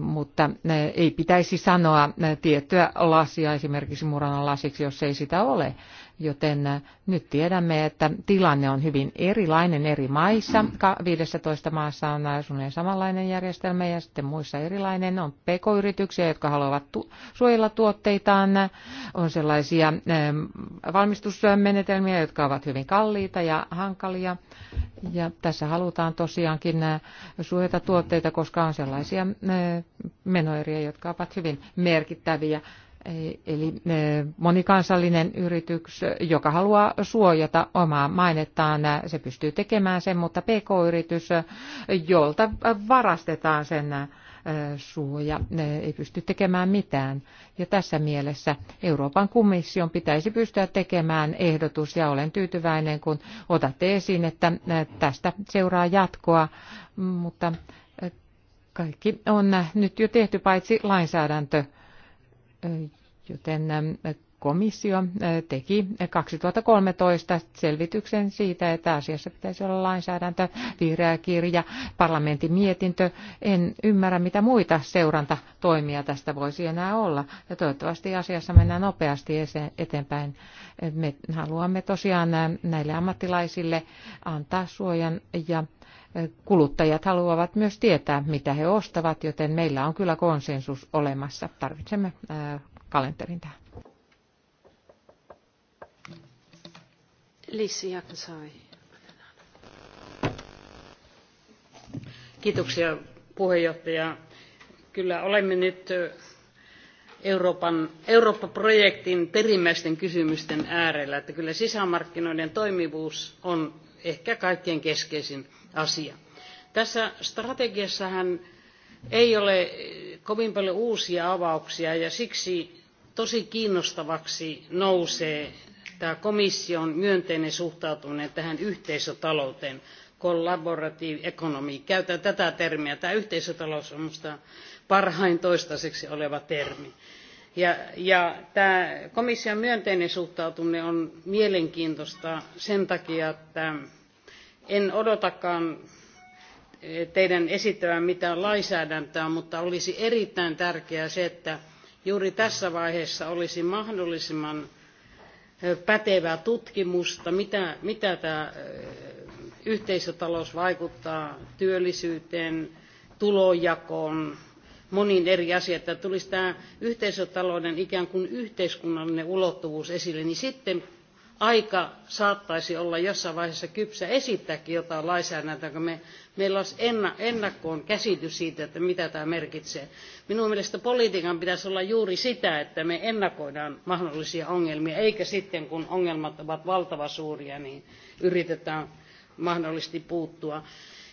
mutta ei pitäisi sanoa tiettyä lasia esimerkiksi murana lasiksi, jos ei sitä ole. Joten äh, nyt tiedämme, että tilanne on hyvin erilainen eri maissa. 15 maassa on äh, suunnilleen samanlainen järjestelmä ja sitten muissa erilainen. On pk-yrityksiä, jotka haluavat tu- suojella tuotteitaan. On sellaisia ähm, valmistusmenetelmiä, jotka ovat hyvin kalliita ja hankalia. Ja tässä halutaan tosiaankin äh, suojata tuotteita, koska on sellaisia menoeriä, jotka ovat hyvin merkittäviä Eli e, monikansallinen yritys, joka haluaa suojata omaa mainettaan, se pystyy tekemään sen, mutta pk-yritys, jolta varastetaan sen suoja, ei pysty tekemään mitään. Ja tässä mielessä Euroopan komission pitäisi pystyä tekemään ehdotus, ja olen tyytyväinen, kun otatte esiin, että tästä seuraa jatkoa, mutta kaikki on nyt jo tehty paitsi lainsäädäntö joten komissio teki 2013 selvityksen siitä, että asiassa pitäisi olla lainsäädäntö, vihreä kirja, parlamentin mietintö. En ymmärrä, mitä muita seurantatoimia tästä voisi enää olla. Ja toivottavasti asiassa mennään nopeasti eteenpäin. Me haluamme tosiaan näille ammattilaisille antaa suojan ja kuluttajat haluavat myös tietää, mitä he ostavat, joten meillä on kyllä konsensus olemassa. Tarvitsemme kalenterin tähän. Kiitoksia puheenjohtaja. Kyllä olemme nyt Euroopan, Eurooppa-projektin perimmäisten kysymysten äärellä. Että kyllä sisämarkkinoiden toimivuus on ehkä kaikkein keskeisin asia. Tässä strategiassahan ei ole kovin paljon uusia avauksia ja siksi tosi kiinnostavaksi nousee tämä komission myönteinen suhtautuminen tähän yhteisötalouteen, collaborative economy. Käytän tätä termiä. Tämä yhteisötalous on minusta parhain toistaiseksi oleva termi. Ja, ja tämä komission myönteinen suhtautuminen on mielenkiintoista sen takia, että en odotakaan eh, teidän esittävän mitään lainsäädäntöä, mutta olisi erittäin tärkeää se, että juuri tässä vaiheessa olisi mahdollisimman eh, pätevää tutkimusta, mitä, mitä tämä eh, yhteisötalous vaikuttaa työllisyyteen, tulonjakoon, moniin eri asioihin, että tulisi tämä yhteisötalouden ikään kuin yhteiskunnallinen ulottuvuus esille, niin sitten aika saattaisi olla jossain vaiheessa kypsä esittääkin jotain lainsäädäntöä, kun me, meillä olisi ennakkoon käsitys siitä, että mitä tämä merkitsee. Minun mielestä politiikan pitäisi olla juuri sitä, että me ennakoidaan mahdollisia ongelmia, eikä sitten kun ongelmat ovat valtava suuria, niin yritetään mahdollisesti puuttua.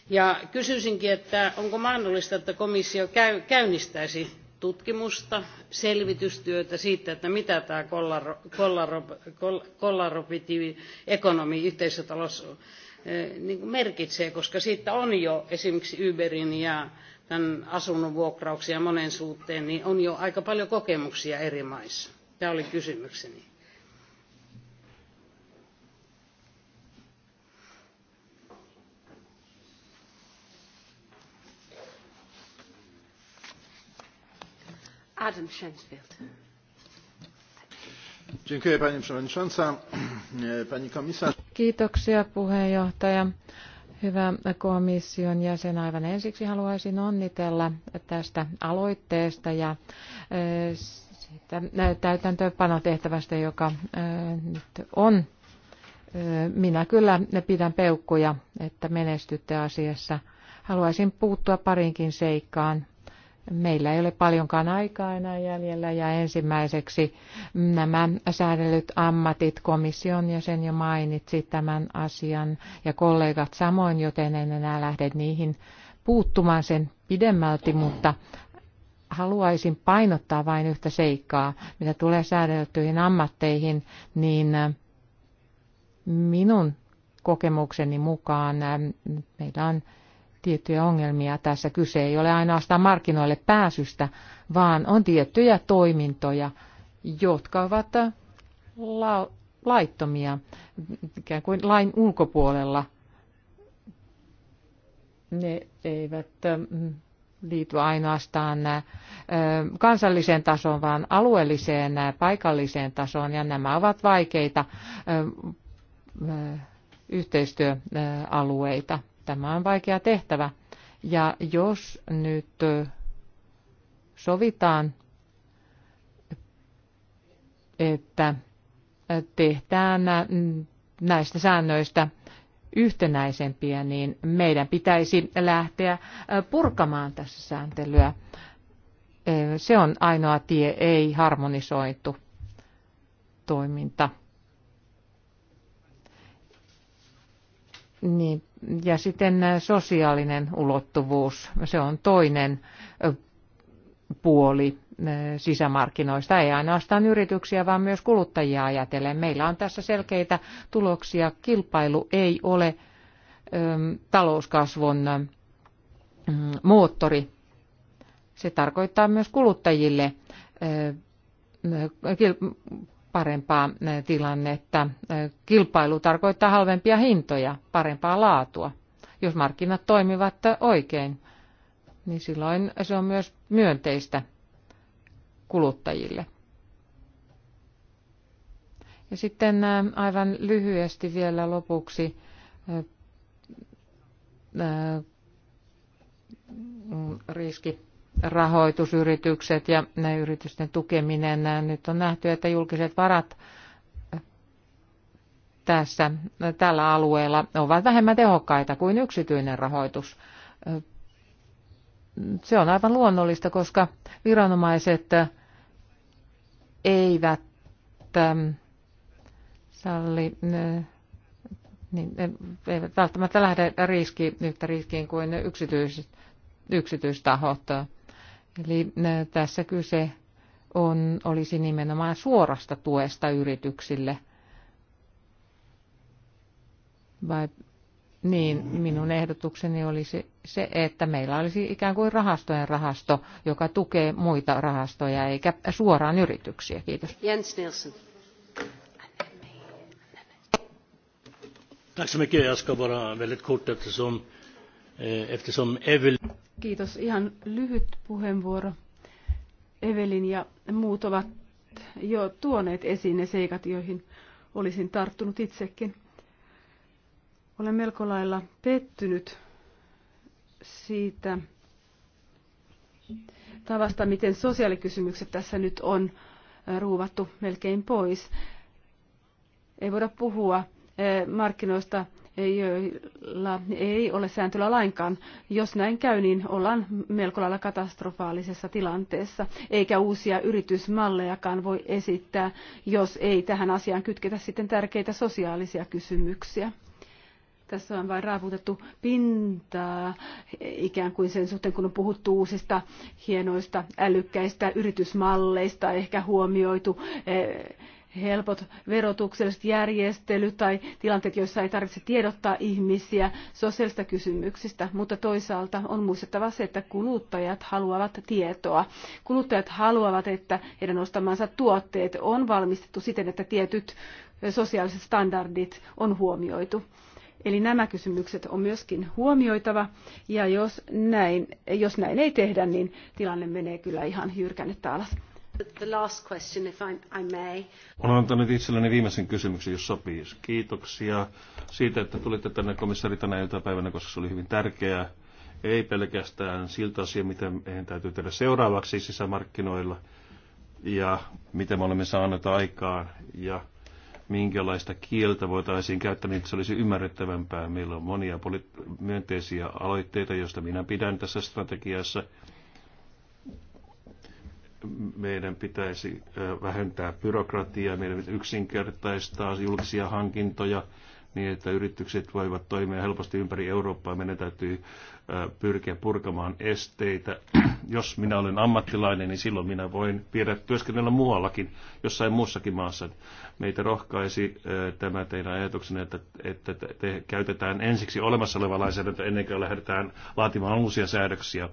Ja kysyisinkin, että onko mahdollista, että komissio käy, käynnistäisi tutkimusta, selvitystyötä siitä, että mitä tämä kollaropitiekonomi yhteisötalous eh, niin kuin merkitsee, koska siitä on jo esimerkiksi Uberin ja tämän asunnon vuokrauksia monen suhteen, niin on jo aika paljon kokemuksia eri maissa. Tämä oli kysymykseni. pani przewodnicząca, pani komisarz. Kiitoksia puheenjohtaja. Hyvä komission jäsen, aivan ensiksi haluaisin onnitella tästä aloitteesta ja e, siitä e, täytäntöönpanotehtävästä, joka e, nyt on. Minä kyllä pidän peukkuja, että menestytte asiassa. Haluaisin puuttua parinkin seikkaan. Meillä ei ole paljonkaan aikaa enää jäljellä ja ensimmäiseksi nämä säädellyt ammatit, komission jäsen jo mainitsi tämän asian ja kollegat samoin, joten en enää lähde niihin puuttumaan sen pidemmälti, mutta haluaisin painottaa vain yhtä seikkaa, mitä tulee säädeltyihin ammatteihin, niin minun kokemukseni mukaan meillä on tiettyjä ongelmia tässä. Kyse ei ole ainoastaan markkinoille pääsystä, vaan on tiettyjä toimintoja, jotka ovat äh, la- laittomia, ikään kuin lain ulkopuolella. Ne eivät äh, liity ainoastaan äh, kansalliseen tasoon, vaan alueelliseen, paikalliseen tasoon, ja nämä ovat vaikeita yhteistyöalueita. Tämä on vaikea tehtävä. Ja jos nyt sovitaan, että tehdään näistä säännöistä yhtenäisempiä, niin meidän pitäisi lähteä purkamaan tässä sääntelyä. Se on ainoa tie, ei harmonisoitu toiminta. Niin, ja sitten äh, sosiaalinen ulottuvuus, se on toinen äh, puoli äh, sisämarkkinoista, ei ainoastaan yrityksiä, vaan myös kuluttajia ajatellen. Meillä on tässä selkeitä tuloksia. Kilpailu ei ole ähm, talouskasvun moottori. Se tarkoittaa myös kuluttajille parempaa eh, tilannetta. Eh, kilpailu tarkoittaa halvempia hintoja, parempaa laatua. Jos markkinat toimivat eh, oikein, niin silloin se on myös myönteistä kuluttajille. Ja sitten aivan lyhyesti vielä lopuksi riski rahoitusyritykset ja yritysten tukeminen. Nyt on nähty, että julkiset varat tässä, tällä alueella ovat vähemmän tehokkaita kuin yksityinen rahoitus. Se on aivan luonnollista, koska viranomaiset eivät ähm, salli, äh, niin, äh, eivät välttämättä lähde riski, yhtä riskiin kuin yksityiset, yksityistahot. Eli tässä kyse on, olisi nimenomaan suorasta tuesta yrityksille. Vai niin, minun ehdotukseni olisi se, että meillä olisi ikään kuin rahastojen rahasto, joka tukee muita rahastoja eikä suoraan yrityksiä. Kiitos. Jens Nilsson. Tack så mycket. Jag ska bara väldigt kort eftersom, eh, eftersom Evelyn... Kiitos. Ihan lyhyt puheenvuoro. Evelin ja muut ovat jo tuoneet esiin ne seikat, joihin olisin tarttunut itsekin. Olen melko lailla pettynyt siitä tavasta, miten sosiaalikysymykset tässä nyt on ruuvattu melkein pois. Ei voida puhua markkinoista joilla ei ole sääntelyä lainkaan. Jos näin käy, niin ollaan melko lailla katastrofaalisessa tilanteessa, eikä uusia yritysmallejakaan voi esittää, jos ei tähän asiaan kytketä sitten tärkeitä sosiaalisia kysymyksiä. Tässä on vain raaputettu pintaa ikään kuin sen suhteen, kun on puhuttu uusista hienoista älykkäistä yritysmalleista, ehkä huomioitu eh, helpot verotukselliset järjestelyt tai tilanteet, joissa ei tarvitse tiedottaa ihmisiä sosiaalista kysymyksistä, mutta toisaalta on muistettava se, että kuluttajat haluavat tietoa. Kuluttajat haluavat, että heidän ostamansa tuotteet on valmistettu siten, että tietyt sosiaaliset standardit on huomioitu. Eli nämä kysymykset on myöskin huomioitava, ja jos näin, jos näin ei tehdä, niin tilanne menee kyllä ihan jyrkännettä alas. Olen antanut itselleni viimeisen kysymyksen, jos sopii. Kiitoksia siitä, että tulitte tänne komissari tänä iltapäivänä, koska se oli hyvin tärkeää. Ei pelkästään siltä asia, miten meidän täytyy tehdä seuraavaksi sisämarkkinoilla ja miten me olemme saaneet aikaan ja minkälaista kieltä voitaisiin käyttää, niin se olisi ymmärrettävämpää. Meillä on monia myönteisiä aloitteita, joista minä pidän tässä strategiassa – meidän pitäisi vähentää byrokratiaa, meidän pitäisi yksinkertaistaa julkisia hankintoja niin, että yritykset voivat toimia helposti ympäri Eurooppaa. Meidän täytyy pyrkiä purkamaan esteitä. Jos minä olen ammattilainen, niin silloin minä voin viedä työskennellä muuallakin, jossain muussakin maassa. Meitä rohkaisi tämä teidän ajatuksenne, että, että te käytetään ensiksi olemassa oleva lainsäädäntö ennen kuin lähdetään laatimaan uusia säädöksiä.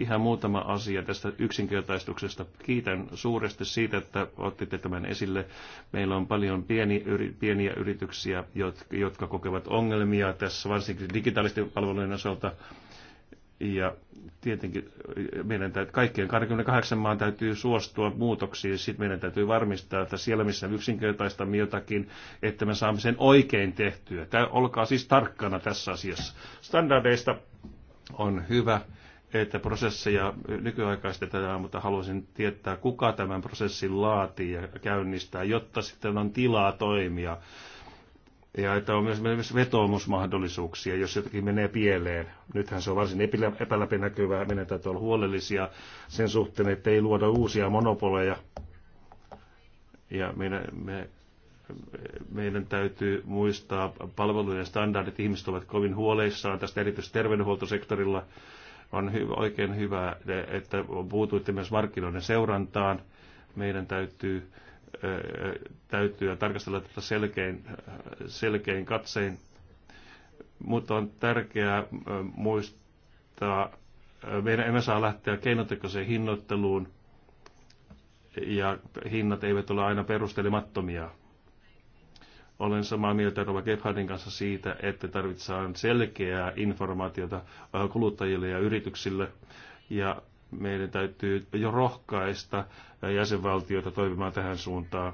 Ihan muutama asia tästä yksinkertaistuksesta. Kiitän suuresti siitä, että otitte tämän esille. Meillä on paljon pieni, yri, pieniä yrityksiä, jotka, jotka kokevat ongelmia tässä, varsinkin digitaalisten palvelujen osalta. Ja tietenkin meidän täytyy, kaikkien 28 maan täytyy suostua muutoksiin. Sitten meidän täytyy varmistaa, että siellä missä yksinkertaistamme jotakin, että me saamme sen oikein tehtyä. Tämä, olkaa siis tarkkana tässä asiassa. Standardeista on hyvä että prosesseja nykyaikaistetaan, mutta haluaisin tietää, kuka tämän prosessin laatii ja käynnistää, jotta sitten on tilaa toimia. Ja että on myös vetoomusmahdollisuuksia, jos jotakin menee pieleen. Nythän se on varsin epäläpinäkyvää, meidän täytyy olla huolellisia sen suhteen, että ei luoda uusia monopoleja. Ja meidän, me, meidän täytyy muistaa palvelujen standardit. Ihmiset ovat kovin huoleissaan tästä erityisesti terveydenhuoltosektorilla on hy- oikein hyvä, että puutuitte myös markkinoiden seurantaan. Meidän täytyy, täytyy tarkastella tätä selkein, selkein katsein. Mutta on tärkeää muistaa, meidän emme saa lähteä keinotekoiseen hinnoitteluun, ja hinnat eivät ole aina perustelemattomia olen samaa mieltä Rova Gebhardin kanssa siitä, että tarvitsee selkeää informaatiota kuluttajille ja yrityksille. Ja meidän täytyy jo rohkaista jäsenvaltioita toimimaan tähän suuntaan.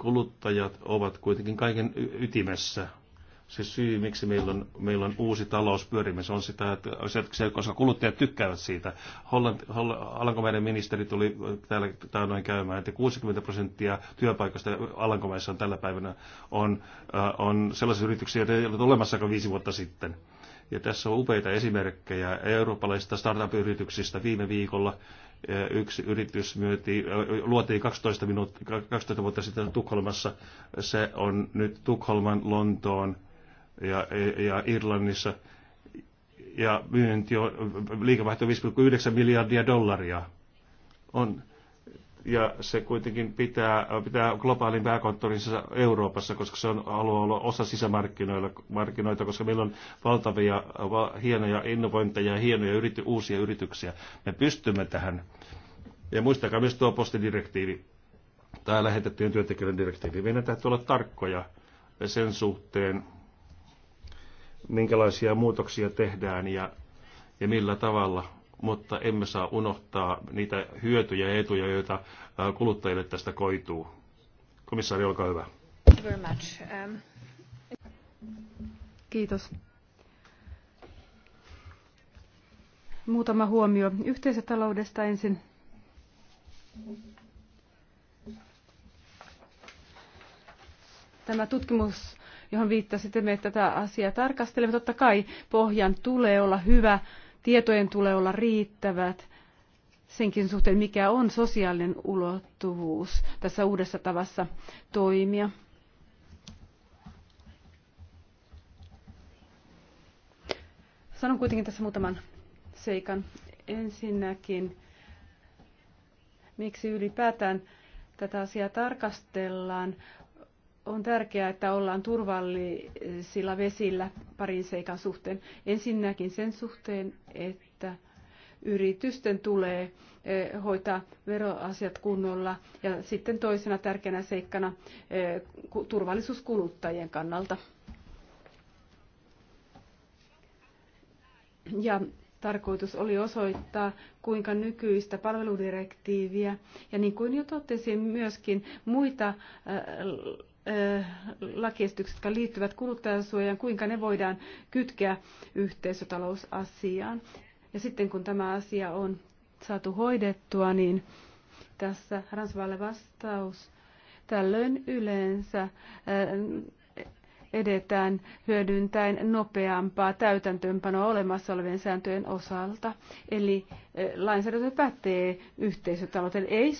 Kuluttajat ovat kuitenkin kaiken ytimessä se syy, miksi meillä on, meillä on uusi talous pyörimässä, on sitä, että se, koska kuluttajat tykkäävät siitä. Hollanti, Alankomaiden ministeri tuli täällä noin käymään, että 60 prosenttia työpaikoista Alankomaissa on tällä päivänä on, äh, on sellaisia yrityksiä, joita ei olemassa olemassakaan viisi vuotta sitten. Ja tässä on upeita esimerkkejä eurooppalaisista startup-yrityksistä viime viikolla. Äh, yksi yritys myöti, äh, luotiin 12, minuut, 12 vuotta sitten Tukholmassa. Se on nyt Tukholman, Lontoon, ja, ja Irlannissa. Ja myynti on, liikevaihto 5,9 miljardia dollaria. On, ja se kuitenkin pitää, pitää globaalin pääkonttorinsa Euroopassa, koska se on, haluaa olla osa sisämarkkinoita, koska meillä on valtavia hienoja innovointeja ja hienoja yrity, uusia yrityksiä. Me pystymme tähän. Ja muistakaa myös tuo postidirektiivi tai lähetettyjen työntekijöiden direktiivi. Meidän täytyy olla tarkkoja sen suhteen, minkälaisia muutoksia tehdään ja, ja millä tavalla, mutta emme saa unohtaa niitä hyötyjä ja etuja, joita kuluttajille tästä koituu. Komissaari, olkaa hyvä. Um, Kiitos. Muutama huomio yhteisötaloudesta ensin. Tämä tutkimus johon viittasitte, me tätä asiaa tarkastelemme. Totta kai pohjan tulee olla hyvä, tietojen tulee olla riittävät senkin suhteen, mikä on sosiaalinen ulottuvuus tässä uudessa tavassa toimia. Sanon kuitenkin tässä muutaman seikan. Ensinnäkin, miksi ylipäätään tätä asiaa tarkastellaan, on tärkeää, että ollaan turvallisilla vesillä parin seikan suhteen. Ensinnäkin sen suhteen, että yritysten tulee eh, hoitaa veroasiat kunnolla ja sitten toisena tärkeänä seikkana eh, turvallisuus kuluttajien kannalta. Ja tarkoitus oli osoittaa, kuinka nykyistä palveludirektiiviä ja niin kuin jo totesin, myöskin muita eh, lakiesitykset, jotka liittyvät kuluttajansuojaan, kuinka ne voidaan kytkeä yhteisötalousasiaan. Ja sitten kun tämä asia on saatu hoidettua, niin tässä Ransvalle vastaus. Tällöin yleensä edetään hyödyntäen nopeampaa täytäntöönpanoa olemassa olevien sääntöjen osalta. Eli eh, lainsäädäntö pätee yhteisötalouteen, ei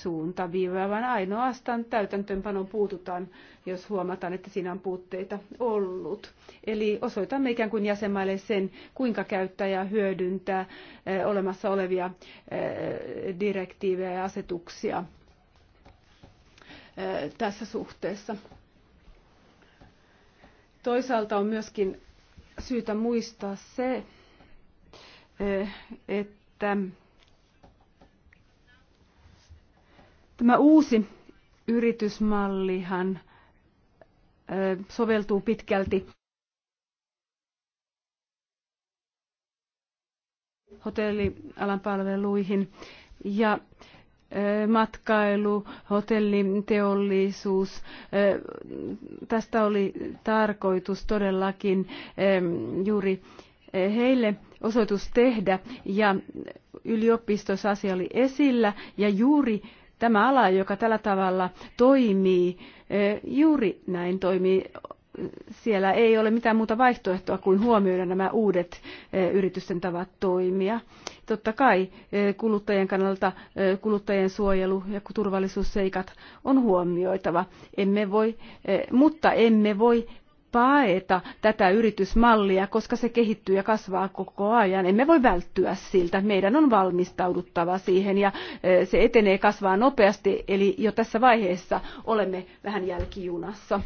viivaa, vaan ainoastaan täytäntöönpanoon puututaan, jos huomataan, että siinä on puutteita ollut. Eli osoitamme ikään kuin jäsenmaille sen, kuinka käyttäjä hyödyntää eh, olemassa olevia eh, direktiivejä ja asetuksia tässä suhteessa. Toisaalta on myöskin syytä muistaa se, eh, että tämä uusi yritysmallihan eh, soveltuu pitkälti hotellialan palveluihin. Ja matkailu, hotelliteollisuus. Tästä oli tarkoitus todellakin juuri heille osoitus tehdä ja yliopistossa asia oli esillä ja juuri tämä ala, joka tällä tavalla toimii, juuri näin toimii, siellä ei ole mitään muuta vaihtoehtoa kuin huomioida nämä uudet yritysten tavat toimia. Totta kai kuluttajien kannalta kuluttajien suojelu ja turvallisuusseikat on huomioitava, emme voi, mutta emme voi paeta tätä yritysmallia, koska se kehittyy ja kasvaa koko ajan. Emme voi välttyä siltä. Meidän on valmistauduttava siihen ja se etenee kasvaa nopeasti, eli jo tässä vaiheessa olemme vähän jälkijunassa.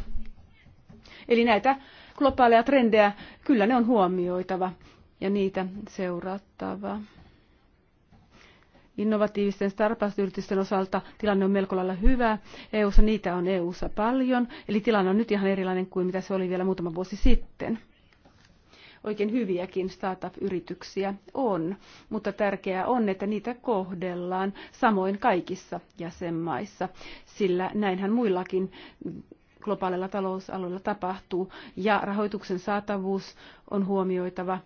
Eli näitä globaaleja trendejä, kyllä ne on huomioitava ja niitä seurattava. Innovatiivisten startup-yritysten osalta tilanne on melko lailla hyvä. EU-ssa niitä on EU-ssa paljon, eli tilanne on nyt ihan erilainen kuin mitä se oli vielä muutama vuosi sitten oikein hyviäkin startup-yrityksiä on, mutta tärkeää on, että niitä kohdellaan samoin kaikissa jäsenmaissa, sillä näinhän muillakin globaalilla talousalueella tapahtuu ja rahoituksen saatavuus on huomioitava.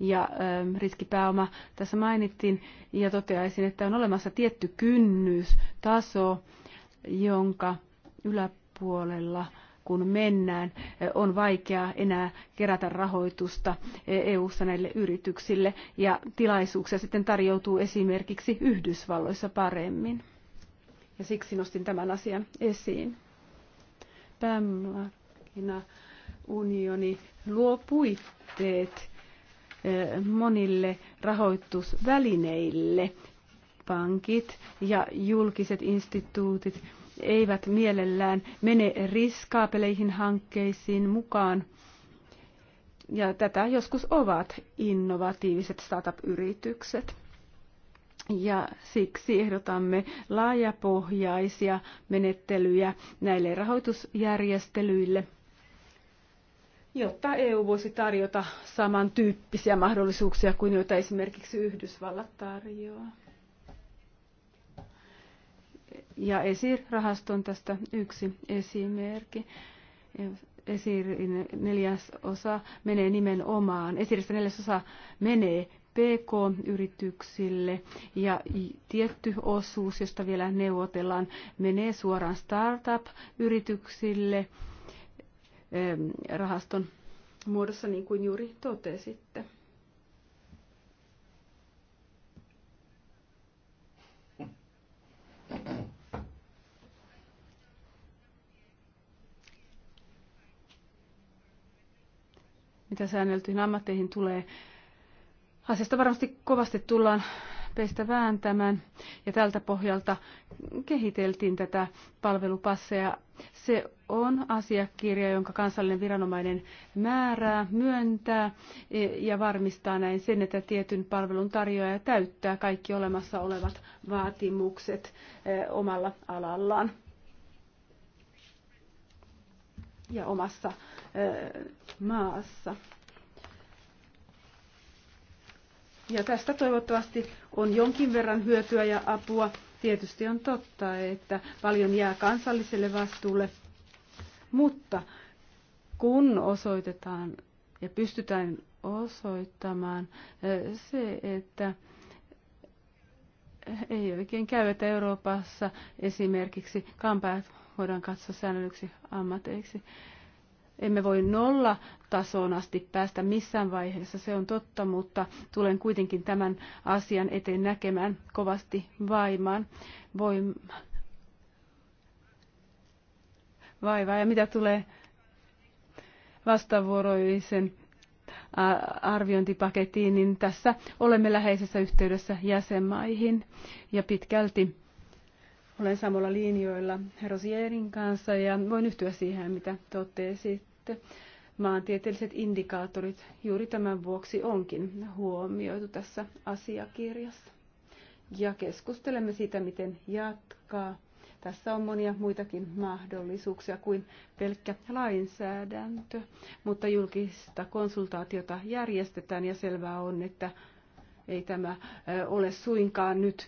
Ja ähm, riskipääoma tässä mainittiin ja toteaisin, että on olemassa tietty kynnystaso, jonka yläpuolella kun mennään, äh, on vaikea enää kerätä rahoitusta äh, EU-ssa näille yrityksille ja tilaisuuksia sitten tarjoutuu esimerkiksi Yhdysvalloissa paremmin ja siksi nostin tämän asian esiin. Unioni luo puitteet eh, monille rahoitusvälineille. Pankit ja julkiset instituutit eivät mielellään mene riskaapeleihin hankkeisiin mukaan. Ja tätä joskus ovat innovatiiviset startup-yritykset. Ja siksi ehdotamme laajapohjaisia menettelyjä näille rahoitusjärjestelyille, jotta EU voisi tarjota samantyyppisiä mahdollisuuksia kuin joita esimerkiksi Yhdysvallat tarjoaa. Ja ESIR-rahasto on tästä yksi esimerkki. Esirin neljäs osa menee nimenomaan, esiristä neljäs osa menee PK-yrityksille ja tietty osuus, josta vielä neuvotellaan, menee suoraan startup-yrityksille rahaston muodossa, niin kuin juuri totesitte. Mitä säänneltyihin ammatteihin tulee, Asiasta varmasti kovasti tullaan peistä vääntämään ja tältä pohjalta kehiteltiin tätä palvelupasseja. Se on asiakirja, jonka kansallinen viranomainen määrää, myöntää ja varmistaa näin sen, että tietyn palvelun tarjoaja täyttää kaikki olemassa olevat vaatimukset eh, omalla alallaan ja omassa eh, maassa. Ja tästä toivottavasti on jonkin verran hyötyä ja apua. Tietysti on totta, että paljon jää kansalliselle vastuulle, mutta kun osoitetaan ja pystytään osoittamaan eh, se, että ei oikein käy, että Euroopassa esimerkiksi kampaajat voidaan katsoa säännöllyksi ammateiksi, emme voi nolla tasoon asti päästä missään vaiheessa, se on totta, mutta tulen kuitenkin tämän asian eteen näkemään kovasti vaimaan. Voi... Vaivaa. Ja mitä tulee vastavuoroisen arviointipakettiin, niin tässä olemme läheisessä yhteydessä jäsenmaihin ja pitkälti olen samalla linjoilla Rosierin kanssa ja voin yhtyä siihen, mitä totesitte. Maantieteelliset indikaattorit juuri tämän vuoksi onkin huomioitu tässä asiakirjassa. Ja keskustelemme siitä, miten jatkaa. Tässä on monia muitakin mahdollisuuksia kuin pelkkä lainsäädäntö, mutta julkista konsultaatiota järjestetään ja selvää on, että ei tämä ole suinkaan nyt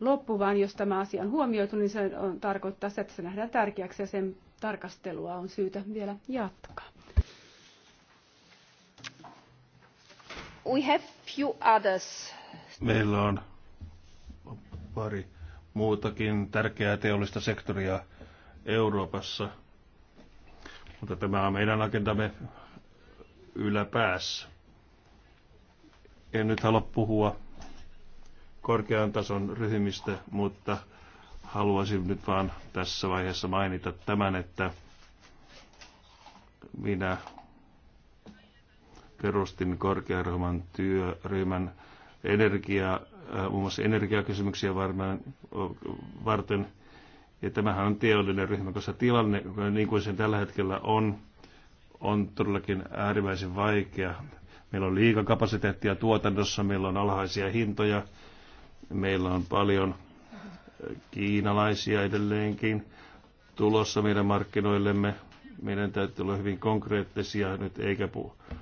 loppu, vaan jos tämä asia on huomioitu, niin se on, tarkoittaa sitä, että se nähdään tärkeäksi ja sen tarkastelua on syytä vielä jatkaa. We have few others. Meillä on pari muutakin tärkeää teollista sektoria Euroopassa, mutta tämä on meidän agendamme yläpäässä. En nyt halua puhua korkean tason ryhmistä, mutta haluaisin nyt vaan tässä vaiheessa mainita tämän, että minä perustin korkearyhmän työryhmän energia, äh, muun muassa energiakysymyksiä varmaan, äh, varten. Ja tämähän on teollinen ryhmä, koska tilanne, niin kuin sen tällä hetkellä on, on todellakin äärimmäisen vaikea. Meillä on liikakapasiteettia tuotannossa, meillä on alhaisia hintoja, Meillä on paljon äh, kiinalaisia edelleenkin tulossa meidän markkinoillemme. Meidän täytyy olla hyvin konkreettisia nyt, eikä, pu-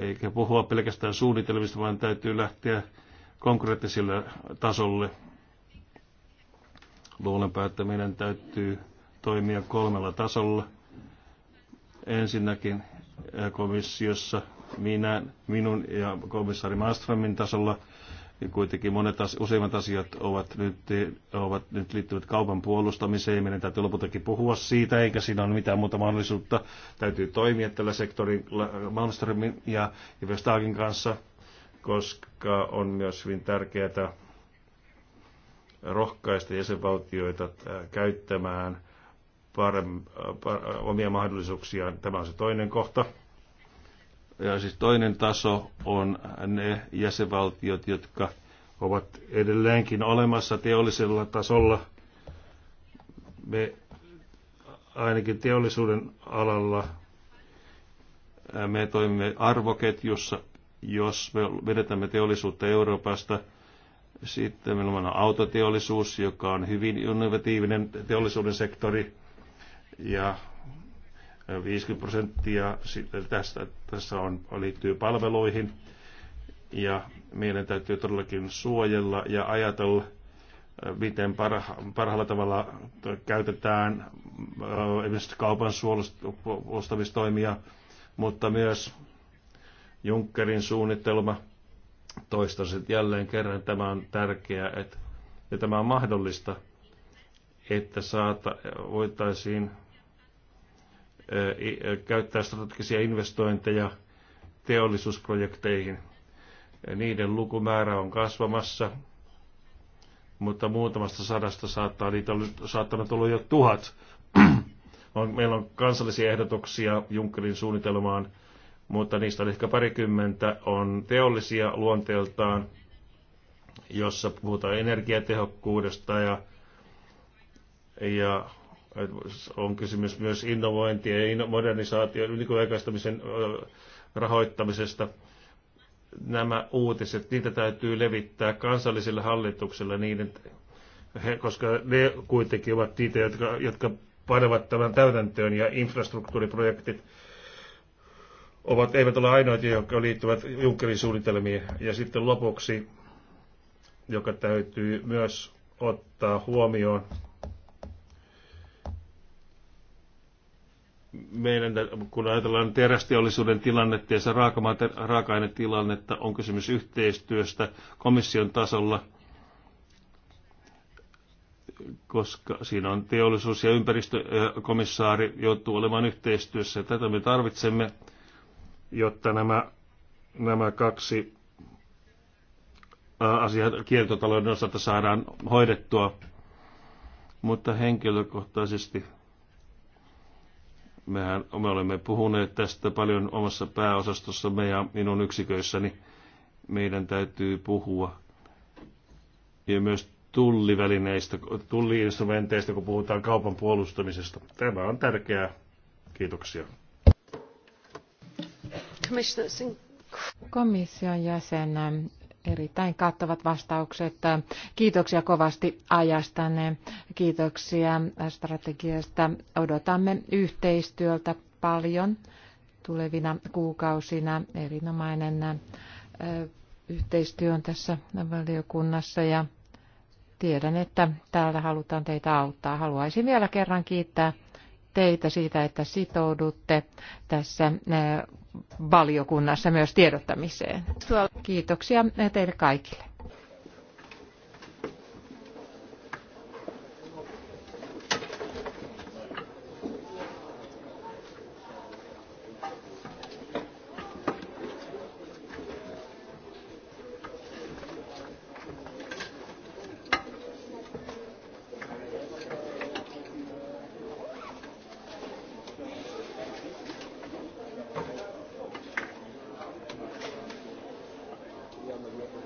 eikä puhua pelkästään suunnitelmista, vaan täytyy lähteä konkreettiselle tasolle. Luulenpa, että meidän täytyy toimia kolmella tasolla. Ensinnäkin äh, komissiossa minä, minun ja komissaari Maastramin tasolla – ja kuitenkin monet as, useimmat asiat ovat nyt, ovat nyt liittyvät kaupan puolustamiseen. Meidän täytyy lopultakin puhua siitä, eikä siinä ole mitään muuta mahdollisuutta. Täytyy toimia tällä sektorin Malmströmin ja, ja kanssa, koska on myös hyvin tärkeää rohkaista jäsenvaltioita käyttämään parem, par, omia mahdollisuuksiaan. Tämä on se toinen kohta. Ja siis toinen taso on ne jäsenvaltiot, jotka ovat edelleenkin olemassa teollisella tasolla. Me ainakin teollisuuden alalla me toimimme arvoketjussa, jos me vedetämme teollisuutta Euroopasta. Sitten meillä on autoteollisuus, joka on hyvin innovatiivinen teollisuuden sektori. Ja 50 prosenttia tästä, tässä on, liittyy palveluihin. Ja meidän täytyy todellakin suojella ja ajatella, miten parha, parhaalla tavalla käytetään äh, esimerkiksi kaupan suolustamistoimia, mutta myös Junckerin suunnitelma. Toistan jälleen kerran, tämä on tärkeää, että, ja tämä on mahdollista, että saata, voitaisiin käyttää strategisia investointeja teollisuusprojekteihin. Niiden lukumäärä on kasvamassa, mutta muutamasta sadasta saattaa, niitä on saattanut olla jo tuhat. meillä on kansallisia ehdotuksia Junckerin suunnitelmaan, mutta niistä on ehkä parikymmentä on teollisia luonteeltaan, jossa puhutaan energiatehokkuudesta ja, ja on kysymys myös innovointien ja modernisaation, nykyaikaistamisen rahoittamisesta. Nämä uutiset, niitä täytyy levittää kansallisille hallituksille, niiden, he, koska ne kuitenkin ovat niitä, jotka, jotka panevat tämän täytäntöön ja infrastruktuuriprojektit ovat, eivät ole ainoita, jotka liittyvät Junckerin suunnitelmiin. Ja sitten lopuksi, joka täytyy myös ottaa huomioon, meidän, kun ajatellaan terästeollisuuden tilannetta ja se raaka-ainetilannetta, on kysymys yhteistyöstä komission tasolla, koska siinä on teollisuus- ja ympäristökomissaari joutuu olemaan yhteistyössä. Tätä me tarvitsemme, jotta nämä, nämä kaksi asiaa kiertotalouden osalta saadaan hoidettua. Mutta henkilökohtaisesti – mehän me olemme puhuneet tästä paljon omassa pääosastossamme ja minun yksiköissäni. Meidän täytyy puhua ja myös tullivälineistä, tulliinstrumenteista, kun puhutaan kaupan puolustamisesta. Tämä on tärkeää. Kiitoksia. Komission jäsen, erittäin kattavat vastaukset. Kiitoksia kovasti ajastanne. Kiitoksia strategiasta. Odotamme yhteistyöltä paljon tulevina kuukausina. Erinomainen yhteistyö on tässä valiokunnassa ja tiedän, että täällä halutaan teitä auttaa. Haluaisin vielä kerran kiittää teitä siitä, että sitoudutte tässä valiokunnassa myös tiedottamiseen. Kiitoksia teille kaikille.